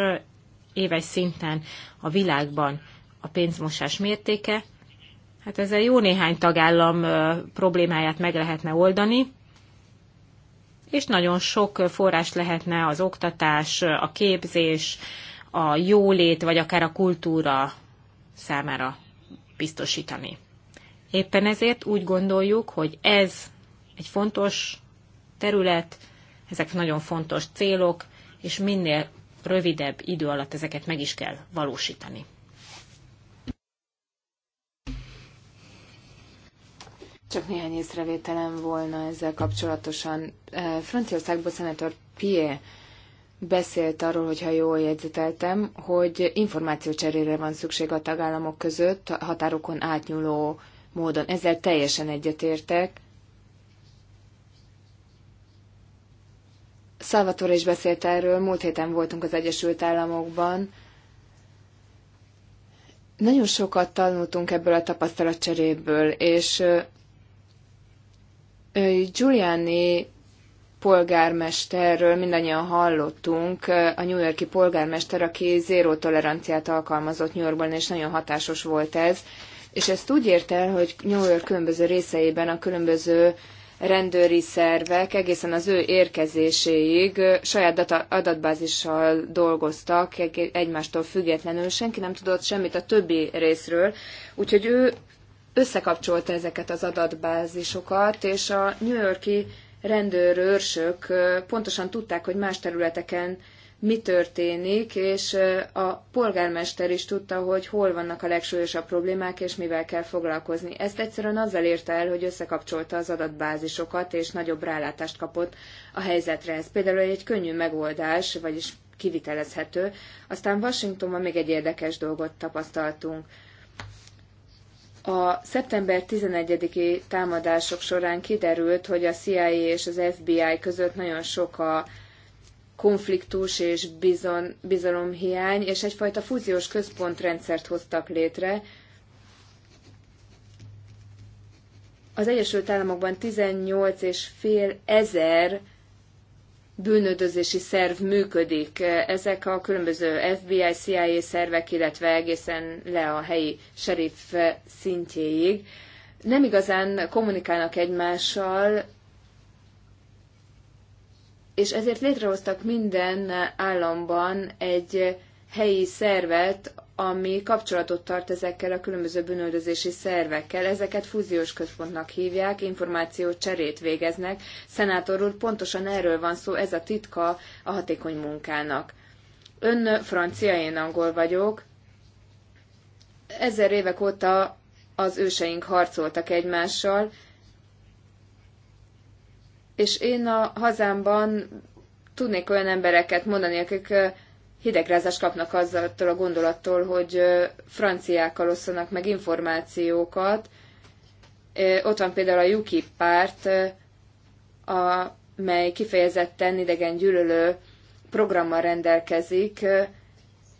éves szinten a világban a pénzmosás mértéke, hát ezzel jó néhány tagállam problémáját meg lehetne oldani, és nagyon sok forrás lehetne az oktatás, a képzés, a jólét, vagy akár a kultúra számára biztosítani. Éppen ezért úgy gondoljuk, hogy ez egy fontos terület, ezek nagyon fontos célok, és minél rövidebb idő alatt ezeket meg is kell valósítani. Csak néhány észrevételem volna ezzel kapcsolatosan. Franciaországból szenátor Pie beszélt arról, hogyha jól jegyzeteltem, hogy információcserére van szükség a tagállamok között határokon átnyúló módon. Ezzel teljesen egyetértek. Salvatore is beszélt erről, múlt héten voltunk az Egyesült Államokban. Nagyon sokat tanultunk ebből a tapasztalatcseréből, és Giuliani polgármesterről mindannyian hallottunk, a New Yorki polgármester, aki zéró toleranciát alkalmazott New Yorkban, és nagyon hatásos volt ez. És ezt úgy ért el, hogy New York különböző részeiben a különböző rendőri szervek egészen az ő érkezéséig saját adatbázissal dolgoztak egymástól függetlenül, senki nem tudott semmit a többi részről, úgyhogy ő összekapcsolta ezeket az adatbázisokat, és a New Yorki rendőrőrsök pontosan tudták, hogy más területeken mi történik, és a polgármester is tudta, hogy hol vannak a legsúlyosabb problémák, és mivel kell foglalkozni. Ezt egyszerűen azzal érte el, hogy összekapcsolta az adatbázisokat, és nagyobb rálátást kapott a helyzetre. Ez például egy könnyű megoldás, vagyis kivitelezhető. Aztán Washingtonban még egy érdekes dolgot tapasztaltunk. A szeptember 11-i támadások során kiderült, hogy a CIA és az FBI között nagyon sok a konfliktus és bizon, bizalomhiány, és egyfajta fúziós központrendszert hoztak létre. Az Egyesült Államokban 18 és fél ezer bűnödözési szerv működik. Ezek a különböző FBI, CIA szervek, illetve egészen le a helyi sheriff szintjéig. Nem igazán kommunikálnak egymással, és ezért létrehoztak minden államban egy helyi szervet, ami kapcsolatot tart ezekkel a különböző bűnöldözési szervekkel. Ezeket fúziós központnak hívják, információ cserét végeznek. Szenátor úr, pontosan erről van szó, ez a titka a hatékony munkának. Ön francia, én angol vagyok. Ezer évek óta az őseink harcoltak egymással, és én a hazámban tudnék olyan embereket mondani, akik hidegrázást kapnak azzal a gondolattól, hogy franciákkal osszanak meg információkat. Ott van például a UKIP párt, amely kifejezetten idegen gyűlölő programmal rendelkezik,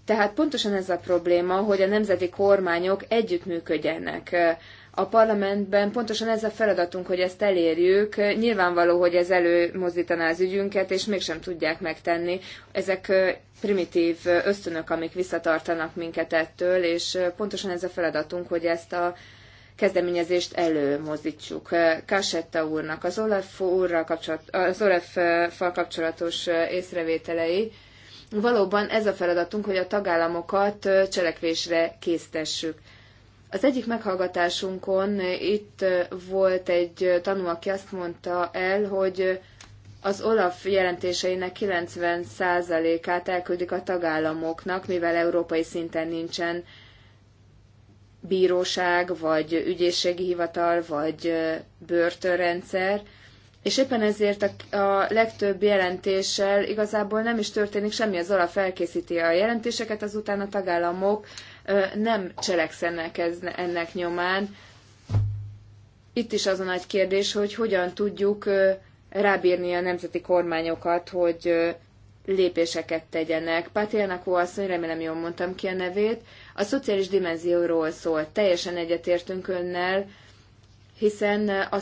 tehát pontosan ez a probléma, hogy a nemzeti kormányok együttműködjenek a parlamentben pontosan ez a feladatunk, hogy ezt elérjük. Nyilvánvaló, hogy ez előmozdítaná az ügyünket, és mégsem tudják megtenni. Ezek primitív ösztönök, amik visszatartanak minket ettől, és pontosan ez a feladatunk, hogy ezt a kezdeményezést előmozdítsuk. Kassetta úrnak az Olaf úrral kapcsolat, az olaf kapcsolatos észrevételei. Valóban ez a feladatunk, hogy a tagállamokat cselekvésre késztessük az egyik meghallgatásunkon itt volt egy tanú, aki azt mondta el, hogy az OLAF jelentéseinek 90%-át elküldik a tagállamoknak, mivel európai szinten nincsen bíróság, vagy ügyészségi hivatal, vagy börtönrendszer, és éppen ezért a, a legtöbb jelentéssel igazából nem is történik semmi, az OLAF elkészíti a jelentéseket, azután a tagállamok nem cselekszenek ez, ennek nyomán. Itt is az a nagy kérdés, hogy hogyan tudjuk rábírni a nemzeti kormányokat, hogy lépéseket tegyenek. Patilnakó asszony, remélem jól mondtam ki a nevét, a szociális dimenzióról szól. Teljesen egyetértünk önnel, hiszen a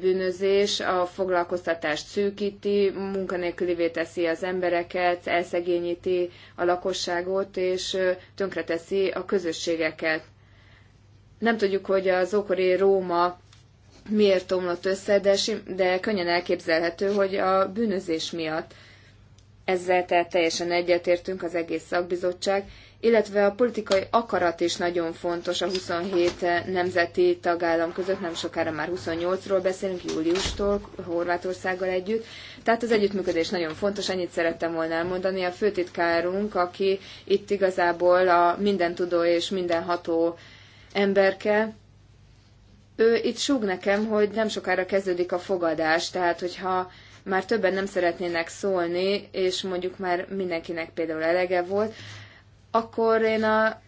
bűnözés a foglalkoztatást szűkíti, munkanélkülivé teszi az embereket, elszegényíti a lakosságot, és tönkreteszi a közösségeket. Nem tudjuk, hogy az ókori Róma miért omlott össze, de, de könnyen elképzelhető, hogy a bűnözés miatt. Ezzel tehát teljesen egyetértünk az egész szakbizottság, illetve a politikai akarat is nagyon fontos a 27 nemzeti tagállam között, nem sokára már 28-ról beszélünk, júliustól Horvátországgal együtt. Tehát az együttműködés nagyon fontos, ennyit szerettem volna elmondani. A főtitkárunk, aki itt igazából a minden tudó és minden ható emberke, ő itt súg nekem, hogy nem sokára kezdődik a fogadás, tehát hogyha már többen nem szeretnének szólni, és mondjuk már mindenkinek például elege volt, akkor én a,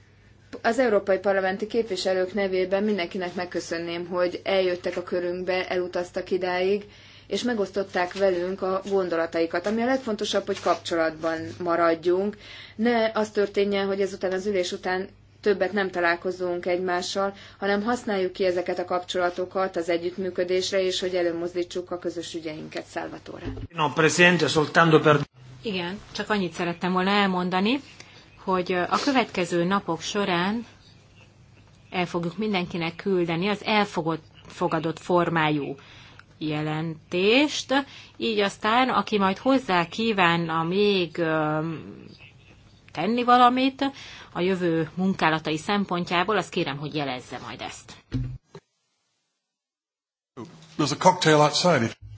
az európai parlamenti képviselők nevében mindenkinek megköszönném, hogy eljöttek a körünkbe, elutaztak idáig, és megosztották velünk a gondolataikat, ami a legfontosabb, hogy kapcsolatban maradjunk. Ne az történjen, hogy ezután az ülés után többet nem találkozunk egymással, hanem használjuk ki ezeket a kapcsolatokat az együttműködésre, és hogy előmozdítsuk a közös ügyeinket Szálvatóra. Igen, csak annyit szerettem volna elmondani, hogy a következő napok során el fogjuk mindenkinek küldeni az elfogott fogadott formájú jelentést, így aztán, aki majd hozzá kívánna még tenni valamit a jövő munkálatai szempontjából, azt kérem, hogy jelezze majd ezt.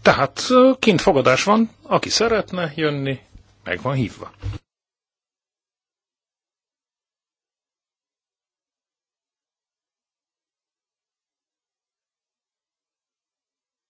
Tehát kint fogadás van, aki szeretne jönni, meg van hívva.